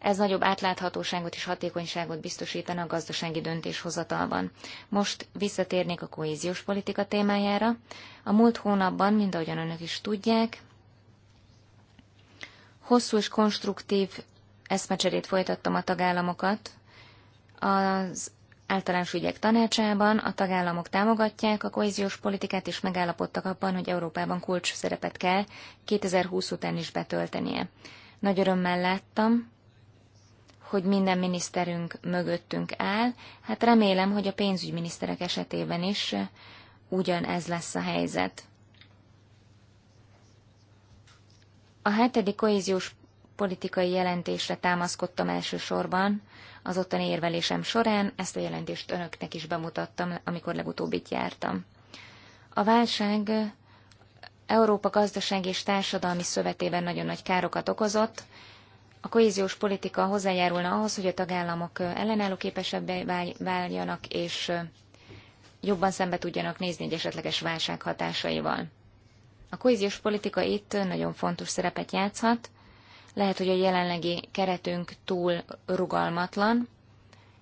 Ez nagyobb átláthatóságot és hatékonyságot biztosítana a gazdasági döntéshozatalban. Most visszatérnék a kohéziós politika témájára. A múlt hónapban, mint ahogyan önök is tudják, hosszú és konstruktív eszmecserét folytattam a tagállamokat az általános ügyek tanácsában a tagállamok támogatják a kohéziós politikát, és megállapodtak abban, hogy Európában kulcs szerepet kell 2020 után is betöltenie. Nagy örömmel láttam, hogy minden miniszterünk mögöttünk áll. Hát remélem, hogy a pénzügyminiszterek esetében is ugyanez lesz a helyzet. A hetedik kohéziós politikai jelentésre támaszkodtam elsősorban az ottani érvelésem során, ezt a jelentést önöknek is bemutattam, amikor legutóbb itt jártam. A válság Európa gazdaság és társadalmi szövetében nagyon nagy károkat okozott, a kohéziós politika hozzájárulna ahhoz, hogy a tagállamok ellenálló képesebbé váljanak, és jobban szembe tudjanak nézni egy esetleges válság hatásaival. A kohéziós politika itt nagyon fontos szerepet játszhat, lehet, hogy a jelenlegi keretünk túl rugalmatlan,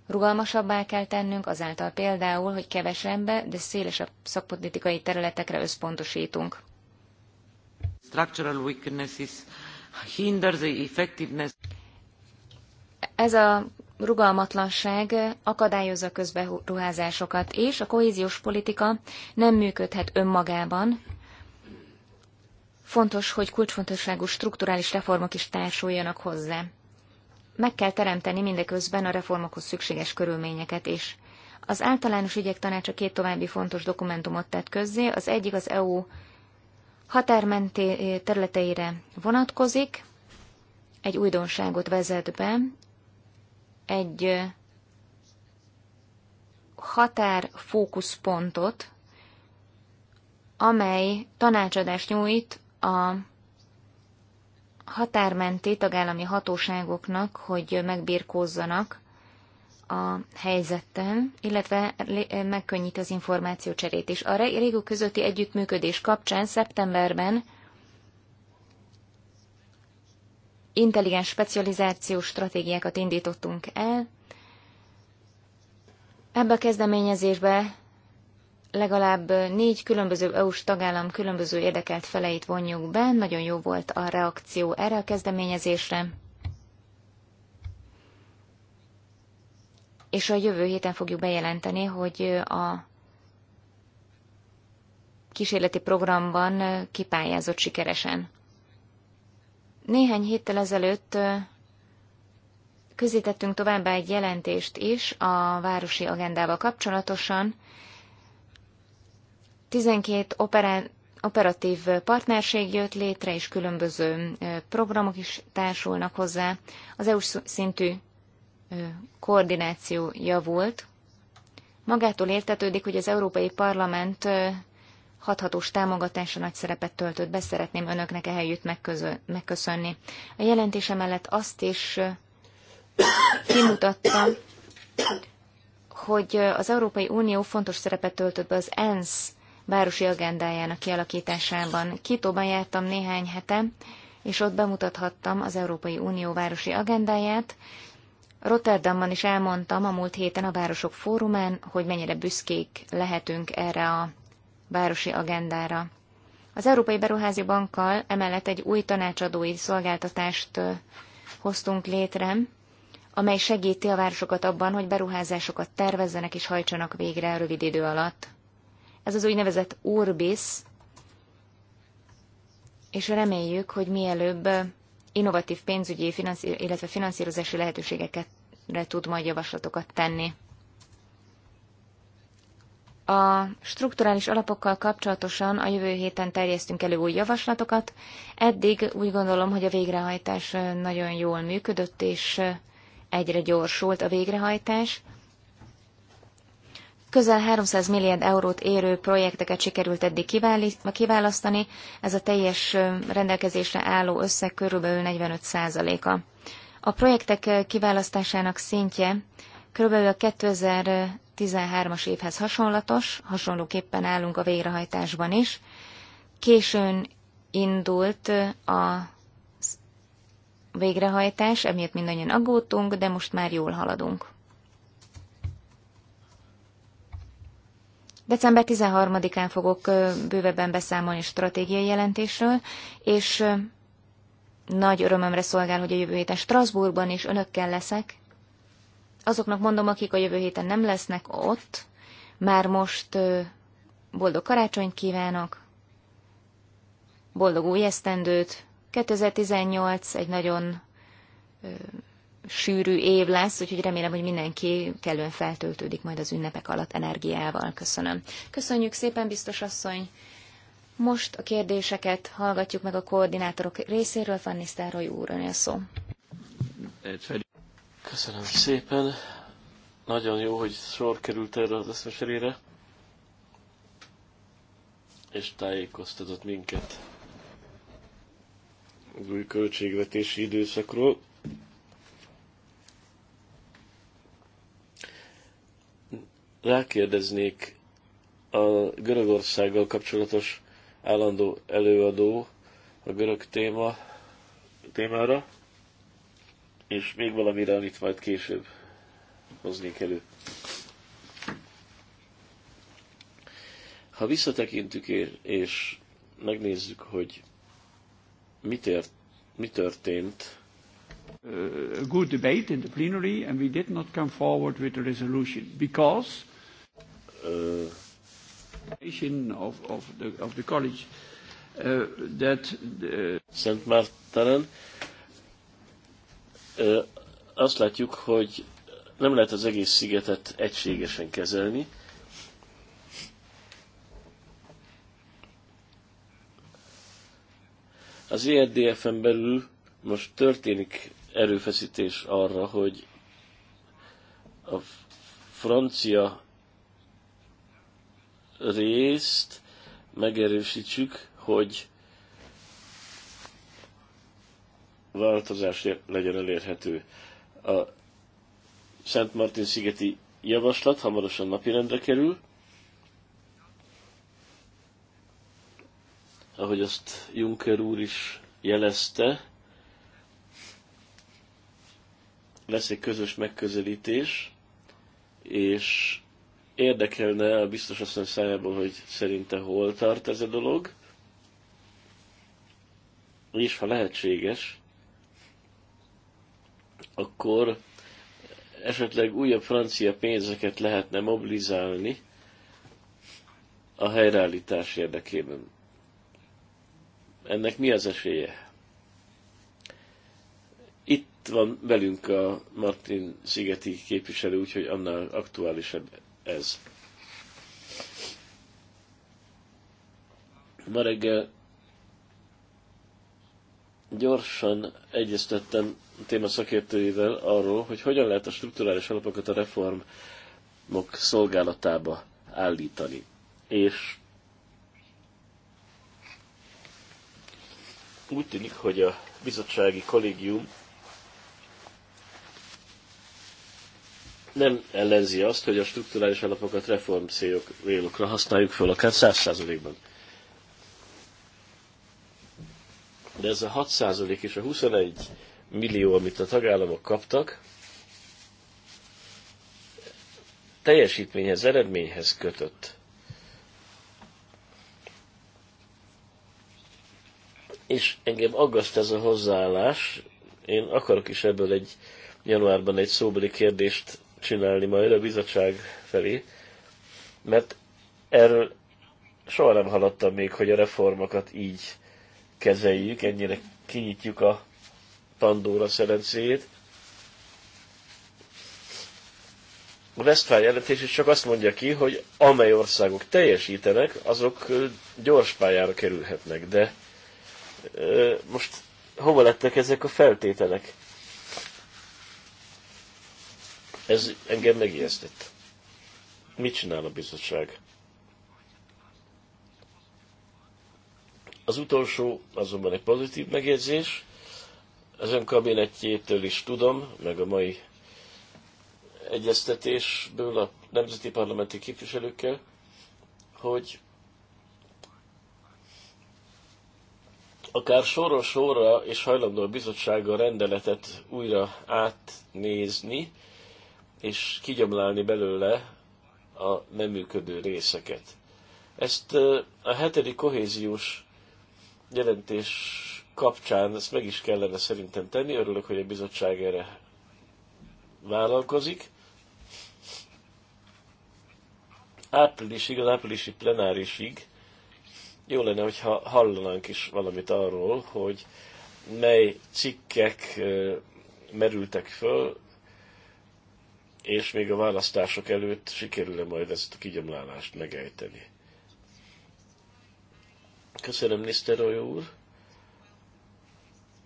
Rugalmasabbá kell tennünk azáltal például, hogy kevesebbe, de szélesebb szakpolitikai területekre összpontosítunk. Ez a rugalmatlanság akadályozza közberuházásokat, és a kohéziós politika nem működhet önmagában, Fontos, hogy kulcsfontosságú strukturális reformok is társuljanak hozzá. Meg kell teremteni mindeközben a reformokhoz szükséges körülményeket is. Az általános ügyek tanácsa két további fontos dokumentumot tett közzé, az egyik az EU határmenti eh, területeire vonatkozik, egy újdonságot vezet be, egy eh, határfókuszpontot, amely tanácsadást nyújt a határmenti tagállami hatóságoknak, hogy megbirkózzanak a helyzetten, illetve megkönnyít az információcserét is. A régó közötti együttműködés kapcsán szeptemberben intelligens specializációs stratégiákat indítottunk el. Ebbe a kezdeményezésbe legalább négy különböző EU-s tagállam különböző érdekelt feleit vonjuk be. Nagyon jó volt a reakció erre a kezdeményezésre. És a jövő héten fogjuk bejelenteni, hogy a kísérleti programban kipályázott sikeresen. Néhány héttel ezelőtt közítettünk továbbá egy jelentést is a városi agendával kapcsolatosan, 12 operán, operatív partnerség jött létre, és különböző programok is társulnak hozzá. Az EU-s szintű koordináció javult. Magától értetődik, hogy az Európai Parlament hathatós támogatása nagy szerepet töltött be, szeretném önöknek ehelyütt megköszönni. A jelentése mellett azt is kimutatta, hogy az Európai Unió fontos szerepet töltött be az ENSZ városi agendájának kialakításában. Kitóban jártam néhány hete, és ott bemutathattam az Európai Unió városi agendáját. Rotterdamban is elmondtam a múlt héten a Városok Fórumán, hogy mennyire büszkék lehetünk erre a városi agendára. Az Európai Beruházi Bankkal emellett egy új tanácsadói szolgáltatást hoztunk létre, amely segíti a városokat abban, hogy beruházásokat tervezzenek és hajtsanak végre rövid idő alatt ez az úgynevezett Orbis, és reméljük, hogy mielőbb innovatív pénzügyi, finanszír, illetve finanszírozási lehetőségekre tud majd javaslatokat tenni. A strukturális alapokkal kapcsolatosan a jövő héten terjesztünk elő új javaslatokat. Eddig úgy gondolom, hogy a végrehajtás nagyon jól működött, és egyre gyorsult a végrehajtás. Közel 300 milliárd eurót érő projekteket sikerült eddig kiválasztani, ez a teljes rendelkezésre álló összeg körülbelül 45%-a. A projektek kiválasztásának szintje körülbelül a 2013-as évhez hasonlatos, hasonlóképpen állunk a végrehajtásban is. Későn indult a végrehajtás, emiatt mindannyian aggódtunk, de most már jól haladunk. December 13-án fogok bővebben beszámolni stratégiai jelentésről, és nagy örömömre szolgál, hogy a jövő héten Strasbourgban is önökkel leszek. Azoknak mondom, akik a jövő héten nem lesznek ott, már most boldog karácsonyt kívánok, boldog új esztendőt. 2018 egy nagyon sűrű év lesz, úgyhogy remélem, hogy mindenki kellően feltöltődik majd az ünnepek alatt energiával. Köszönöm. Köszönjük szépen, biztos asszony! Most a kérdéseket hallgatjuk meg a koordinátorok részéről. Fanny Sztároly úr, a szó. Köszönöm szépen. Nagyon jó, hogy sor került erre az eszmeserére, és tájékoztatott minket az új költségvetési időszakról. rákérdeznék a Görögországgal kapcsolatos állandó előadó a görög téma, témára, és még valamire, amit majd később hoznék elő. Ha visszatekintünk és megnézzük, hogy mi, ért, mi történt, uh, a good debate in the plenary and we did not come forward with a resolution because Of, of the, of the college, uh, that the... Szent Uh, azt látjuk, hogy nem lehet az egész szigetet egységesen kezelni. Az ERDF-en belül most történik erőfeszítés arra, hogy a francia részt megerősítsük, hogy változás legyen elérhető. A Szent Martin szigeti javaslat hamarosan napirendre kerül, ahogy azt Juncker úr is jelezte, lesz egy közös megközelítés, és Érdekelne a biztos asszony szájából, hogy szerinte hol tart ez a dolog, és ha lehetséges, akkor esetleg újabb francia pénzeket lehetne mobilizálni a helyreállítás érdekében. Ennek mi az esélye? Itt van velünk a Martin Szigeti képviselő, úgyhogy annál aktuálisabb ez. Ma reggel gyorsan egyeztettem téma szakértőivel arról, hogy hogyan lehet a strukturális alapokat a reformok szolgálatába állítani. És úgy tűnik, hogy a bizottsági kollégium nem ellenzi azt, hogy a strukturális alapokat reform célokra használjuk föl, akár 100%-ban. De ez a 6% és a 21 millió, amit a tagállamok kaptak, teljesítményhez, eredményhez kötött. És engem aggaszt ez a hozzáállás, én akarok is ebből egy januárban egy szóbeli kérdést csinálni majd a bizottság felé, mert erről soha nem hallottam még, hogy a reformokat így kezeljük, ennyire kinyitjuk a Pandora szerencéjét. A Westfály jelentés is csak azt mondja ki, hogy amely országok teljesítenek, azok gyors pályára kerülhetnek, de most hova lettek ezek a feltételek? Ez engem megijesztett. Mit csinál a bizottság? Az utolsó azonban egy pozitív megjegyzés. Az ön kabinettjétől is tudom, meg a mai egyeztetésből a nemzeti parlamenti képviselőkkel, hogy akár sorra sorra és hajlandó a bizottsága rendeletet újra átnézni, és kigyomlálni belőle a nem működő részeket. Ezt a hetedik kohéziós jelentés kapcsán ezt meg is kellene szerintem tenni. Örülök, hogy a bizottság erre vállalkozik. Áprilisig, az áprilisi plenárisig jó lenne, hogyha hallanánk is valamit arról, hogy mely cikkek merültek föl, és még a választások előtt sikerül-e majd ezt a kigyomlálást megejteni. Köszönöm, Niszteroly úr!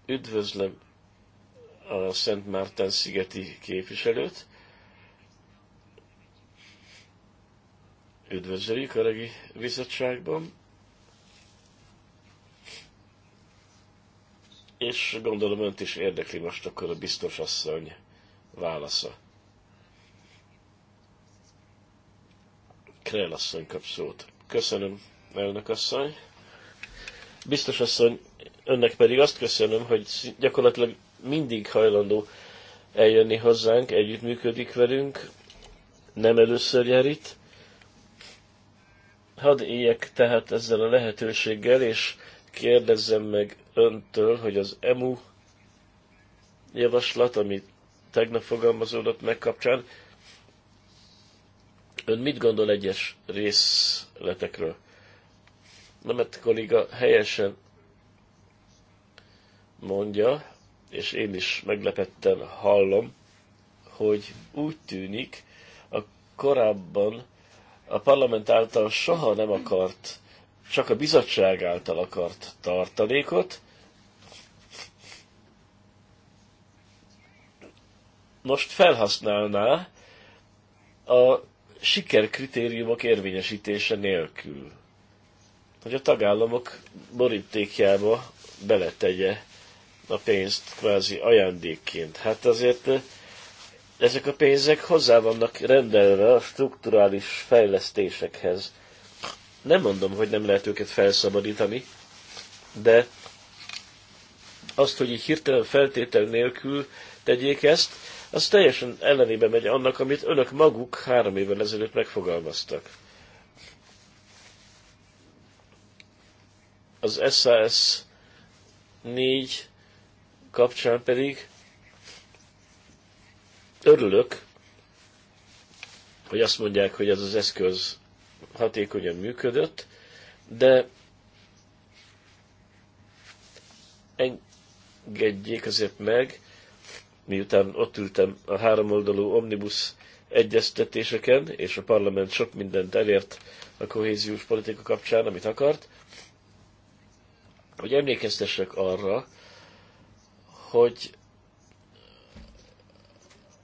Üdvözlöm a Szent Márten szigeti képviselőt. Üdvözöljük a regi bizottságban. És gondolom önt is érdekli most akkor a biztos asszony válasza. Krél asszony kap szót. Köszönöm, elnök asszony. Biztos asszony, önnek pedig azt köszönöm, hogy gyakorlatilag mindig hajlandó eljönni hozzánk, együttműködik velünk, nem először jár itt. Hadd éljek tehát ezzel a lehetőséggel, és kérdezzem meg öntől, hogy az EMU javaslat, amit tegnap fogalmazódott meg kapcsán, ön mit gondol egyes részletekről? mert kolléga helyesen mondja, és én is meglepetten hallom, hogy úgy tűnik, a korábban a parlament által soha nem akart, csak a bizottság által akart tartalékot. Most felhasználná a sikerkritériumok érvényesítése nélkül. Hogy a tagállamok borítékjába beletegye a pénzt kvázi ajándékként. Hát azért eh, ezek a pénzek hozzá vannak rendelve a strukturális fejlesztésekhez. Nem mondom, hogy nem lehet őket felszabadítani, de azt, hogy így hirtelen feltétel nélkül tegyék ezt, az teljesen ellenébe megy annak, amit önök maguk három évvel ezelőtt megfogalmaztak. Az SAS 4 kapcsán pedig örülök, hogy azt mondják, hogy ez az eszköz hatékonyan működött, de engedjék azért meg, miután ott ültem a háromoldalú omnibus egyeztetéseken, és a parlament sok mindent elért a kohéziós politika kapcsán, amit akart, hogy emlékeztessek arra, hogy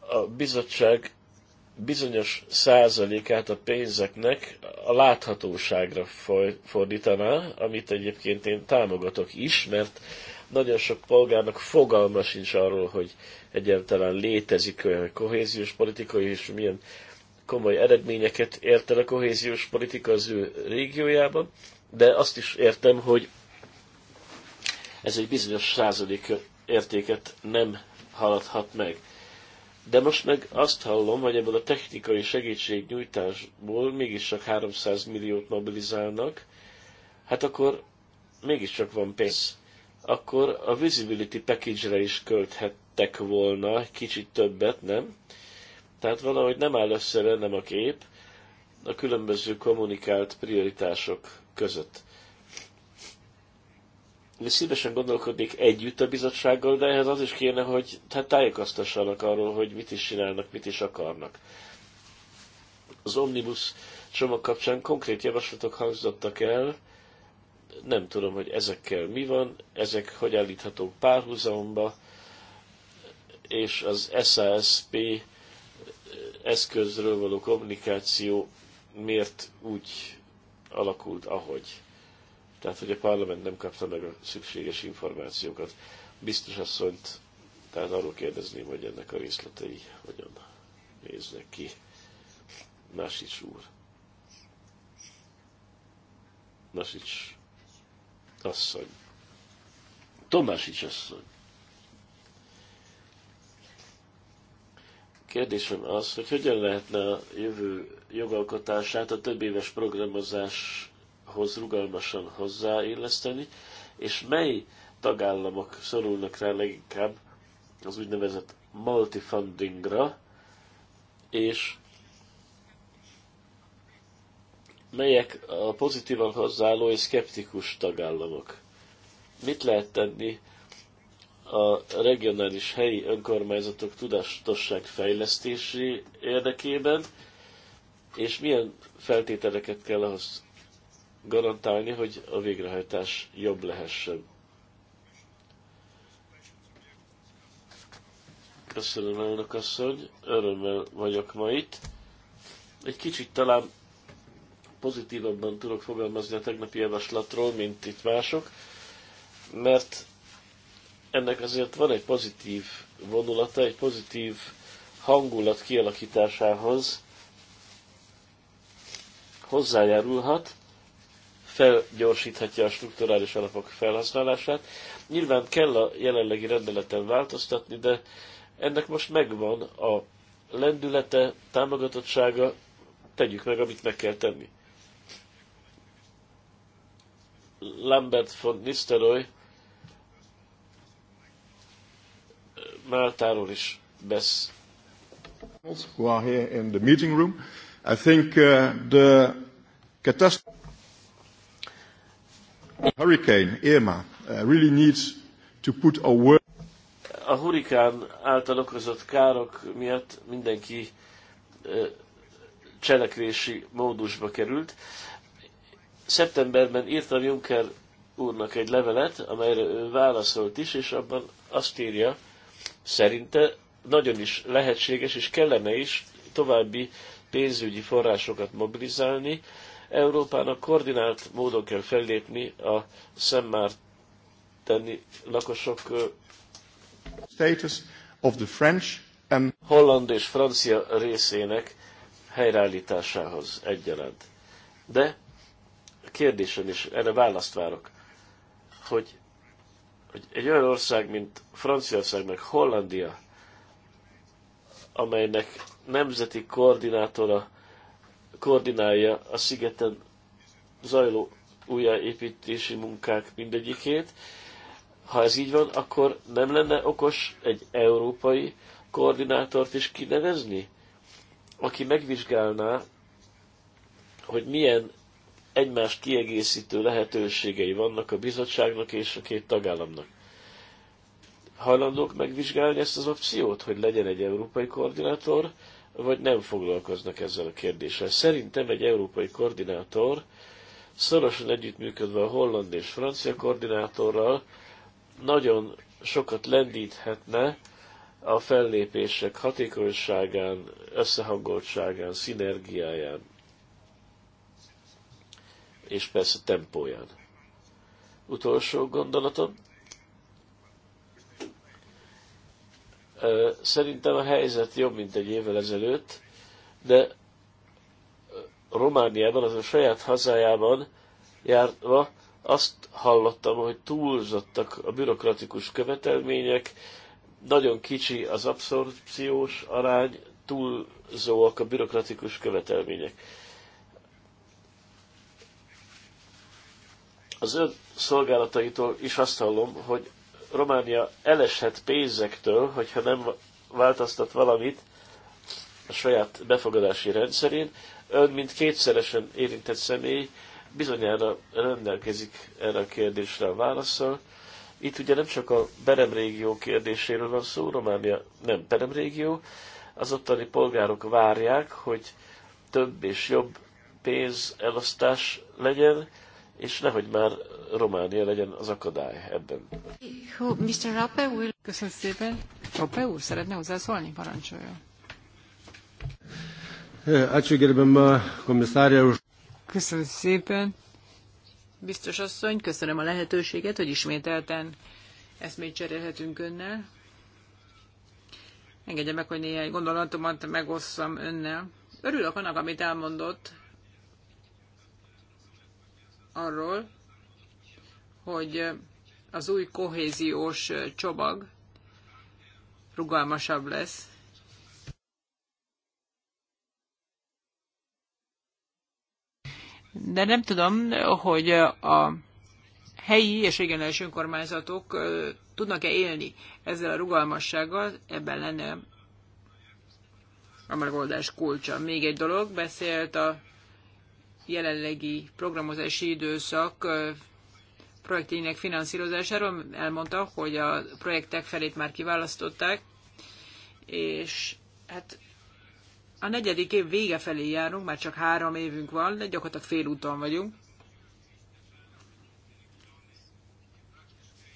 a bizottság bizonyos százalékát a pénzeknek a láthatóságra fordítaná, amit egyébként én támogatok is, mert nagyon sok polgárnak fogalma sincs arról, hogy egyáltalán létezik olyan kohéziós politika, és milyen komoly eredményeket ért el a kohéziós politika az ő régiójában, de azt is értem, hogy ez egy bizonyos százalék értéket nem haladhat meg. De most meg azt hallom, hogy ebből a technikai segítségnyújtásból mégiscsak 300 milliót mobilizálnak, hát akkor mégiscsak van pénz akkor a visibility package-re is költhettek volna kicsit többet, nem? Tehát valahogy nem áll össze nem a kép a különböző kommunikált prioritások között. Én szívesen gondolkodnék együtt a bizottsággal, de ehhez az is kéne, hogy tehát tájékoztassanak arról, hogy mit is csinálnak, mit is akarnak. Az Omnibus csomag kapcsán konkrét javaslatok hangzottak el, nem tudom, hogy ezekkel mi van, ezek hogy állíthatók párhuzamba, és az SASP eh, eszközről való kommunikáció miért úgy alakult, ahogy. Tehát, hogy a parlament nem kapta meg a szükséges információkat. Biztos asszonyt, tehát arról kérdezném, hogy ennek a részletei hogyan néznek ki. Nasics úr. Nasics asszony. Tomásics asszony. Kérdésem az, hogy hogyan lehetne a jövő jogalkotását a több éves programozáshoz rugalmasan hozzáilleszteni, és mely tagállamok szorulnak rá leginkább az úgynevezett multifundingra, és melyek a pozitívan hozzáálló és szkeptikus tagállamok. Mit lehet tenni a regionális helyi önkormányzatok tudatosság fejlesztési érdekében, és milyen feltételeket kell ahhoz garantálni, hogy a végrehajtás jobb lehessen. Köszönöm, elnök asszony, örömmel vagyok ma itt. Egy kicsit talán pozitívabban tudok fogalmazni a tegnapi javaslatról, mint itt mások, mert ennek azért van egy pozitív vonulata, egy pozitív hangulat kialakításához hozzájárulhat, felgyorsíthatja a strukturális alapok felhasználását. Nyilván kell a jelenlegi rendeleten változtatni, de ennek most megvan a lendülete, támogatottsága, tegyük meg, amit meg kell tenni. Lambert von Nisteroy Máltáról is besz. Who are here in the meeting room. I think uh, the catastrophe hurricane Irma uh, really needs to put a word a hurikán által okozott károk miatt mindenki uh, cselekvési módusba került. Uh, Szeptemberben írtam Juncker úrnak egy levelet, amelyre ő válaszolt is, és abban azt írja, szerinte nagyon is lehetséges, és kellene is további pénzügyi forrásokat mobilizálni. Európának koordinált módon kell fellépni a szemmárteni lakosok status of the French and... holland és francia részének helyreállításához egyaránt. De kérdésem, és erre választ várok, hogy, hogy egy olyan ország, mint Franciaország, meg Hollandia, amelynek nemzeti koordinátora koordinálja a szigeten zajló újjáépítési munkák mindegyikét. Ha ez így van, akkor nem lenne okos egy európai koordinátort is kinevezni, aki megvizsgálná, hogy milyen egymást kiegészítő lehetőségei vannak a bizottságnak és a két tagállamnak. Hajlandók megvizsgálni ezt az opciót, hogy legyen egy európai koordinátor, vagy nem foglalkoznak ezzel a kérdéssel. Szerintem egy európai koordinátor szorosan együttműködve a holland és francia koordinátorral nagyon sokat lendíthetne a fellépések hatékonyságán, összehangoltságán, szinergiáján és persze tempóján. Utolsó gondolatom. Szerintem a helyzet jobb, mint egy évvel ezelőtt, de Romániában, az a saját hazájában járva azt hallottam, hogy túlzottak a bürokratikus követelmények, nagyon kicsi az abszorpciós arány, túlzóak a bürokratikus követelmények az ön szolgálataitól is azt hallom, hogy Románia eleshet pénzektől, hogyha nem változtat valamit a saját befogadási rendszerén. Ön, mint kétszeresen érintett személy, bizonyára rendelkezik erre a kérdésre a válaszsal. Itt ugye nem csak a peremrégió kérdéséről van szó, Románia nem peremrégió, az ottani polgárok várják, hogy több és jobb pénz elosztás legyen, és nehogy már Románia legyen az akadály ebben. Mr. Rappe will... Köszönöm szépen. Rappe úr szeretne hozzászólni? Parancsoljon. Ačiū gerbiama komisárja už. Köszönöm szépen. Biztos asszony, köszönöm a lehetőséget, hogy ismételten ezt még cserélhetünk önnel. Engedje meg, hogy néhány gondolatomat megosszam önnel. Örülök annak, amit elmondott, arról, hogy az új kohéziós csomag rugalmasabb lesz. De nem tudom, hogy a helyi és regionális önkormányzatok tudnak-e élni ezzel a rugalmassággal, ebben lenne a megoldás kulcsa. Még egy dolog, beszélt a jelenlegi programozási időszak projektjének finanszírozásáról. Elmondta, hogy a projektek felét már kiválasztották, és hát a negyedik év vége felé járunk, már csak három évünk van, de gyakorlatilag félúton vagyunk.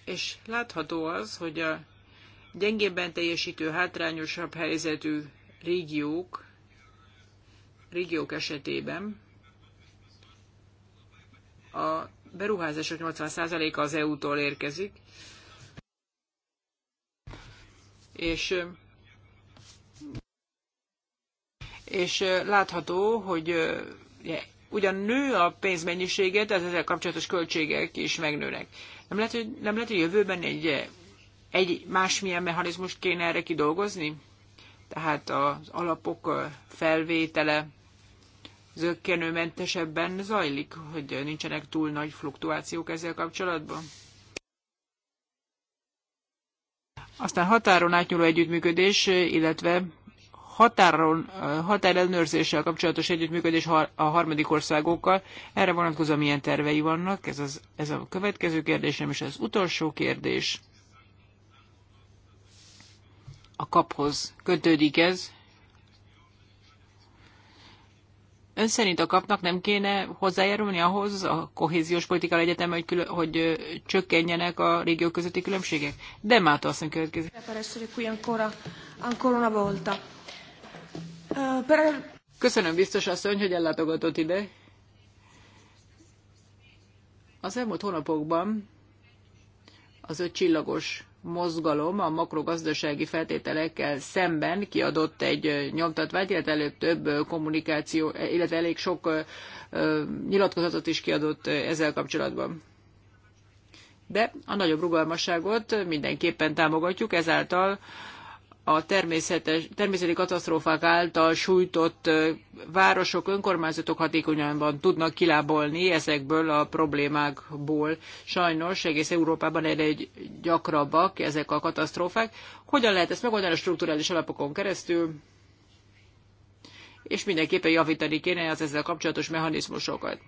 És látható az, hogy a gyengébben teljesítő, hátrányosabb helyzetű régiók, régiók esetében a beruházások 80%-a az EU-tól érkezik, és és látható, hogy ugyan nő a pénzmennyisége, de az ezzel kapcsolatos költségek is megnőnek. Nem lehet, hogy, nem lehet, hogy jövőben egy, egy másmilyen mechanizmust kéne erre kidolgozni? Tehát az alapok felvétele, zöggenőmentesebben zajlik, hogy nincsenek túl nagy fluktuációk ezzel kapcsolatban? Aztán határon átnyúló együttműködés, illetve határon, határellenőrzéssel kapcsolatos együttműködés a harmadik országokkal. Erre vonatkozóan milyen tervei vannak? Ez, az, ez a következő kérdésem, és az utolsó kérdés. A kaphoz kötődik ez. Ön szerint a kapnak nem kéne hozzájárulni ahhoz a kohéziós politika egyetem, hogy, külön, hogy csökkenjenek a régiók közötti különbségek? De Máta aztán következik. Eh, Köszönöm biztos asszony, hogy ellátogatott ide. Az elmúlt hónapokban az öt csillagos mozgalom a makrogazdasági feltételekkel szemben kiadott egy nyomtatványt, illetve előbb több kommunikáció, e, illetve elég sok nyilatkozatot is kiadott ezzel kapcsolatban. De a nagyobb rugalmasságot mindenképpen támogatjuk, ezáltal a természetes, természeti katasztrófák által sújtott városok, önkormányzatok hatékonyan tudnak kilábolni ezekből a problémákból. Sajnos egész Európában egy leggyakrabbak ezek a katasztrófák. Hogyan lehet ezt megoldani a strukturális alapokon keresztül? És mindenképpen javítani kéne az ezzel kapcsolatos mechanizmusokat.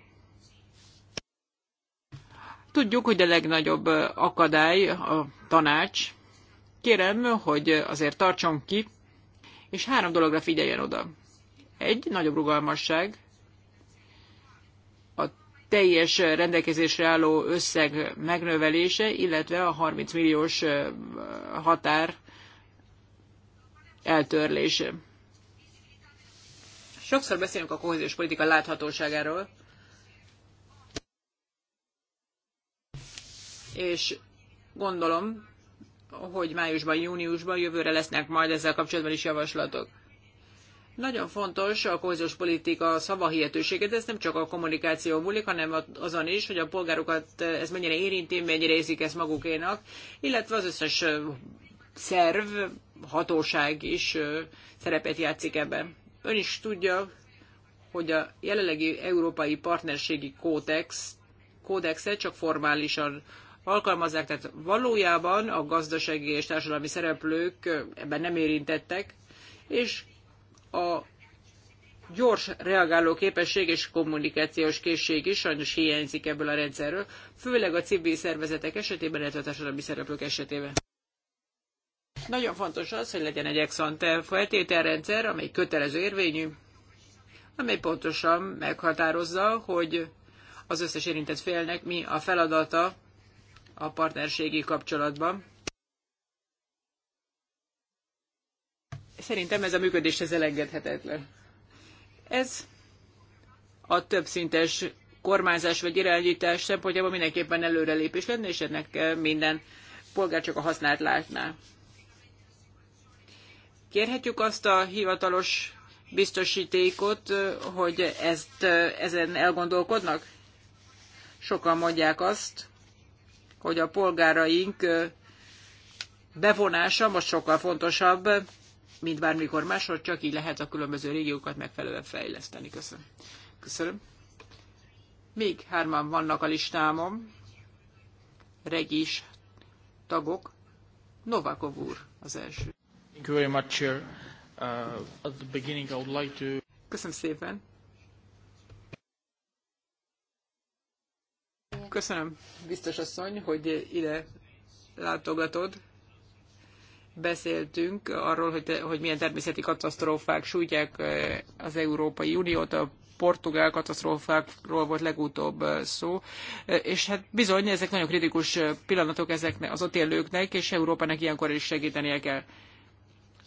Tudjuk, hogy a legnagyobb akadály a tanács. Kérem, hogy azért tartson ki, és három dologra figyeljen oda. Egy, nagyobb rugalmasság, teljes rendelkezésre álló összeg megnövelése, illetve a 30 milliós határ eltörlése. Sokszor beszélünk a kohéziós politika láthatóságáról, és gondolom, hogy májusban, júniusban, jövőre lesznek majd ezzel kapcsolatban is javaslatok. Nagyon fontos a kohéziós politika szavahihetősége, de ez nem csak a kommunikáció múlik, hanem azon is, hogy a polgárokat eh, ez mennyire érinti, mennyire érzik ezt magukénak, illetve az összes eh, szerv, hatóság is eh, szerepet játszik ebben. Ön is tudja, hogy a jelenlegi európai partnerségi kódex, kódexet csak formálisan alkalmazzák, tehát valójában a gazdasági és társadalmi szereplők ebben nem érintettek, és a gyors reagáló képesség és kommunikációs készség is sajnos hiányzik ebből a rendszerről, főleg a civil szervezetek esetében, illetve a társadalmi szereplők esetében. Nagyon fontos az, hogy legyen egy exante feltételrendszer, amely kötelező érvényű, amely pontosan meghatározza, hogy az összes érintett félnek mi a feladata a partnerségi kapcsolatban. Szerintem ez a működés ez elengedhetetlen. Ez a többszintes kormányzás vagy irányítás szempontjából mindenképpen előrelépés lenne, és ennek minden polgár csak a hasznát látná. Kérhetjük azt a hivatalos biztosítékot, hogy ezt, ezen elgondolkodnak? Sokan mondják azt, hogy a polgáraink bevonása most sokkal fontosabb, mint bármikor máshol, csak így lehet a különböző régiókat megfelelően fejleszteni. Köszönöm. Köszönöm. Még hárman vannak a listámon. Regis tagok. Novakov úr az első. Thank you very much, Chair. Uh, at the beginning I would like to... Köszönöm szépen. Köszönöm, biztos asszony, hogy ide látogatod beszéltünk arról, hogy, hogy milyen természeti katasztrófák sújtják az Európai Uniót, a portugál katasztrófákról volt legutóbb szó, és hát bizony, ezek nagyon kritikus pillanatok ezeknek az ott élőknek, és Európának ilyenkor is segítenie kell.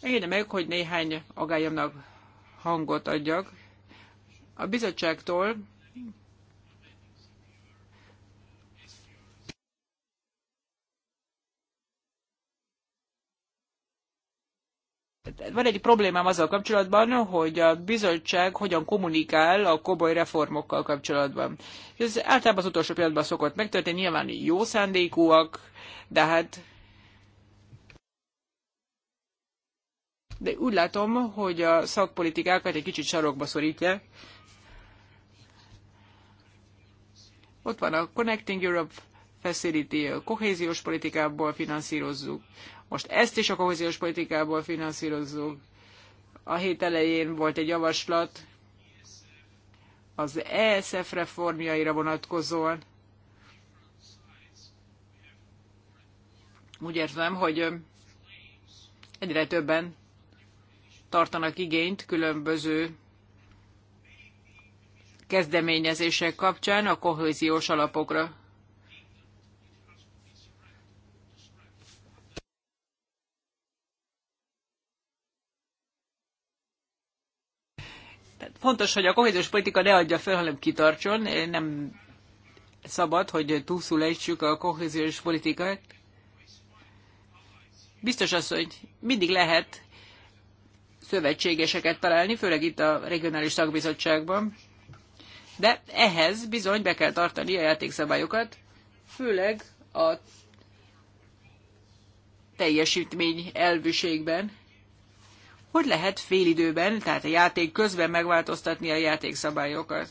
Engedje meg, hogy néhány agályomnak hangot adjak. A bizottságtól van egy problémám azzal kapcsolatban, hogy a bizottság hogyan kommunikál a komoly reformokkal kapcsolatban. Ez általában az utolsó pillanatban szokott megtörténni, nyilván jó szándékúak, de hát de úgy látom, hogy a szakpolitikákat egy kicsit sarokba szorítja. Ott van a Connecting Europe Facility, a kohéziós politikából finanszírozzuk. Most ezt is a kohéziós politikából finanszírozzuk. A hét elején volt egy javaslat az ESF reformjaira vonatkozóan. Úgy értem, hogy egyre többen tartanak igényt különböző kezdeményezések kapcsán a kohéziós alapokra. fontos, hogy a kohéziós politika ne adja fel, hanem kitartson. Nem szabad, hogy túlszul a kohéziós politikát. Biztos az, hogy mindig lehet szövetségeseket találni, főleg itt a regionális szakbizottságban. De ehhez bizony be kell tartani a játékszabályokat, főleg a teljesítmény elvűségben. Hogy lehet félidőben, tehát a játék közben megváltoztatni a játékszabályokat?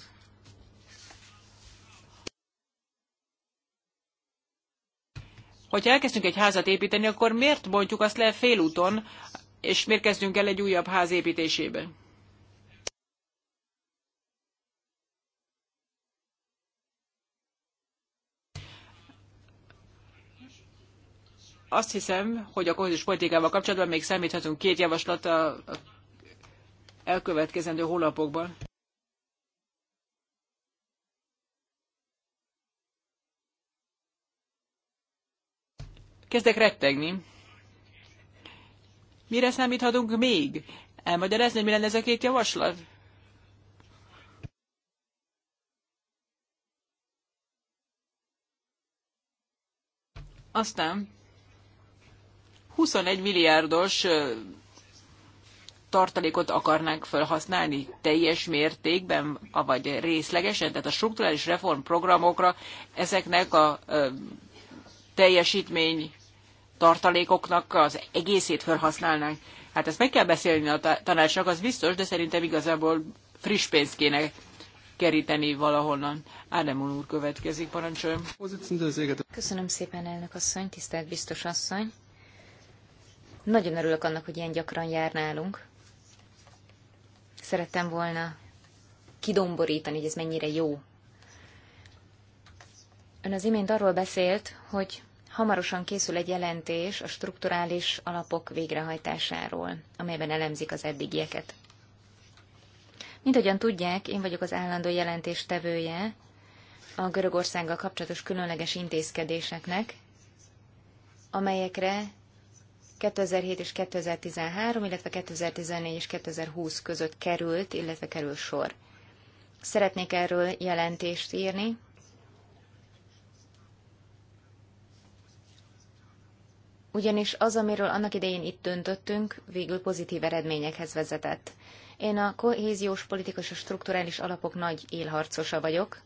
Hogyha elkezdünk egy házat építeni, akkor miért bontjuk azt le félúton, és miért kezdünk el egy újabb ház építésébe? azt hiszem, hogy a kohéziós politikával kapcsolatban még számíthatunk két javaslat a elkövetkezendő hónapokban. Kezdek rettegni. Mire számíthatunk még? Elmagyarázni, mi lenne ez a két javaslat? Aztán 21 milliárdos tartalékot akarnánk felhasználni teljes mértékben, vagy részlegesen, tehát a strukturális reformprogramokra ezeknek a teljesítmény tartalékoknak az egészét felhasználnánk. Hát ezt meg kell beszélni a tanácsnak, az biztos, de szerintem igazából friss pénzt kéne keríteni valahonnan. Ádám úr következik, parancsoljon. Köszönöm szépen, elnök asszony, tisztelt biztos asszony. Nagyon örülök annak, hogy ilyen gyakran jár nálunk. Szerettem volna kidomborítani, hogy ez mennyire jó. Ön az imént arról beszélt, hogy hamarosan készül egy jelentés a strukturális alapok végrehajtásáról, amelyben elemzik az eddigieket. Mint ahogyan tudják, én vagyok az állandó tevője a Görögországgal kapcsolatos különleges intézkedéseknek, amelyekre 2007 és 2013, illetve 2014 és 2020 között került, illetve kerül sor. Szeretnék erről jelentést írni. Ugyanis az, amiről annak idején itt döntöttünk, végül pozitív eredményekhez vezetett. Én a kohéziós politikus és strukturális alapok nagy élharcosa vagyok,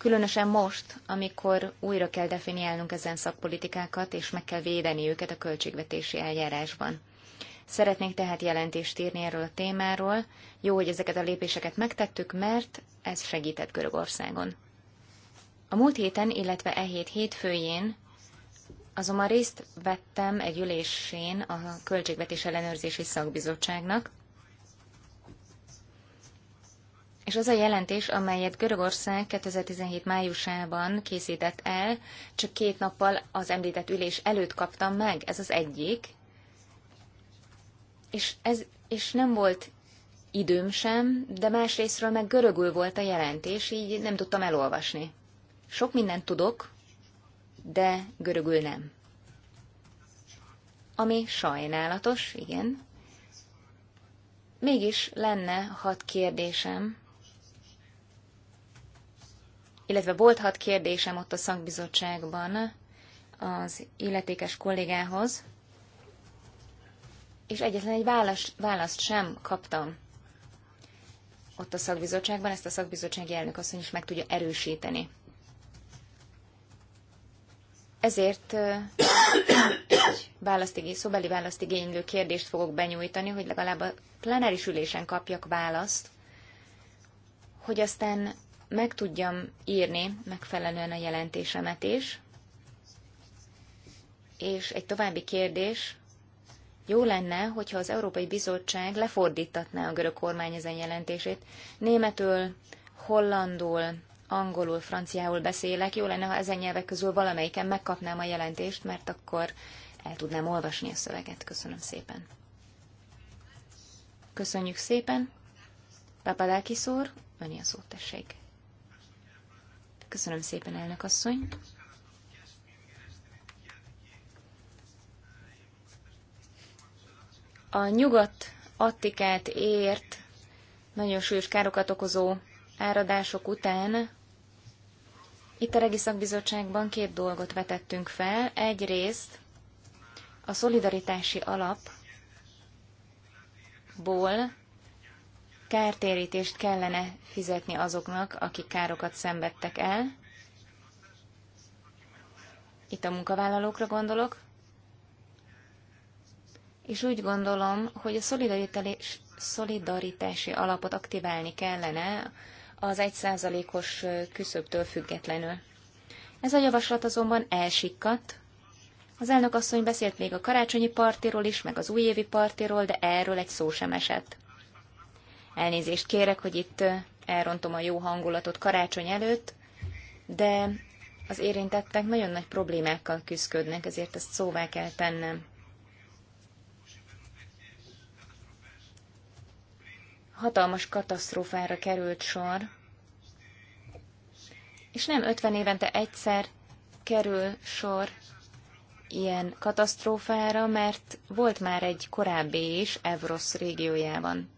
Különösen most, amikor újra kell definiálnunk ezen szakpolitikákat, és meg kell védeni őket a költségvetési eljárásban. Szeretnék tehát jelentést írni erről a témáról. Jó, hogy ezeket a lépéseket megtettük, mert ez segített Görögországon. A múlt héten, illetve e hét hétfőjén azonban részt vettem egy ülésén a Költségvetés Ellenőrzési Szakbizottságnak, és az a jelentés, amelyet Görögország 2017 májusában készített el, csak két nappal az említett ülés előtt kaptam meg, ez az egyik. És, ez, és nem volt időm sem, de másrésztről meg görögül volt a jelentés, így nem tudtam elolvasni. Sok mindent tudok, de görögül nem. Ami sajnálatos, igen. Mégis lenne hat kérdésem illetve volt hat kérdésem ott a szakbizottságban az illetékes kollégához, és egyetlen egy választ, választ sem kaptam ott a szakbizottságban, ezt a szakbizottsági elnök asszony is meg tudja erősíteni. Ezért egy választigény, szobeli választigénylő kérdést fogok benyújtani, hogy legalább a plenáris ülésen kapjak választ, hogy aztán meg tudjam írni megfelelően a jelentésemet is. És egy további kérdés, jó lenne, hogyha az Európai Bizottság lefordítatná a görög kormány ezen jelentését. Németül, hollandul, angolul, franciául beszélek. Jó lenne, ha ezen nyelvek közül valamelyiken megkapnám a jelentést, mert akkor el tudnám olvasni a szöveget. Köszönöm szépen. Köszönjük szépen. Papadákis úr, öni a szót, tessék. Köszönöm szépen, elnök asszony. A nyugat Attikát ért nagyon súlyos károkat okozó áradások után itt a Regi Szakbizottságban két dolgot vetettünk fel. Egyrészt a szolidaritási alapból kártérítést kellene fizetni azoknak, akik károkat szenvedtek el. Itt a munkavállalókra gondolok. És úgy gondolom, hogy a szolidaritási alapot aktiválni kellene az 1%-os küszöbtől függetlenül. Ez a javaslat azonban elsikkadt. Az elnök asszony beszélt még a karácsonyi partiról is, meg az újévi partiról, de erről egy szó sem esett. Elnézést kérek, hogy itt elrontom a jó hangulatot karácsony előtt, de az érintettek nagyon nagy problémákkal küzdködnek, ezért ezt szóvá kell tennem. Hatalmas katasztrófára került sor, és nem 50 évente egyszer kerül sor ilyen katasztrófára, mert volt már egy korábbi is Evrosz régiójában.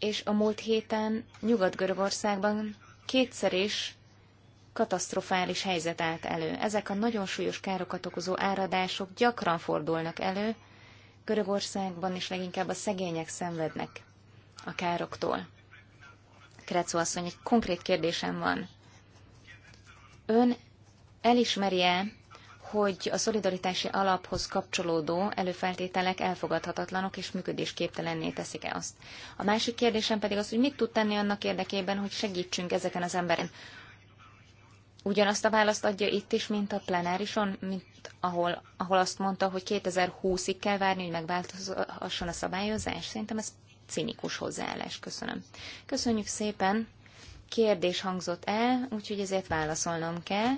és a múlt héten Nyugat-Görögországban kétszer is katasztrofális helyzet állt elő. Ezek a nagyon súlyos károkat okozó áradások gyakran fordulnak elő, Görögországban is leginkább a szegények szenvednek a károktól. Krecó asszony, egy konkrét kérdésem van. Ön elismeri-e hogy a szolidaritási alaphoz kapcsolódó előfeltételek elfogadhatatlanok és működésképtelenné teszik-e azt. A másik kérdésem pedig az, hogy mit tud tenni annak érdekében, hogy segítsünk ezeken az emberen. Ugyanazt a választ adja itt is, mint a plenárison, mint ahol, ahol azt mondta, hogy 2020-ig kell várni, hogy megváltozhasson a szabályozás. Szerintem ez cinikus hozzáállás. Köszönöm. Köszönjük szépen. Kérdés hangzott el, úgyhogy ezért válaszolnom kell.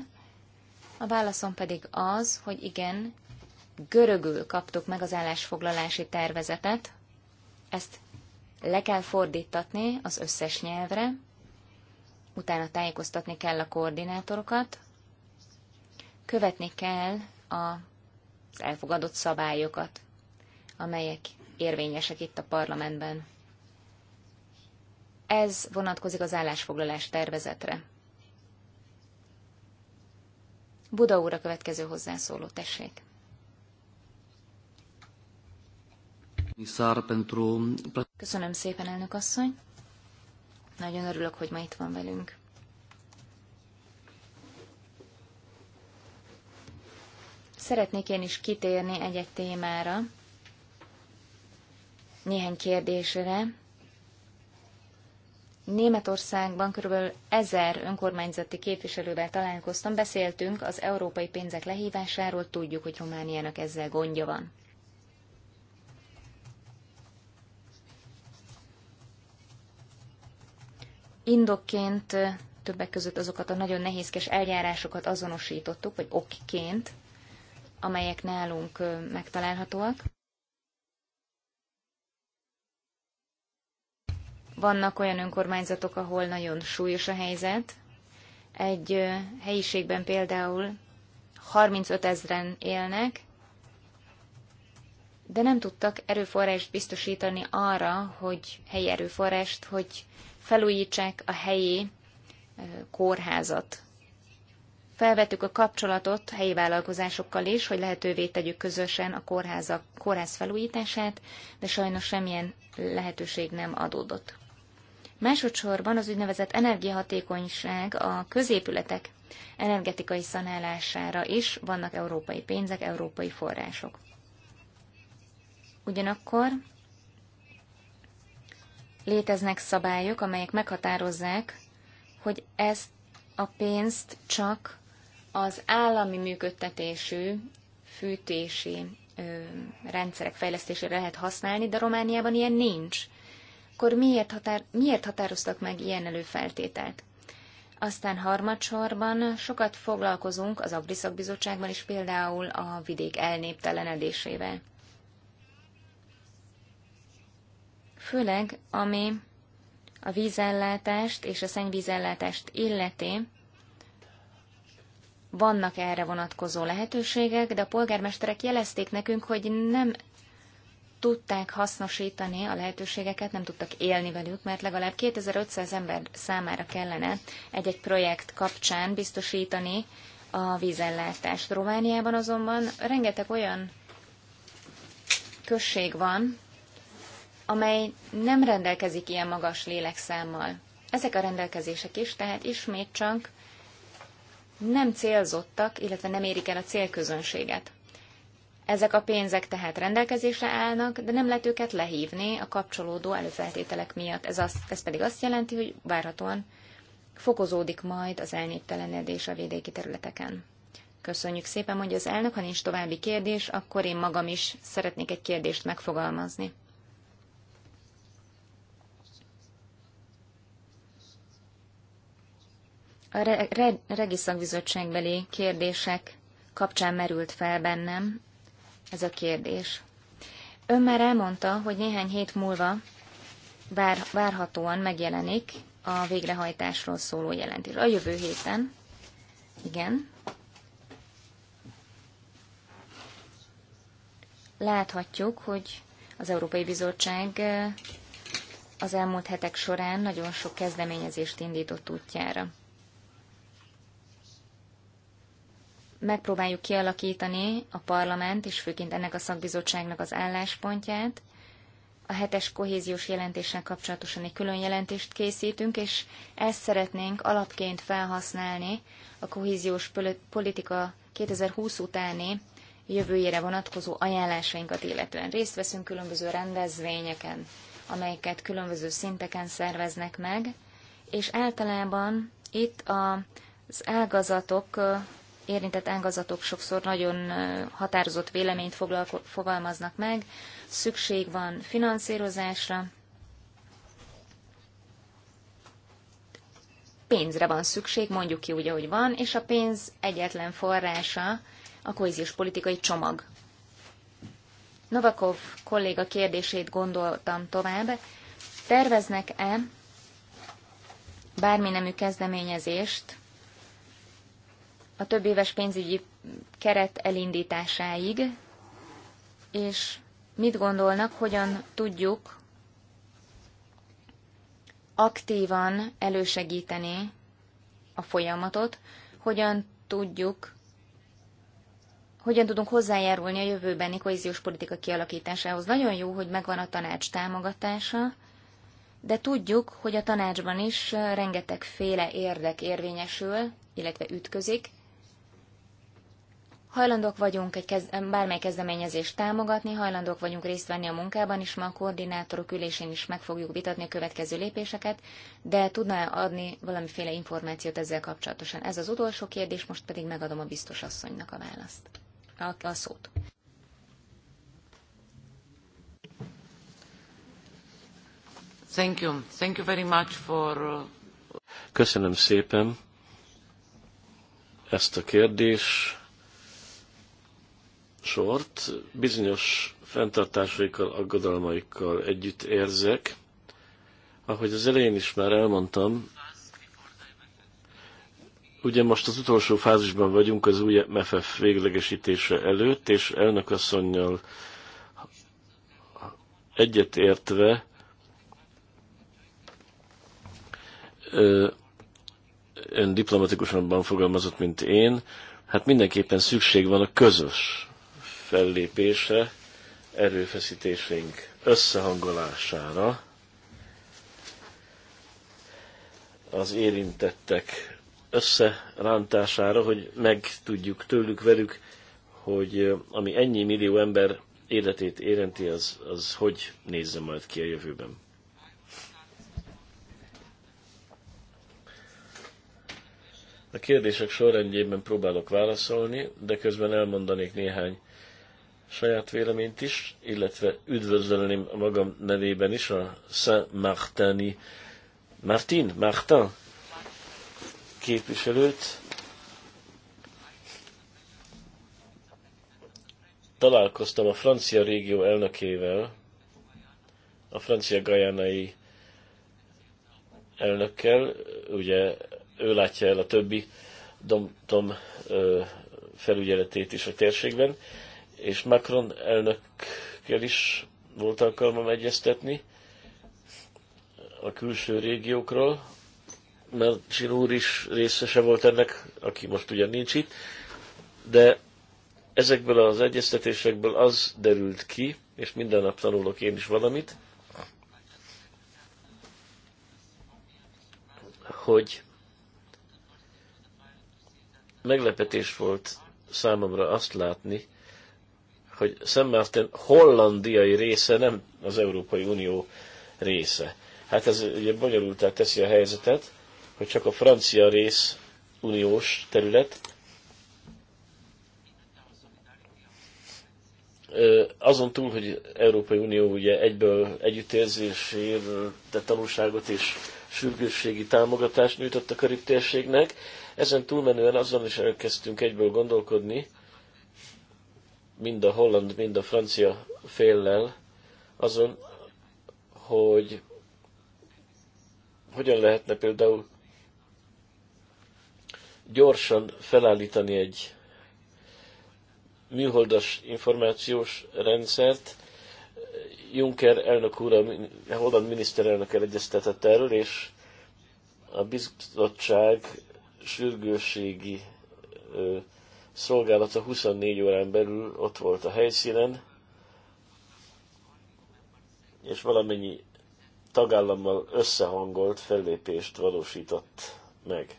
A válaszom pedig az, hogy igen, görögül kaptuk meg az állásfoglalási tervezetet, ezt le kell fordítatni az összes nyelvre, utána tájékoztatni kell a koordinátorokat, követni kell az elfogadott szabályokat, amelyek érvényesek itt a parlamentben. Ez vonatkozik az állásfoglalás tervezetre. Buda úr a következő hozzászóló, tessék. Köszönöm szépen, elnök asszony. Nagyon örülök, hogy ma itt van velünk. Szeretnék én is kitérni egy-egy témára, néhány kérdésre, Németországban kb. ezer önkormányzati képviselővel találkoztam, beszéltünk az európai pénzek lehívásáról, tudjuk, hogy Romániának ezzel gondja van. Indokként többek között azokat a nagyon nehézkes eljárásokat azonosítottuk, vagy okként, amelyek nálunk megtalálhatóak. Vannak olyan önkormányzatok, ahol nagyon súlyos a helyzet. Egy helyiségben például 35 ezeren élnek, de nem tudtak erőforrást biztosítani arra, hogy helyi erőforrást, hogy felújítsák a helyi kórházat. Felvettük a kapcsolatot helyi vállalkozásokkal is, hogy lehetővé tegyük közösen a kórháza, kórház felújítását, de sajnos semmilyen lehetőség nem adódott. Másodszorban az úgynevezett energiahatékonyság a középületek energetikai szanálására is vannak európai pénzek, európai források. Ugyanakkor léteznek szabályok, amelyek meghatározzák, hogy ezt a pénzt csak az állami működtetésű fűtési ö, rendszerek fejlesztésére lehet használni, de Romániában ilyen nincs akkor miért, határ, miért határoztak meg ilyen előfeltételt? Aztán harmadsorban sokat foglalkozunk az Agriszak Bizottságban is például a vidék elnéptelenedésével. Főleg, ami a vízellátást és a szennyvízellátást illeti, vannak erre vonatkozó lehetőségek, de a polgármesterek jelezték nekünk, hogy nem tudták hasznosítani a lehetőségeket, nem tudtak élni velük, mert legalább 2500 ember számára kellene egy-egy projekt kapcsán biztosítani a vízellátást. Romániában azonban rengeteg olyan község van, amely nem rendelkezik ilyen magas lélekszámmal. Ezek a rendelkezések is, tehát ismét csak nem célzottak, illetve nem érik el a célközönséget. Ezek a pénzek tehát rendelkezésre állnak, de nem lehet őket lehívni a kapcsolódó előfeltételek miatt. Ez, azt, ez pedig azt jelenti, hogy várhatóan fokozódik majd az elnéptelenedés a vidéki területeken. Köszönjük szépen, mondja az elnök, ha nincs további kérdés, akkor én magam is szeretnék egy kérdést megfogalmazni. A re- re- regiszakbizottságbeli kérdések kapcsán merült fel bennem ez a kérdés. Ön már elmondta, hogy néhány hét múlva vár, várhatóan megjelenik a végrehajtásról szóló jelentés. A jövő héten, igen, láthatjuk, hogy az Európai Bizottság eh, az elmúlt hetek során nagyon sok kezdeményezést indított útjára. megpróbáljuk kialakítani a parlament, és főként ennek a szakbizottságnak az álláspontját. A hetes kohéziós jelentéssel kapcsolatosan egy külön jelentést készítünk, és ezt szeretnénk alapként felhasználni a kohéziós politika 2020 utáni jövőjére vonatkozó ajánlásainkat illetően. Részt veszünk különböző rendezvényeken, amelyeket különböző szinteken szerveznek meg, és általában itt az ágazatok érintett ágazatok sokszor nagyon határozott véleményt fogalmaznak meg, szükség van finanszírozásra, pénzre van szükség, mondjuk ki úgy, ahogy van, és a pénz egyetlen forrása a kohéziós politikai csomag. Novakov kolléga kérdését gondoltam tovább. Terveznek-e bármi nemű kezdeményezést a több éves pénzügyi keret elindításáig, és mit gondolnak, hogyan tudjuk aktívan elősegíteni a folyamatot, hogyan tudjuk, hogyan tudunk hozzájárulni a jövőbeni kohéziós politika kialakításához. Nagyon jó, hogy megvan a tanács támogatása, de tudjuk, hogy a tanácsban is rengeteg féle érdek érvényesül, illetve ütközik, Hajlandók vagyunk egy kez, bármely kezdeményezést támogatni, hajlandók vagyunk részt venni a munkában, és ma a koordinátorok ülésén is meg fogjuk vitatni a következő lépéseket, de tudná adni valamiféle információt ezzel kapcsolatosan? Ez az utolsó kérdés, most pedig megadom a biztos asszonynak a választ. A, a szót. Thank you. Thank you very much for... Uh, Köszönöm szépen ezt a kérdést sort. Bizonyos fenntartásaikkal, aggodalmaikkal együtt érzek. Ahogy az elején is már elmondtam, ugye most az utolsó fázisban vagyunk az új MFF véglegesítése előtt, és elnökasszonynal egyetértve ön diplomatikusabban fogalmazott, mint én, hát mindenképpen szükség van a közös fellépése, erőfeszítéseink összehangolására az érintettek összerántására, hogy meg tudjuk tőlük velük, hogy ami ennyi millió ember életét érinti, az, az hogy nézze majd ki a jövőben. A kérdések sorrendjében próbálok válaszolni, de közben elmondanék néhány saját véleményt is, illetve üdvözölném a magam nevében is a Saint-Martini Martin, Martin képviselőt. Találkoztam a francia régió elnökével, a francia gajánai elnökkel, ugye ő látja el a többi domtom felügyeletét is a térségben, és Macron elnökkel is volt alkalmam egyeztetni a külső régiókról, mert Csin úr is részese volt ennek, aki most ugyan nincs itt, de ezekből az egyeztetésekből az derült ki, és minden nap tanulok én is valamit, hogy meglepetés volt számomra azt látni, hogy Szent Márten hollandiai része, nem az Európai Unió része. Hát ez ugye bonyolultá teszi a helyzetet, hogy csak a francia rész uniós terület. Azon túl, hogy Európai Unió ugye egyből együttérzésért, de tanulságot és sürgősségi támogatást nyújtott a karib térségnek, ezen túlmenően azon is elkezdtünk egyből gondolkodni, mind a holland, mind a francia féllel azon, hogy hogyan lehetne például gyorsan felállítani egy műholdas információs rendszert. Juncker elnök úr, a holland miniszterelnök egyeztetett erről, és a bizottság sürgőségi szolgálata 24 órán belül ott volt a helyszínen, és valamennyi tagállammal összehangolt fellépést valósított meg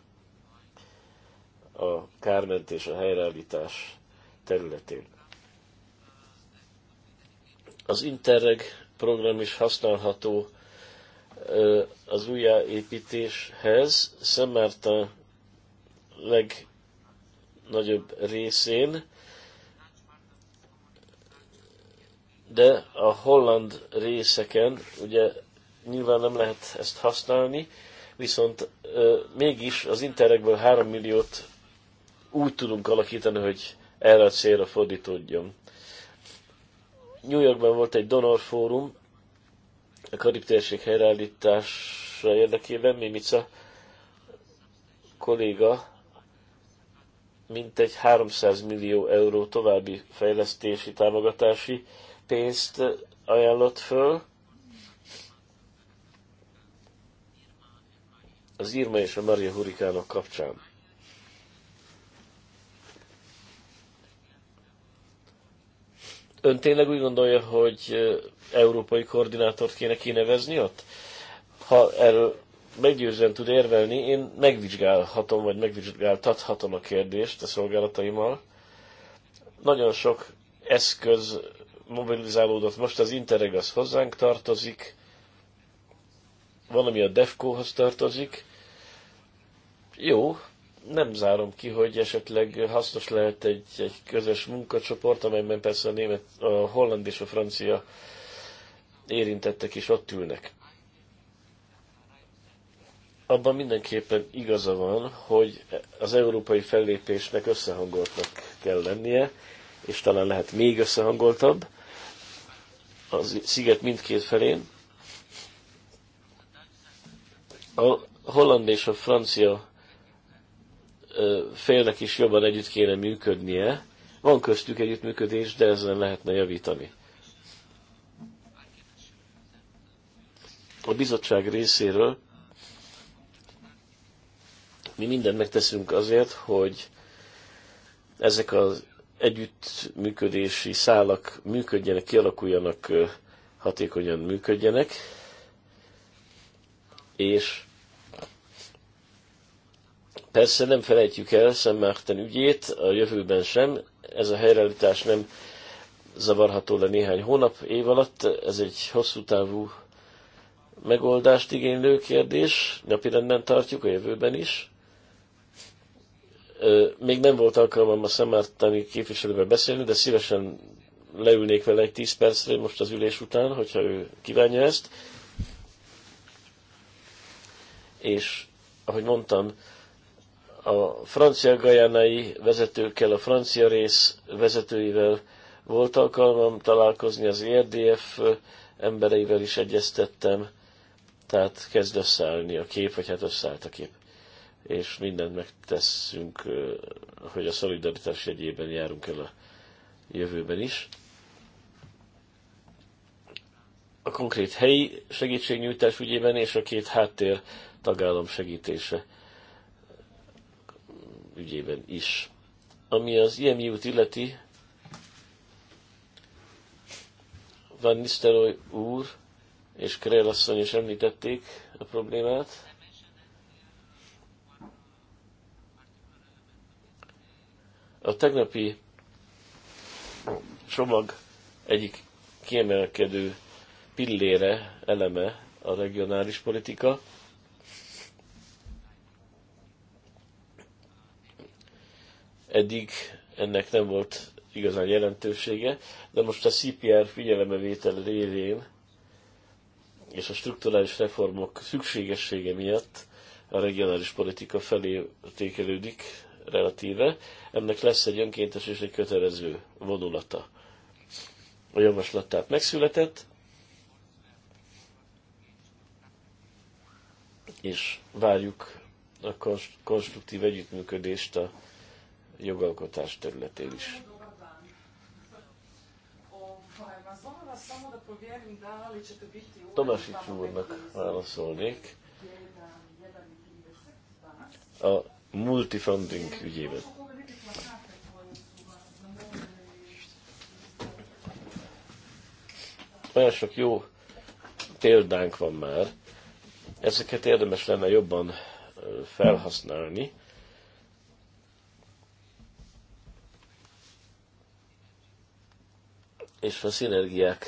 a kármentés, a helyreállítás területén. Az Interreg program is használható az újjáépítéshez. Szemmárta leg nagyobb részén, de a holland részeken ugye nyilván nem lehet ezt használni, viszont ö, mégis az interregből 3 milliót úgy tudunk alakítani, hogy erre a célra fordítódjon. New Yorkban volt egy donor fórum a karib térség helyreállítása érdekében, Mimica kolléga mintegy 300 millió euró további fejlesztési, támogatási pénzt ajánlott föl. Az Irma és a Maria hurikánok kapcsán. Ön tényleg úgy gondolja, hogy európai koordinátort kéne kinevezni ott? Ha erről meggyőzően tud érvelni, én megvizsgálhatom, vagy megvizsgáltathatom a kérdést a szolgálataimmal. Nagyon sok eszköz mobilizálódott, most az Interreg az hozzánk tartozik, van, ami a Defcohoz tartozik. Jó, nem zárom ki, hogy esetleg hasznos lehet egy, egy közös munkacsoport, amelyben persze a német, a holland és a francia érintettek is ott ülnek abban mindenképpen igaza van, hogy az európai fellépésnek összehangoltnak kell lennie, és talán lehet még összehangoltabb a sziget mindkét felén. A holland és a francia félnek is jobban együtt kéne működnie. Van köztük együttműködés, de ezen lehetne javítani. A bizottság részéről mi mindent megteszünk azért, hogy ezek az együttműködési szálak működjenek, kialakuljanak, hatékonyan működjenek, és persze nem felejtjük el Szemmárten ügyét, a jövőben sem, ez a helyreállítás nem zavarható le néhány hónap, év alatt, ez egy hosszú távú megoldást igénylő kérdés, napirenden tartjuk a jövőben is, még nem volt alkalmam a szemártani képviselővel beszélni, de szívesen leülnék vele egy 10 percre most az ülés után, hogyha ő kívánja ezt. És ahogy mondtam, a francia gajánai vezetőkkel, a francia rész vezetőivel volt alkalmam találkozni, az ERDF embereivel is egyeztettem, tehát kezd összeállni a kép, vagy hát összeállt a kép és mindent megteszünk, hogy a szolidaritás jegyében járunk el a jövőben is. A konkrét helyi segítségnyújtás ügyében és a két háttér tagállam segítése ügyében is. Ami az IMI út illeti, Van Nisztelói úr és Krél asszony is említették a problémát. A tegnapi csomag egyik kiemelkedő pillére, eleme a regionális politika. Eddig ennek nem volt igazán jelentősége, de most a CPR figyelemevétel révén és a strukturális reformok szükségessége miatt a regionális politika felé tékelődik relatíve, ennek lesz egy önkéntes és egy kötelező vonulata. A javaslat tehát megszületett, és várjuk a konstruktív együttműködést a jogalkotás területén is. Tomasics úrnak válaszolnék. A multifunding ügyében. Olyan sok jó példánk van már, ezeket érdemes lenne jobban felhasználni. és a szinergiák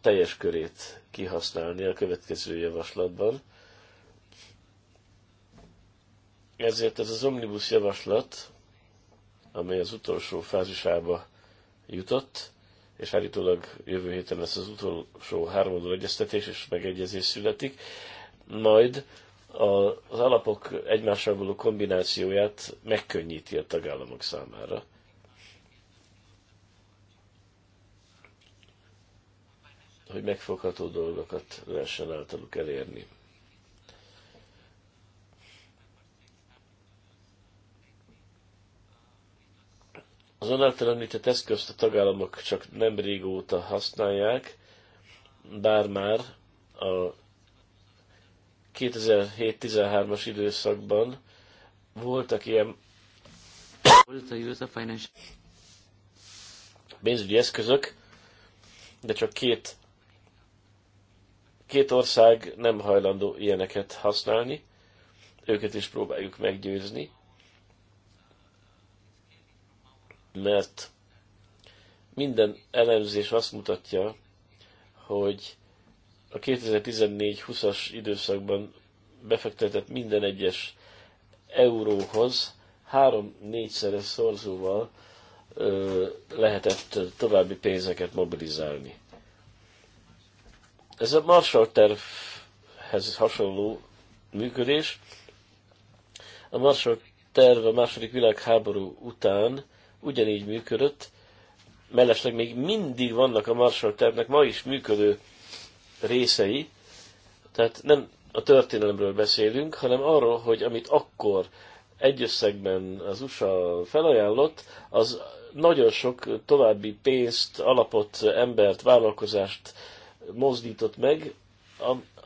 teljes körét kihasználni a következő javaslatban. Ezért ez az omnibus javaslat, amely az utolsó fázisába jutott, és állítólag jövő héten lesz az utolsó háromadó egyeztetés, és megegyezés születik, majd az alapok egymással való kombinációját megkönnyíti a tagállamok számára. hogy megfogható dolgokat lehessen általuk elérni. Az ön által említett eszközt a tagállamok csak nem régóta használják, bár már a 2007-13-as időszakban voltak ilyen pénzügyi eszközök, de csak két, két ország nem hajlandó ilyeneket használni, őket is próbáljuk meggyőzni. mert minden elemzés azt mutatja, hogy a 2014-20-as időszakban befektetett minden egyes euróhoz három-négyszeres szorzóval ö, lehetett további pénzeket mobilizálni. Ez a Marshall tervhez hasonló működés. A Marshall terv a második világháború után ugyanígy működött. Mellesleg még mindig vannak a Marshall tervnek ma is működő részei, tehát nem a történelemről beszélünk, hanem arról, hogy amit akkor egy összegben az USA felajánlott, az nagyon sok további pénzt, alapot, embert, vállalkozást mozdított meg,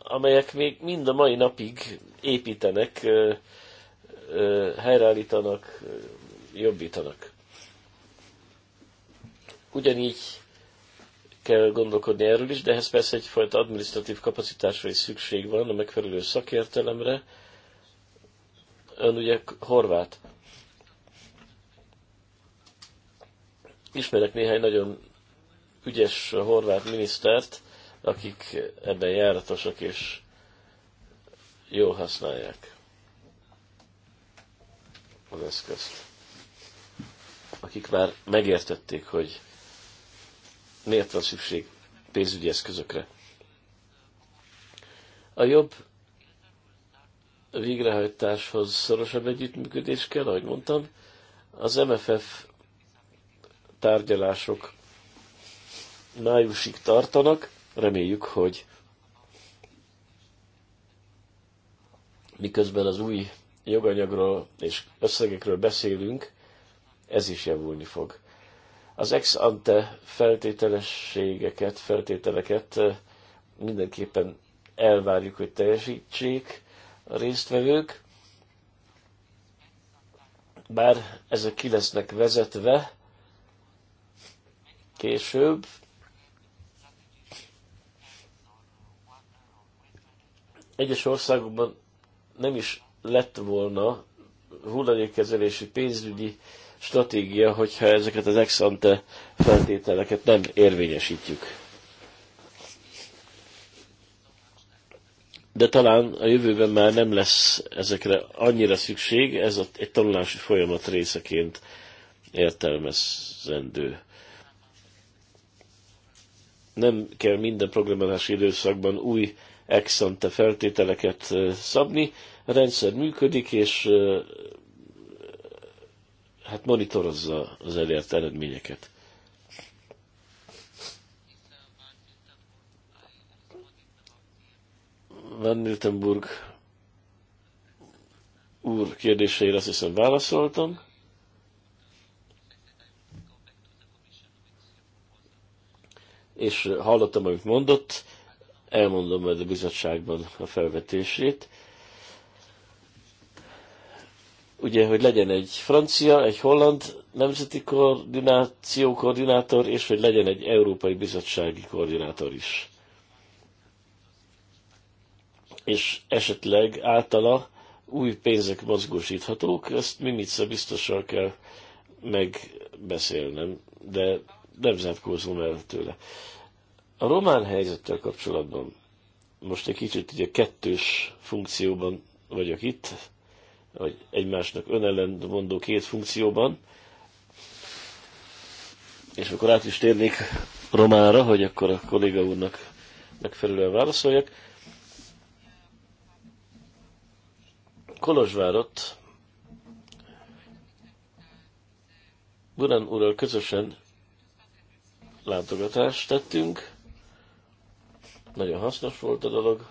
amelyek még mind a mai napig építenek, helyreállítanak, jobbítanak. Ugyanígy kell gondolkodni erről is, de ehhez persze egyfajta administratív kapacitásra is szükség van, a megfelelő szakértelemre. Ön ugye horvát. Ismerek néhány nagyon ügyes horvát minisztert, akik ebben járatosak és jól használják az eszközt. Akik már megértették, hogy miért van szükség pénzügyi eszközökre. A jobb végrehajtáshoz szorosabb együttműködés kell, ahogy mondtam. Az MFF tárgyalások májusig tartanak, reméljük, hogy miközben az új joganyagról és összegekről beszélünk, ez is javulni fog. Az ex ante feltételességeket, feltételeket mindenképpen elvárjuk, hogy teljesítsék a résztvevők, bár ezek ki lesznek vezetve később, egyes országokban nem is lett volna hulladékkezelési pénzügyi stratégia, hogyha ezeket az ex ante feltételeket nem érvényesítjük. De talán a jövőben már nem lesz ezekre annyira szükség, ez egy tanulási folyamat részeként értelmezendő. Nem kell minden programozási időszakban új ex ante feltételeket szabni, a rendszer működik, és hát monitorozza az elért eredményeket. Van Miltenburg úr kérdéseire azt hiszem válaszoltam. És hallottam, amit mondott, elmondom majd a bizottságban a felvetését ugye, hogy legyen egy francia, egy holland nemzeti koordináció koordinátor, és hogy legyen egy európai bizottsági koordinátor is. És esetleg általa új pénzek mozgósíthatók, ezt Mimica biztosan kell megbeszélnem, de nem zárkózom el tőle. A román helyzettel kapcsolatban most egy kicsit ugye kettős funkcióban vagyok itt, vagy egymásnak önellentmondó két funkcióban. És akkor át is térnék Romára, hogy akkor a kolléga úrnak megfelelően válaszoljak. Kolozsvárot Buran úrral közösen látogatást tettünk. Nagyon hasznos volt a dolog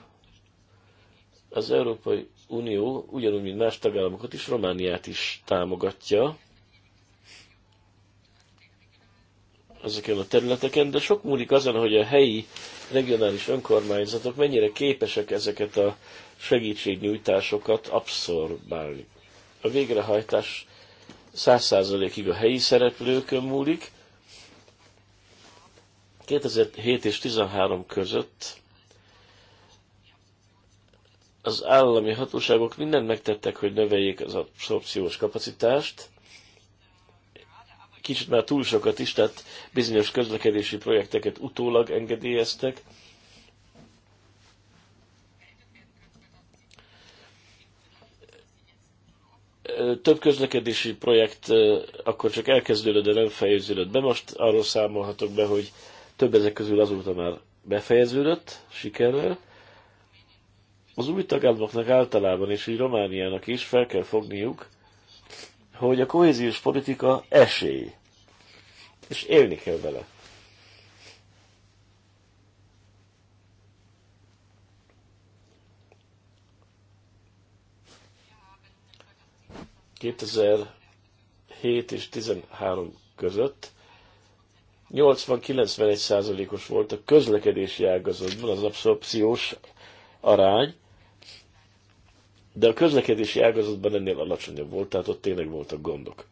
az Európai Unió ugyanúgy, mint más tagállamokat is, Romániát is támogatja ezeken a területeken, de sok múlik azon, hogy a helyi regionális önkormányzatok mennyire képesek ezeket a segítségnyújtásokat abszorbálni. A végrehajtás száz százalékig a helyi szereplőkön múlik. 2007 és 2013 között az állami hatóságok mindent megtettek, hogy növeljék az abszorpciós kapacitást, kicsit már túl sokat is, tehát bizonyos közlekedési projekteket utólag engedélyeztek. Több közlekedési projekt akkor csak elkezdődött, de nem fejeződött be. Most arról számolhatok be, hogy több ezek közül azóta már befejeződött sikerrel az új tagállamoknak általában, és így Romániának is fel kell fogniuk, hogy a kohéziós politika esély, és élni kell vele. ...2007 és 13 között 80-91 százalékos volt a közlekedési ágazatban az abszorpciós arány, de a közlekedési ágazatban ennél alacsonyabb volt, tehát ott tényleg voltak gondok.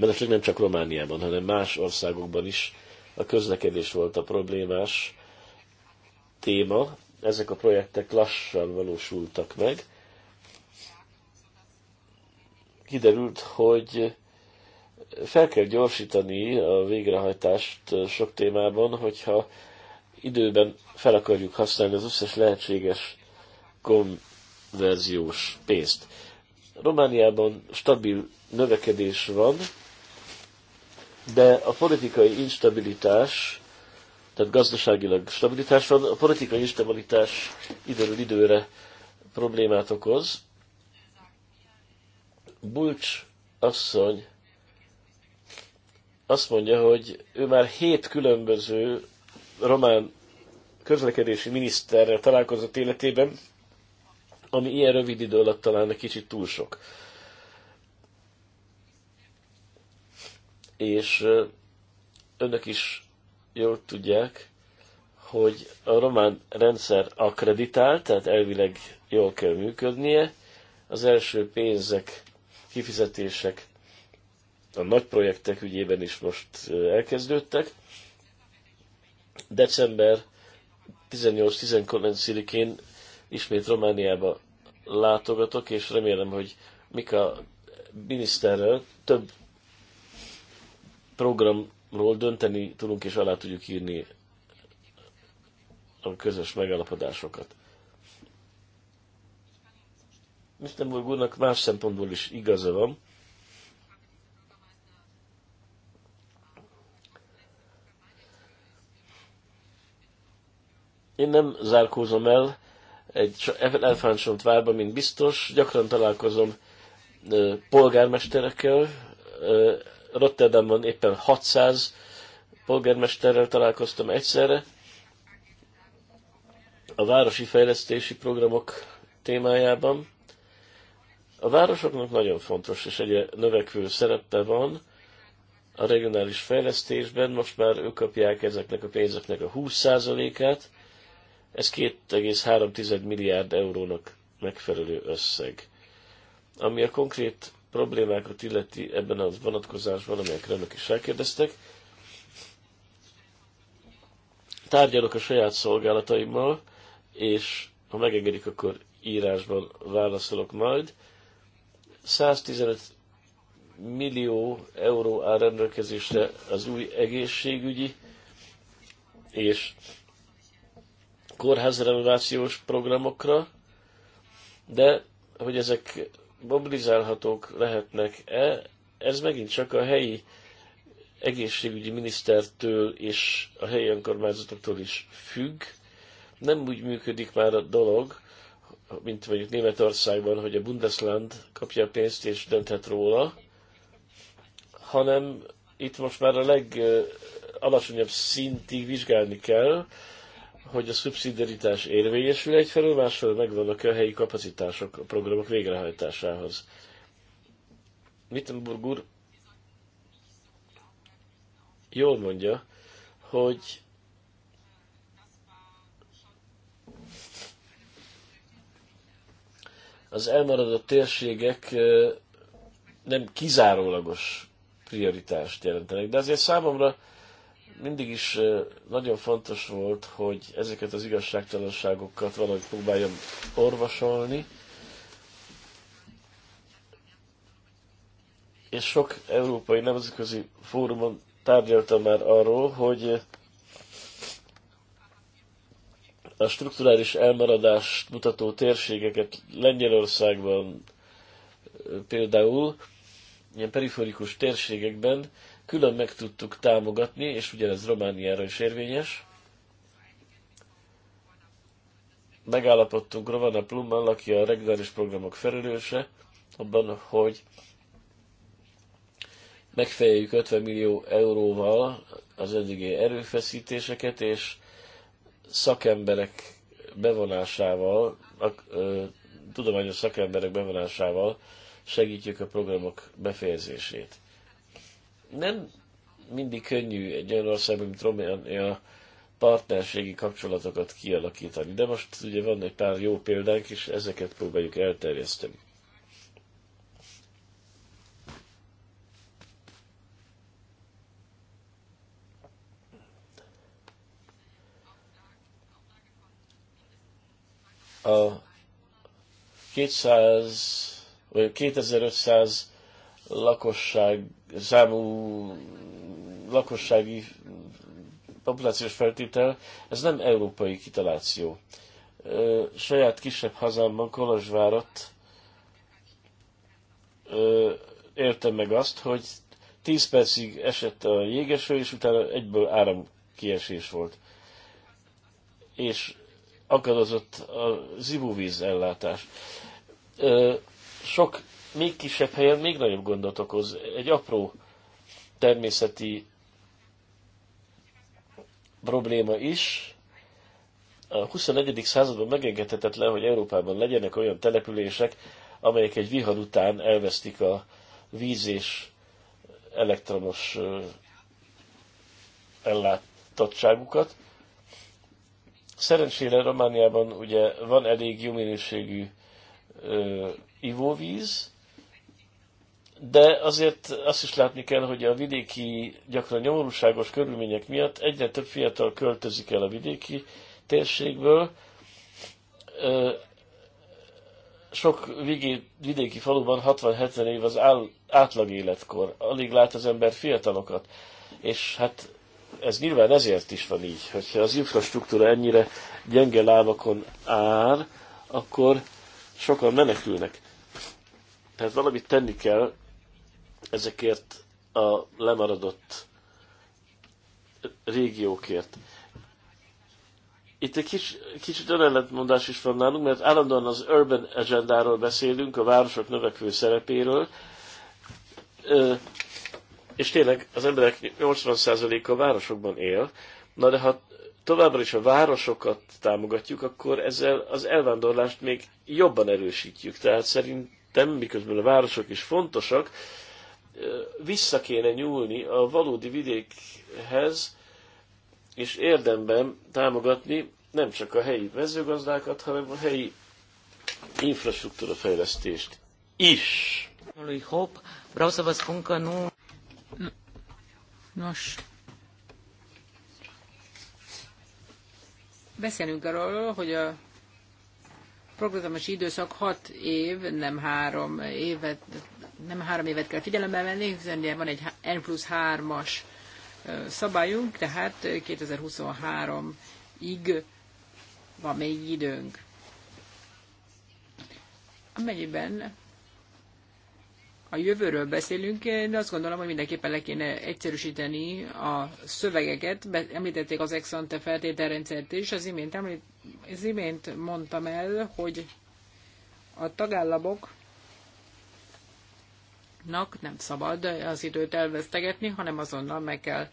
ez nem csak Romániában, hanem más országokban is a közlekedés volt a problémás téma. Ezek a projektek lassan valósultak meg. Kiderült, hogy fel kell gyorsítani a végrehajtást sok témában, hogyha időben fel akarjuk használni az összes lehetséges konverziós pénzt. Romániában stabil növekedés van, de a politikai instabilitás, tehát gazdaságilag stabilitás van, a politikai instabilitás időről időre problémát okoz. Bulcs asszony azt mondja, hogy ő már hét különböző román közlekedési miniszterrel találkozott életében, ami ilyen rövid idő alatt talán egy kicsit túl sok. És önök is jól tudják, hogy a román rendszer akreditált, tehát elvileg jól kell működnie. Az első pénzek, kifizetések a nagy projektek ügyében is most elkezdődtek. December 18-19-én ismét Romániába látogatok, és remélem, hogy Mika miniszterrel több programról dönteni tudunk, és alá tudjuk írni a közös megállapodásokat. Mr. Burgurnak más szempontból is igaza van, Én nem zárkózom el egy elfáncsolt várba, mint biztos. Gyakran találkozom polgármesterekkel. Rotterdamban éppen 600 polgármesterrel találkoztam egyszerre. A városi fejlesztési programok témájában. A városoknak nagyon fontos és egy növekvő szerepe van a regionális fejlesztésben. Most már ők kapják ezeknek a pénzeknek a 20%-át, ez 2,3 milliárd eurónak megfelelő összeg. Ami a konkrét problémákat illeti ebben az vonatkozásban, amelyekre önök is rákérdeztek, tárgyalok a saját szolgálataimmal, és ha megengedik, akkor írásban válaszolok majd. 115 millió euró áll rendelkezésre az új egészségügyi és kórházrenovációs programokra, de hogy ezek mobilizálhatók lehetnek-e, ez megint csak a helyi egészségügyi minisztertől és a helyi önkormányzatoktól is függ. Nem úgy működik már a dolog, mint mondjuk Németországban, hogy a Bundesland kapja a pénzt és dönthet róla, hanem itt most már a legalacsonyabb szintig vizsgálni kell, hogy a szubszidiaritás érvényesül egyfelől, másfelől megvannak a helyi kapacitások a programok végrehajtásához. Wittenburg úr jól mondja, hogy az elmaradott térségek nem kizárólagos prioritást jelentenek, de azért számomra mindig is nagyon fontos volt, hogy ezeket az igazságtalanságokat valahogy próbáljam orvosolni, és sok európai nemzetközi fórumon tárgyaltam már arról, hogy a strukturális elmaradást mutató térségeket Lengyelországban például, ilyen periférikus térségekben külön meg tudtuk támogatni, és ugyanez Romániára is érvényes. Megállapodtunk Rovana Plummal, aki a regionális programok felelőse, abban, hogy megfejeljük 50 millió euróval az eddigi erőfeszítéseket, és szakemberek bevonásával, a, ö, tudományos szakemberek bevonásával segítjük a programok befejezését nem mindig könnyű egy olyan országban, mint Románia partnerségi kapcsolatokat kialakítani. De most ugye van egy pár jó példánk, és ezeket próbáljuk elterjeszteni. A 200 vagy 2500 lakosság számú lakossági populációs feltétel, ez nem európai kitaláció. Saját kisebb hazámban, Kolozsvárat értem meg azt, hogy 10 percig esett a jégeső, és utána egyből áramkiesés volt. És akadozott a zivóvíz ellátás. Sok még kisebb helyen még nagyobb gondot okoz. Egy apró természeti probléma is. A 21. században megengedhetetlen, hogy Európában legyenek olyan települések, amelyek egy vihar után elvesztik a víz és elektromos ellátottságukat. Szerencsére Romániában ugye van elég jó minőségű ivóvíz, de azért azt is látni kell, hogy a vidéki, gyakran nyomorúságos körülmények miatt egyre több fiatal költözik el a vidéki térségből. Sok vidéki faluban 60-70 év az átlag életkor. Alig lát az ember fiatalokat. És hát ez nyilván ezért is van így, hogyha az infrastruktúra ennyire gyenge lábakon áll, akkor sokan menekülnek. Tehát valamit tenni kell ezekért a lemaradott régiókért. Itt egy kis, kicsit önellentmondás is van nálunk, mert állandóan az urban agendáról beszélünk, a városok növekvő szerepéről, és tényleg az emberek 80%-a városokban él, na de ha továbbra is a városokat támogatjuk, akkor ezzel az elvándorlást még jobban erősítjük. Tehát szerintem, miközben a városok is fontosak, vissza kéne nyúlni a valódi vidékhez, és érdemben támogatni nem csak a helyi mezőgazdákat, hanem a helyi infrastruktúra fejlesztést is. Nos. Beszélünk arról, hogy a programos időszak 6 év, nem három évet nem három évet kell figyelembe venni, hiszen van egy N plusz 3-as szabályunk, tehát 2023-ig van még időnk. Amennyiben a jövőről beszélünk, de azt gondolom, hogy mindenképpen le kéne egyszerűsíteni a szövegeket. Említették az Exante feltételrendszert is. Az imént, említ, az imént mondtam el, hogy a tagállamok Nak nem szabad az időt elvesztegetni, hanem azonnal meg kell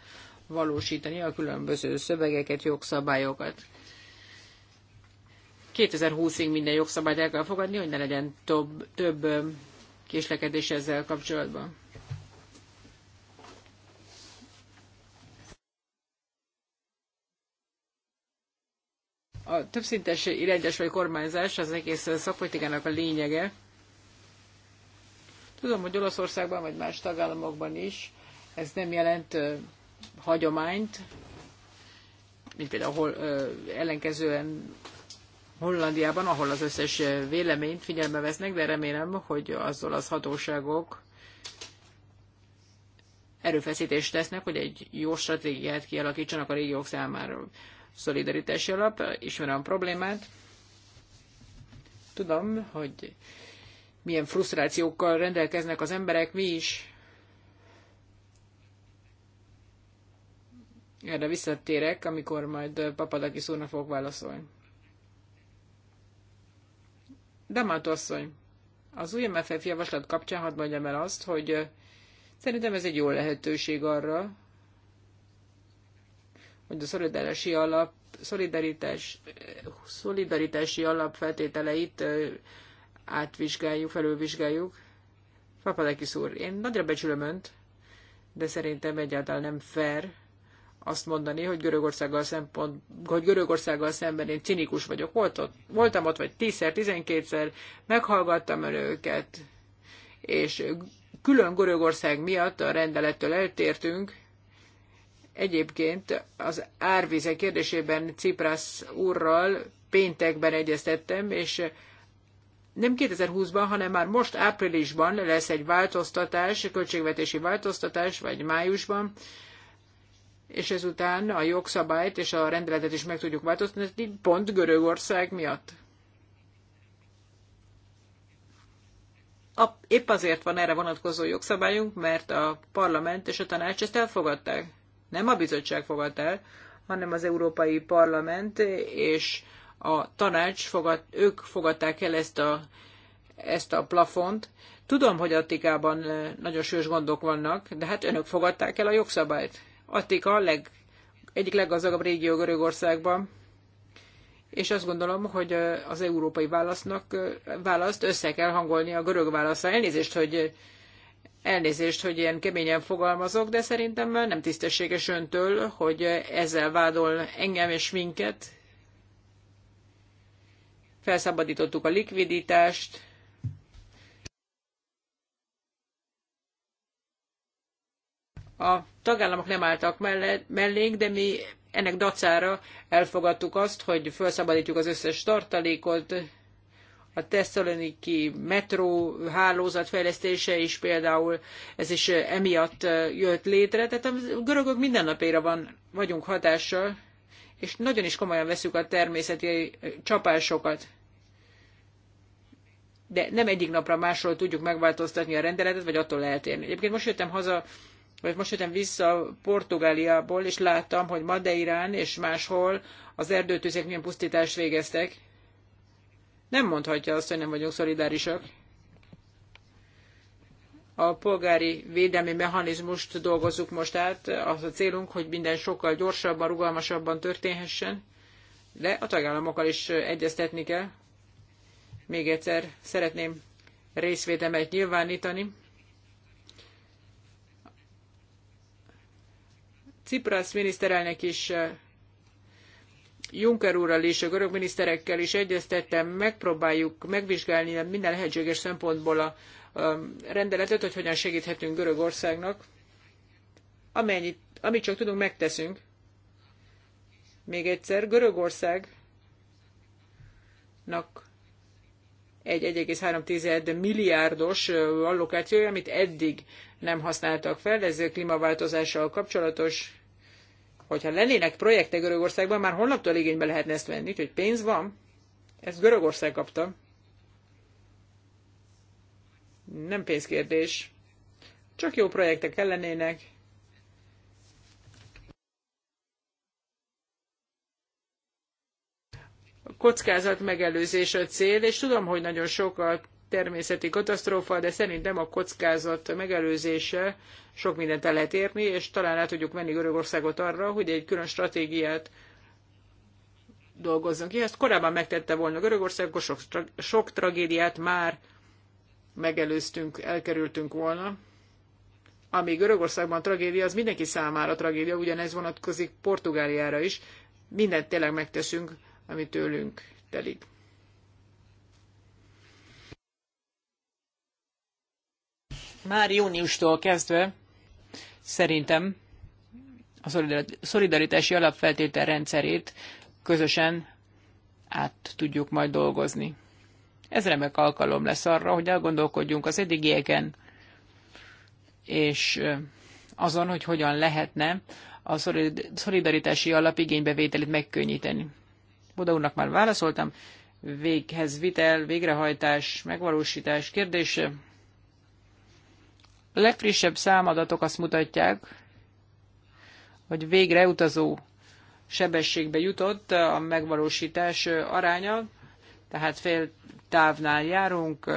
valósítani a különböző szövegeket, jogszabályokat. 2020-ig minden jogszabályt el kell fogadni, hogy ne legyen több, több késlekedés ezzel kapcsolatban. A többszintes irányítás vagy kormányzás az egész szakpolitikának a lényege, Tudom, hogy Olaszországban vagy más tagállamokban is ez nem jelent hagyományt, mint például ahol, ö, ellenkezően Hollandiában, ahol az összes véleményt figyelme vesznek, de remélem, hogy azzal az hatóságok erőfeszítést tesznek, hogy egy jó stratégiát kialakítsanak a régiók számára. Szolidaritási alap, ismerem a problémát. Tudom, hogy milyen frusztrációkkal rendelkeznek az emberek, mi is. Erre visszatérek, amikor majd papadaki úrnak fog válaszolni. Damát asszony, az új MFF javaslat kapcsán hadd mondjam el azt, hogy szerintem ez egy jó lehetőség arra, hogy a szolidaritási alap, szolidaritás, szolidaritási alap feltételeit átvizsgáljuk, felülvizsgáljuk. Papadakis úr, én nagyra becsülöm önt, de szerintem egyáltalán nem fair azt mondani, hogy Görögországgal, szempont, hogy Görögországgal szemben én cinikus vagyok. Volt ott, voltam ott, vagy tízszer, tizenkétszer, 12-szer, meghallgattam őket, és külön Görögország miatt a rendelettől eltértünk. Egyébként az árvize kérdésében Ciprász úrral péntekben egyeztettem, és nem 2020-ban, hanem már most áprilisban lesz egy változtatás, költségvetési változtatás, vagy májusban, és ezután a jogszabályt és a rendeletet is meg tudjuk változtatni, pont Görögország miatt. A, épp azért van erre vonatkozó jogszabályunk, mert a parlament és a tanács ezt elfogadták. Nem a bizottság fogadta el, hanem az Európai Parlament és a tanács, fogad, ők fogadták el ezt a, ezt a plafont. Tudom, hogy Attikában nagyon sős gondok vannak, de hát önök fogadták el a jogszabályt. Attika a leg, egyik leggazdagabb régió Görögországban, és azt gondolom, hogy az európai válasznak, választ össze kell hangolni a görög válaszra. Elnézést, hogy Elnézést, hogy ilyen keményen fogalmazok, de szerintem nem tisztességes öntől, hogy ezzel vádol engem és minket, felszabadítottuk a likviditást, a tagállamok nem álltak mellénk, de mi ennek dacára elfogadtuk azt, hogy felszabadítjuk az összes tartalékot, a Thessaloniki metró hálózat fejlesztése is például, ez is eh, emiatt eh, jött létre, tehát a görögök napéra van, vagyunk hatással, és nagyon is komolyan veszük a természeti eh, csapásokat de nem egyik napra másról tudjuk megváltoztatni a rendeletet, vagy attól eltérni. Egyébként most jöttem haza, vagy most jöttem vissza Portugáliából, és láttam, hogy Madeirán és máshol az erdőtűzek milyen pusztítást végeztek. Nem mondhatja azt, hogy nem vagyunk szolidárisak. A polgári védelmi mechanizmust dolgozzuk most át. Az a célunk, hogy minden sokkal gyorsabban, rugalmasabban történhessen, de a tagállamokkal is egyeztetni kell még egyszer szeretném részvédemet nyilvánítani. Cipras miniszterelnök is, eh, Juncker úrral is, a görög miniszterekkel is egyeztettem, megpróbáljuk megvizsgálni minden lehetséges szempontból a rendeletet, hogy hogyan segíthetünk Görögországnak. Amennyit, amit csak tudunk, megteszünk. Még egyszer, Görögországnak egy 1,3 milliárdos allokációja, amit eddig nem használtak fel, ez klímaváltozással kapcsolatos. Hogyha lennének projektek Görögországban, már holnaptól igénybe lehetne ezt venni, hogy pénz van. Ezt Görögország kapta. Nem pénzkérdés. Csak jó projektek ellenének. kockázat megelőzés a cél, és tudom, hogy nagyon sok a természeti katasztrófa, de szerintem a kockázat megelőzése sok mindent el lehet érni, és talán el tudjuk venni Görögországot arra, hogy egy külön stratégiát dolgozzon ki. Ezt korábban megtette volna Görögország, akkor sok, sok tragédiát már megelőztünk, elkerültünk volna. Ami Görögországban tragédia, az mindenki számára tragédia, ugyanez vonatkozik Portugáliára is. Mindent tényleg megteszünk ami tőlünk telik. Már júniustól kezdve szerintem a szolidaritási alapfeltétel rendszerét közösen át tudjuk majd dolgozni. Ez remek alkalom lesz arra, hogy elgondolkodjunk az eddigieken, és azon, hogy hogyan lehetne a szolidaritási alapigénybevételét megkönnyíteni. Boda úrnak már válaszoltam, véghez vitel, végrehajtás, megvalósítás kérdése. A legfrissebb számadatok azt mutatják, hogy végre utazó sebességbe jutott a megvalósítás aránya, tehát fél távnál járunk,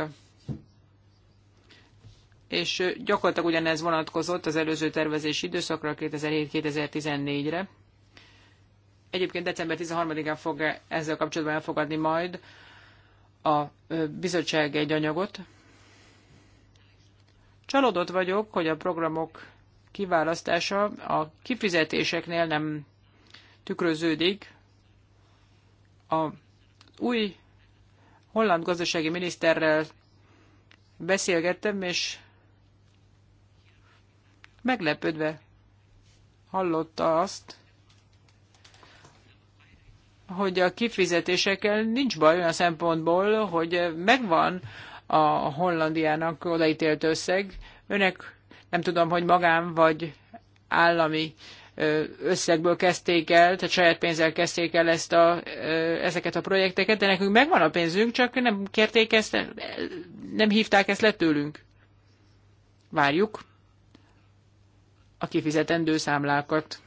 és gyakorlatilag ugyanez vonatkozott az előző tervezési időszakra, 2007-2014-re. Egyébként december 13-án fog -e ezzel kapcsolatban elfogadni majd a bizottság egy anyagot. Csalódott vagyok, hogy a programok kiválasztása a kifizetéseknél nem tükröződik. A új holland gazdasági miniszterrel beszélgettem, és meglepődve hallotta azt, hogy a kifizetésekkel nincs baj olyan szempontból, hogy megvan a Hollandiának odaítélt összeg. Önek nem tudom, hogy magán vagy állami összegből kezdték el, tehát saját pénzzel kezdték el ezt a, ezeket a projekteket, de nekünk megvan a pénzünk, csak nem kérték ezt, nem hívták ezt le tőlünk. Várjuk a kifizetendő számlákat.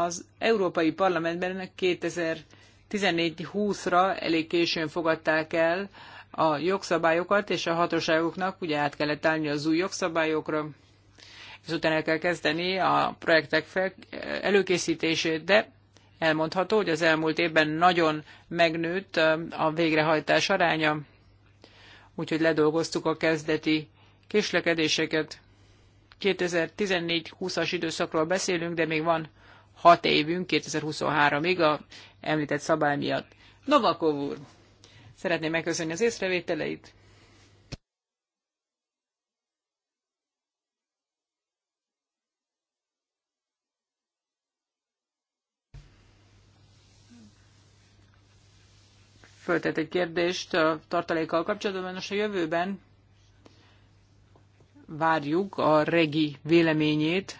az Európai Parlamentben 2014-20-ra elég későn fogadták el a jogszabályokat, és a hatóságoknak ugye át kellett állni az új jogszabályokra, és utána el kell kezdeni a projektek fel, előkészítését, de elmondható, hogy az elmúlt évben nagyon megnőtt a végrehajtás aránya, úgyhogy ledolgoztuk a kezdeti késlekedéseket. 2014-20-as időszakról beszélünk, de még van hat évünk 2023-ig a említett szabály miatt. Novakov úr, szeretném megköszönni az észrevételeit. föltett egy kérdést a tartalékkal kapcsolatban. Most a jövőben várjuk a regi véleményét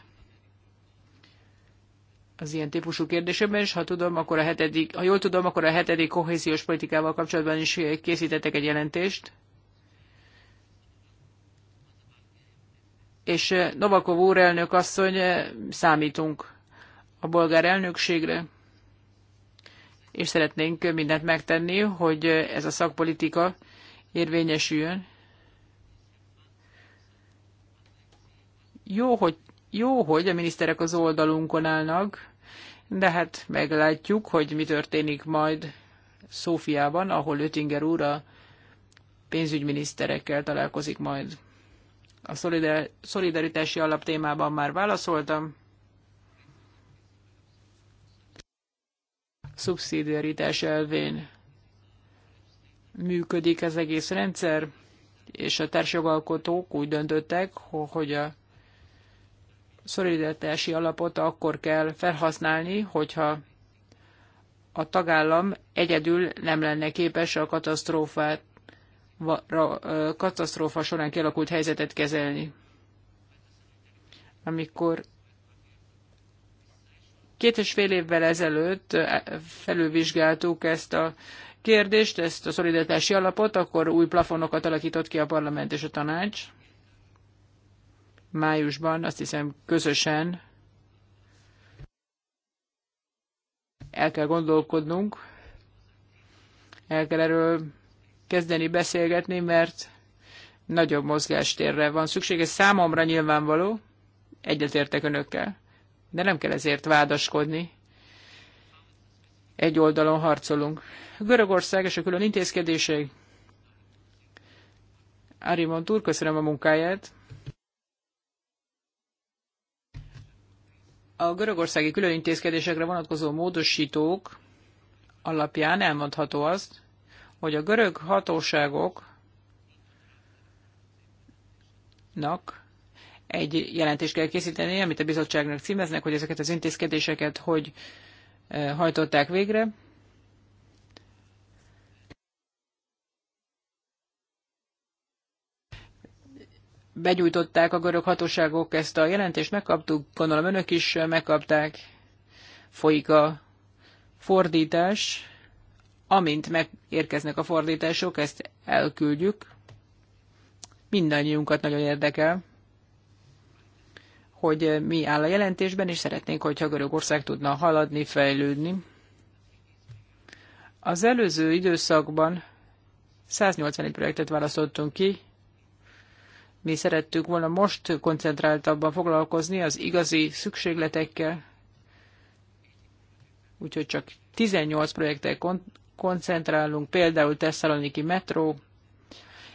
az ilyen típusú kérdésében, és ha tudom, akkor a hetedik, ha jól tudom, akkor a hetedik kohéziós politikával kapcsolatban is készítettek egy jelentést. És eh, Novakov úr elnök asszony, eh, számítunk a bolgár elnökségre, és szeretnénk mindent megtenni, hogy eh, ez a szakpolitika érvényesüljön. Jó, hogy jó, hogy a miniszterek az oldalunkon állnak, de hát meglátjuk, hogy mi történik majd Szófiában, ahol Ötinger úr a pénzügyminiszterekkel találkozik majd. A szolidaritási szolidaritási alaptémában már válaszoltam. Szubszidiaritás elvén működik az egész rendszer, és a társjogalkotók úgy döntöttek, hogy a szolidaritási alapot akkor kell felhasználni, hogyha a tagállam egyedül nem lenne képes a katasztrófát, katasztrófa során kialakult helyzetet kezelni. Amikor két és fél évvel ezelőtt felülvizsgáltuk ezt a kérdést, ezt a szolidaritási alapot, akkor új plafonokat alakított ki a parlament és a tanács májusban azt hiszem közösen el kell gondolkodnunk, el kell erről kezdeni beszélgetni, mert nagyobb mozgástérre van szükség. Ez számomra nyilvánvaló, egyetértek önökkel, de nem kell ezért vádaskodni. Egy oldalon harcolunk. Görögország és a külön intézkedések. Arimon úr, köszönöm a munkáját. A görögországi különintézkedésekre vonatkozó módosítók alapján elmondható azt, hogy a görög hatóságoknak egy jelentést kell készíteni, amit a bizottságnak címeznek, hogy ezeket az intézkedéseket hogy eh, hajtották végre. begyújtották a görög hatóságok ezt a jelentést, megkaptuk, gondolom önök is megkapták, folyik a fordítás, amint megérkeznek a fordítások, ezt elküldjük. Mindannyiunkat nagyon érdekel, hogy mi áll a jelentésben, és szeretnénk, hogyha Görögország tudna haladni, fejlődni. Az előző időszakban 181 projektet választottunk ki, mi szerettük volna most koncentráltabban foglalkozni az igazi szükségletekkel, úgyhogy csak 18 projektel koncentrálunk, például Tesszaloniki metró,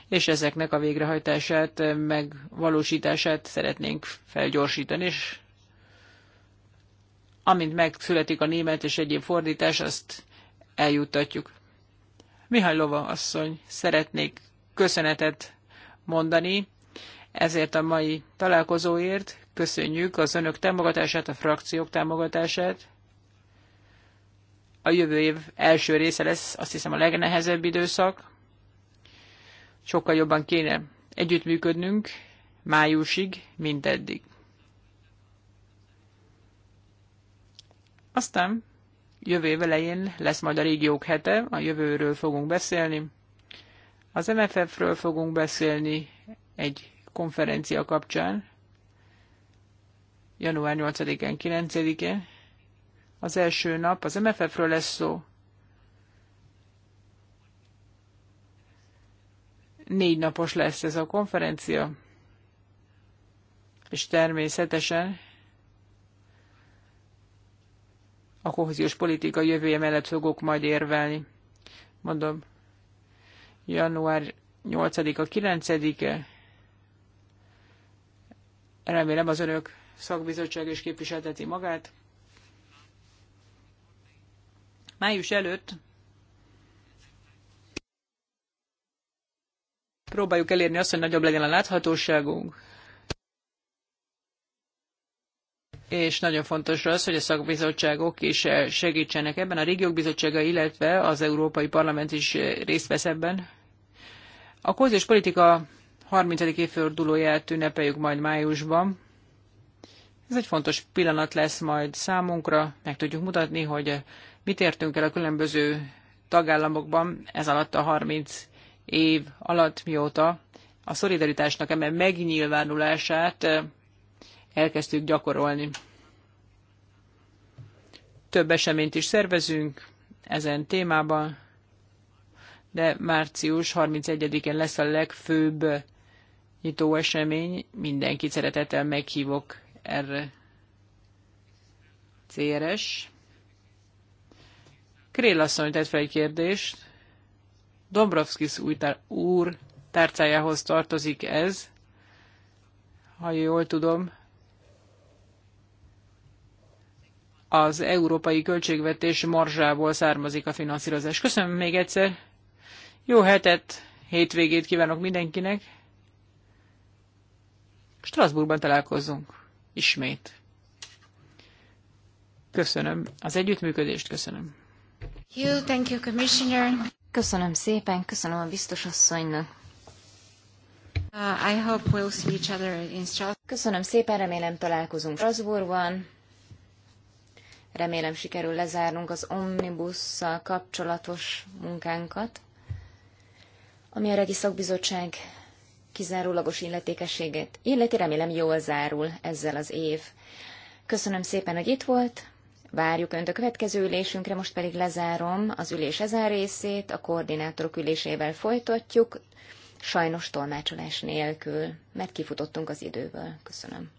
és ezeknek a végrehajtását, megvalósítását szeretnénk felgyorsítani, és amint megszületik a német és egyéb fordítás, azt eljuttatjuk. Lova asszony, szeretnék köszönetet mondani ezért a mai találkozóért. Köszönjük az önök támogatását, a frakciók támogatását. A jövő év első része lesz, azt hiszem, a legnehezebb időszak. Sokkal jobban kéne együttműködnünk májusig, mint eddig. Aztán jövő év elején lesz majd a régiók hete, a jövőről fogunk beszélni. Az MFF-ről fogunk beszélni, egy konferencia kapcsán, január 8-án, 9-én, az első nap az MFF-ről lesz szó. Négy napos lesz ez a konferencia, és természetesen a kohéziós politika jövője mellett fogok majd érvelni. Mondom, január 8-a, 9-e, Remélem az önök szakbizottság is képviselteti magát. Május előtt próbáljuk elérni azt, hogy nagyobb legyen a láthatóságunk, és nagyon fontos az, hogy a szakbizottságok is segítsenek ebben, a régiók bizottsága, illetve az Európai Parlament is részt vesz ebben. A kohéziós politika 30. évfordulóját ünnepeljük majd májusban. Ez egy fontos pillanat lesz majd számunkra, meg tudjuk mutatni, hogy mit értünk el a különböző tagállamokban ez alatt a 30 év alatt, mióta a szolidaritásnak eme megnyilvánulását eh, elkezdtük gyakorolni. Több eseményt is szervezünk ezen témában, de március 31-én lesz a legfőbb nyitó esemény. Mindenkit szeretettel meghívok erre. CRS. Krél asszony tett fel egy kérdést. Dombrovskis úr tárcájához tartozik ez, ha jól tudom. Az európai költségvetés marzsából származik a finanszírozás. Köszönöm még egyszer. Jó hetet, hétvégét kívánok mindenkinek. Strasbourgban találkozunk ismét. Köszönöm az együttműködést, köszönöm. You, thank you, Commissioner. Köszönöm szépen, köszönöm a biztos asszonynak. Uh, I hope we'll see each other in Strasbourg. Köszönöm szépen, remélem találkozunk Strasbourgban. Remélem sikerül lezárnunk az omnibusszal kapcsolatos munkánkat, ami a Regi Szakbizottság kizárólagos illetékességét illeti, remélem jól zárul ezzel az év. Köszönöm szépen, hogy itt volt, várjuk Önt a következő ülésünkre, most pedig lezárom az ülés ezen részét, a koordinátorok ülésével folytatjuk, sajnos tolmácsolás nélkül, mert kifutottunk az időből. Köszönöm.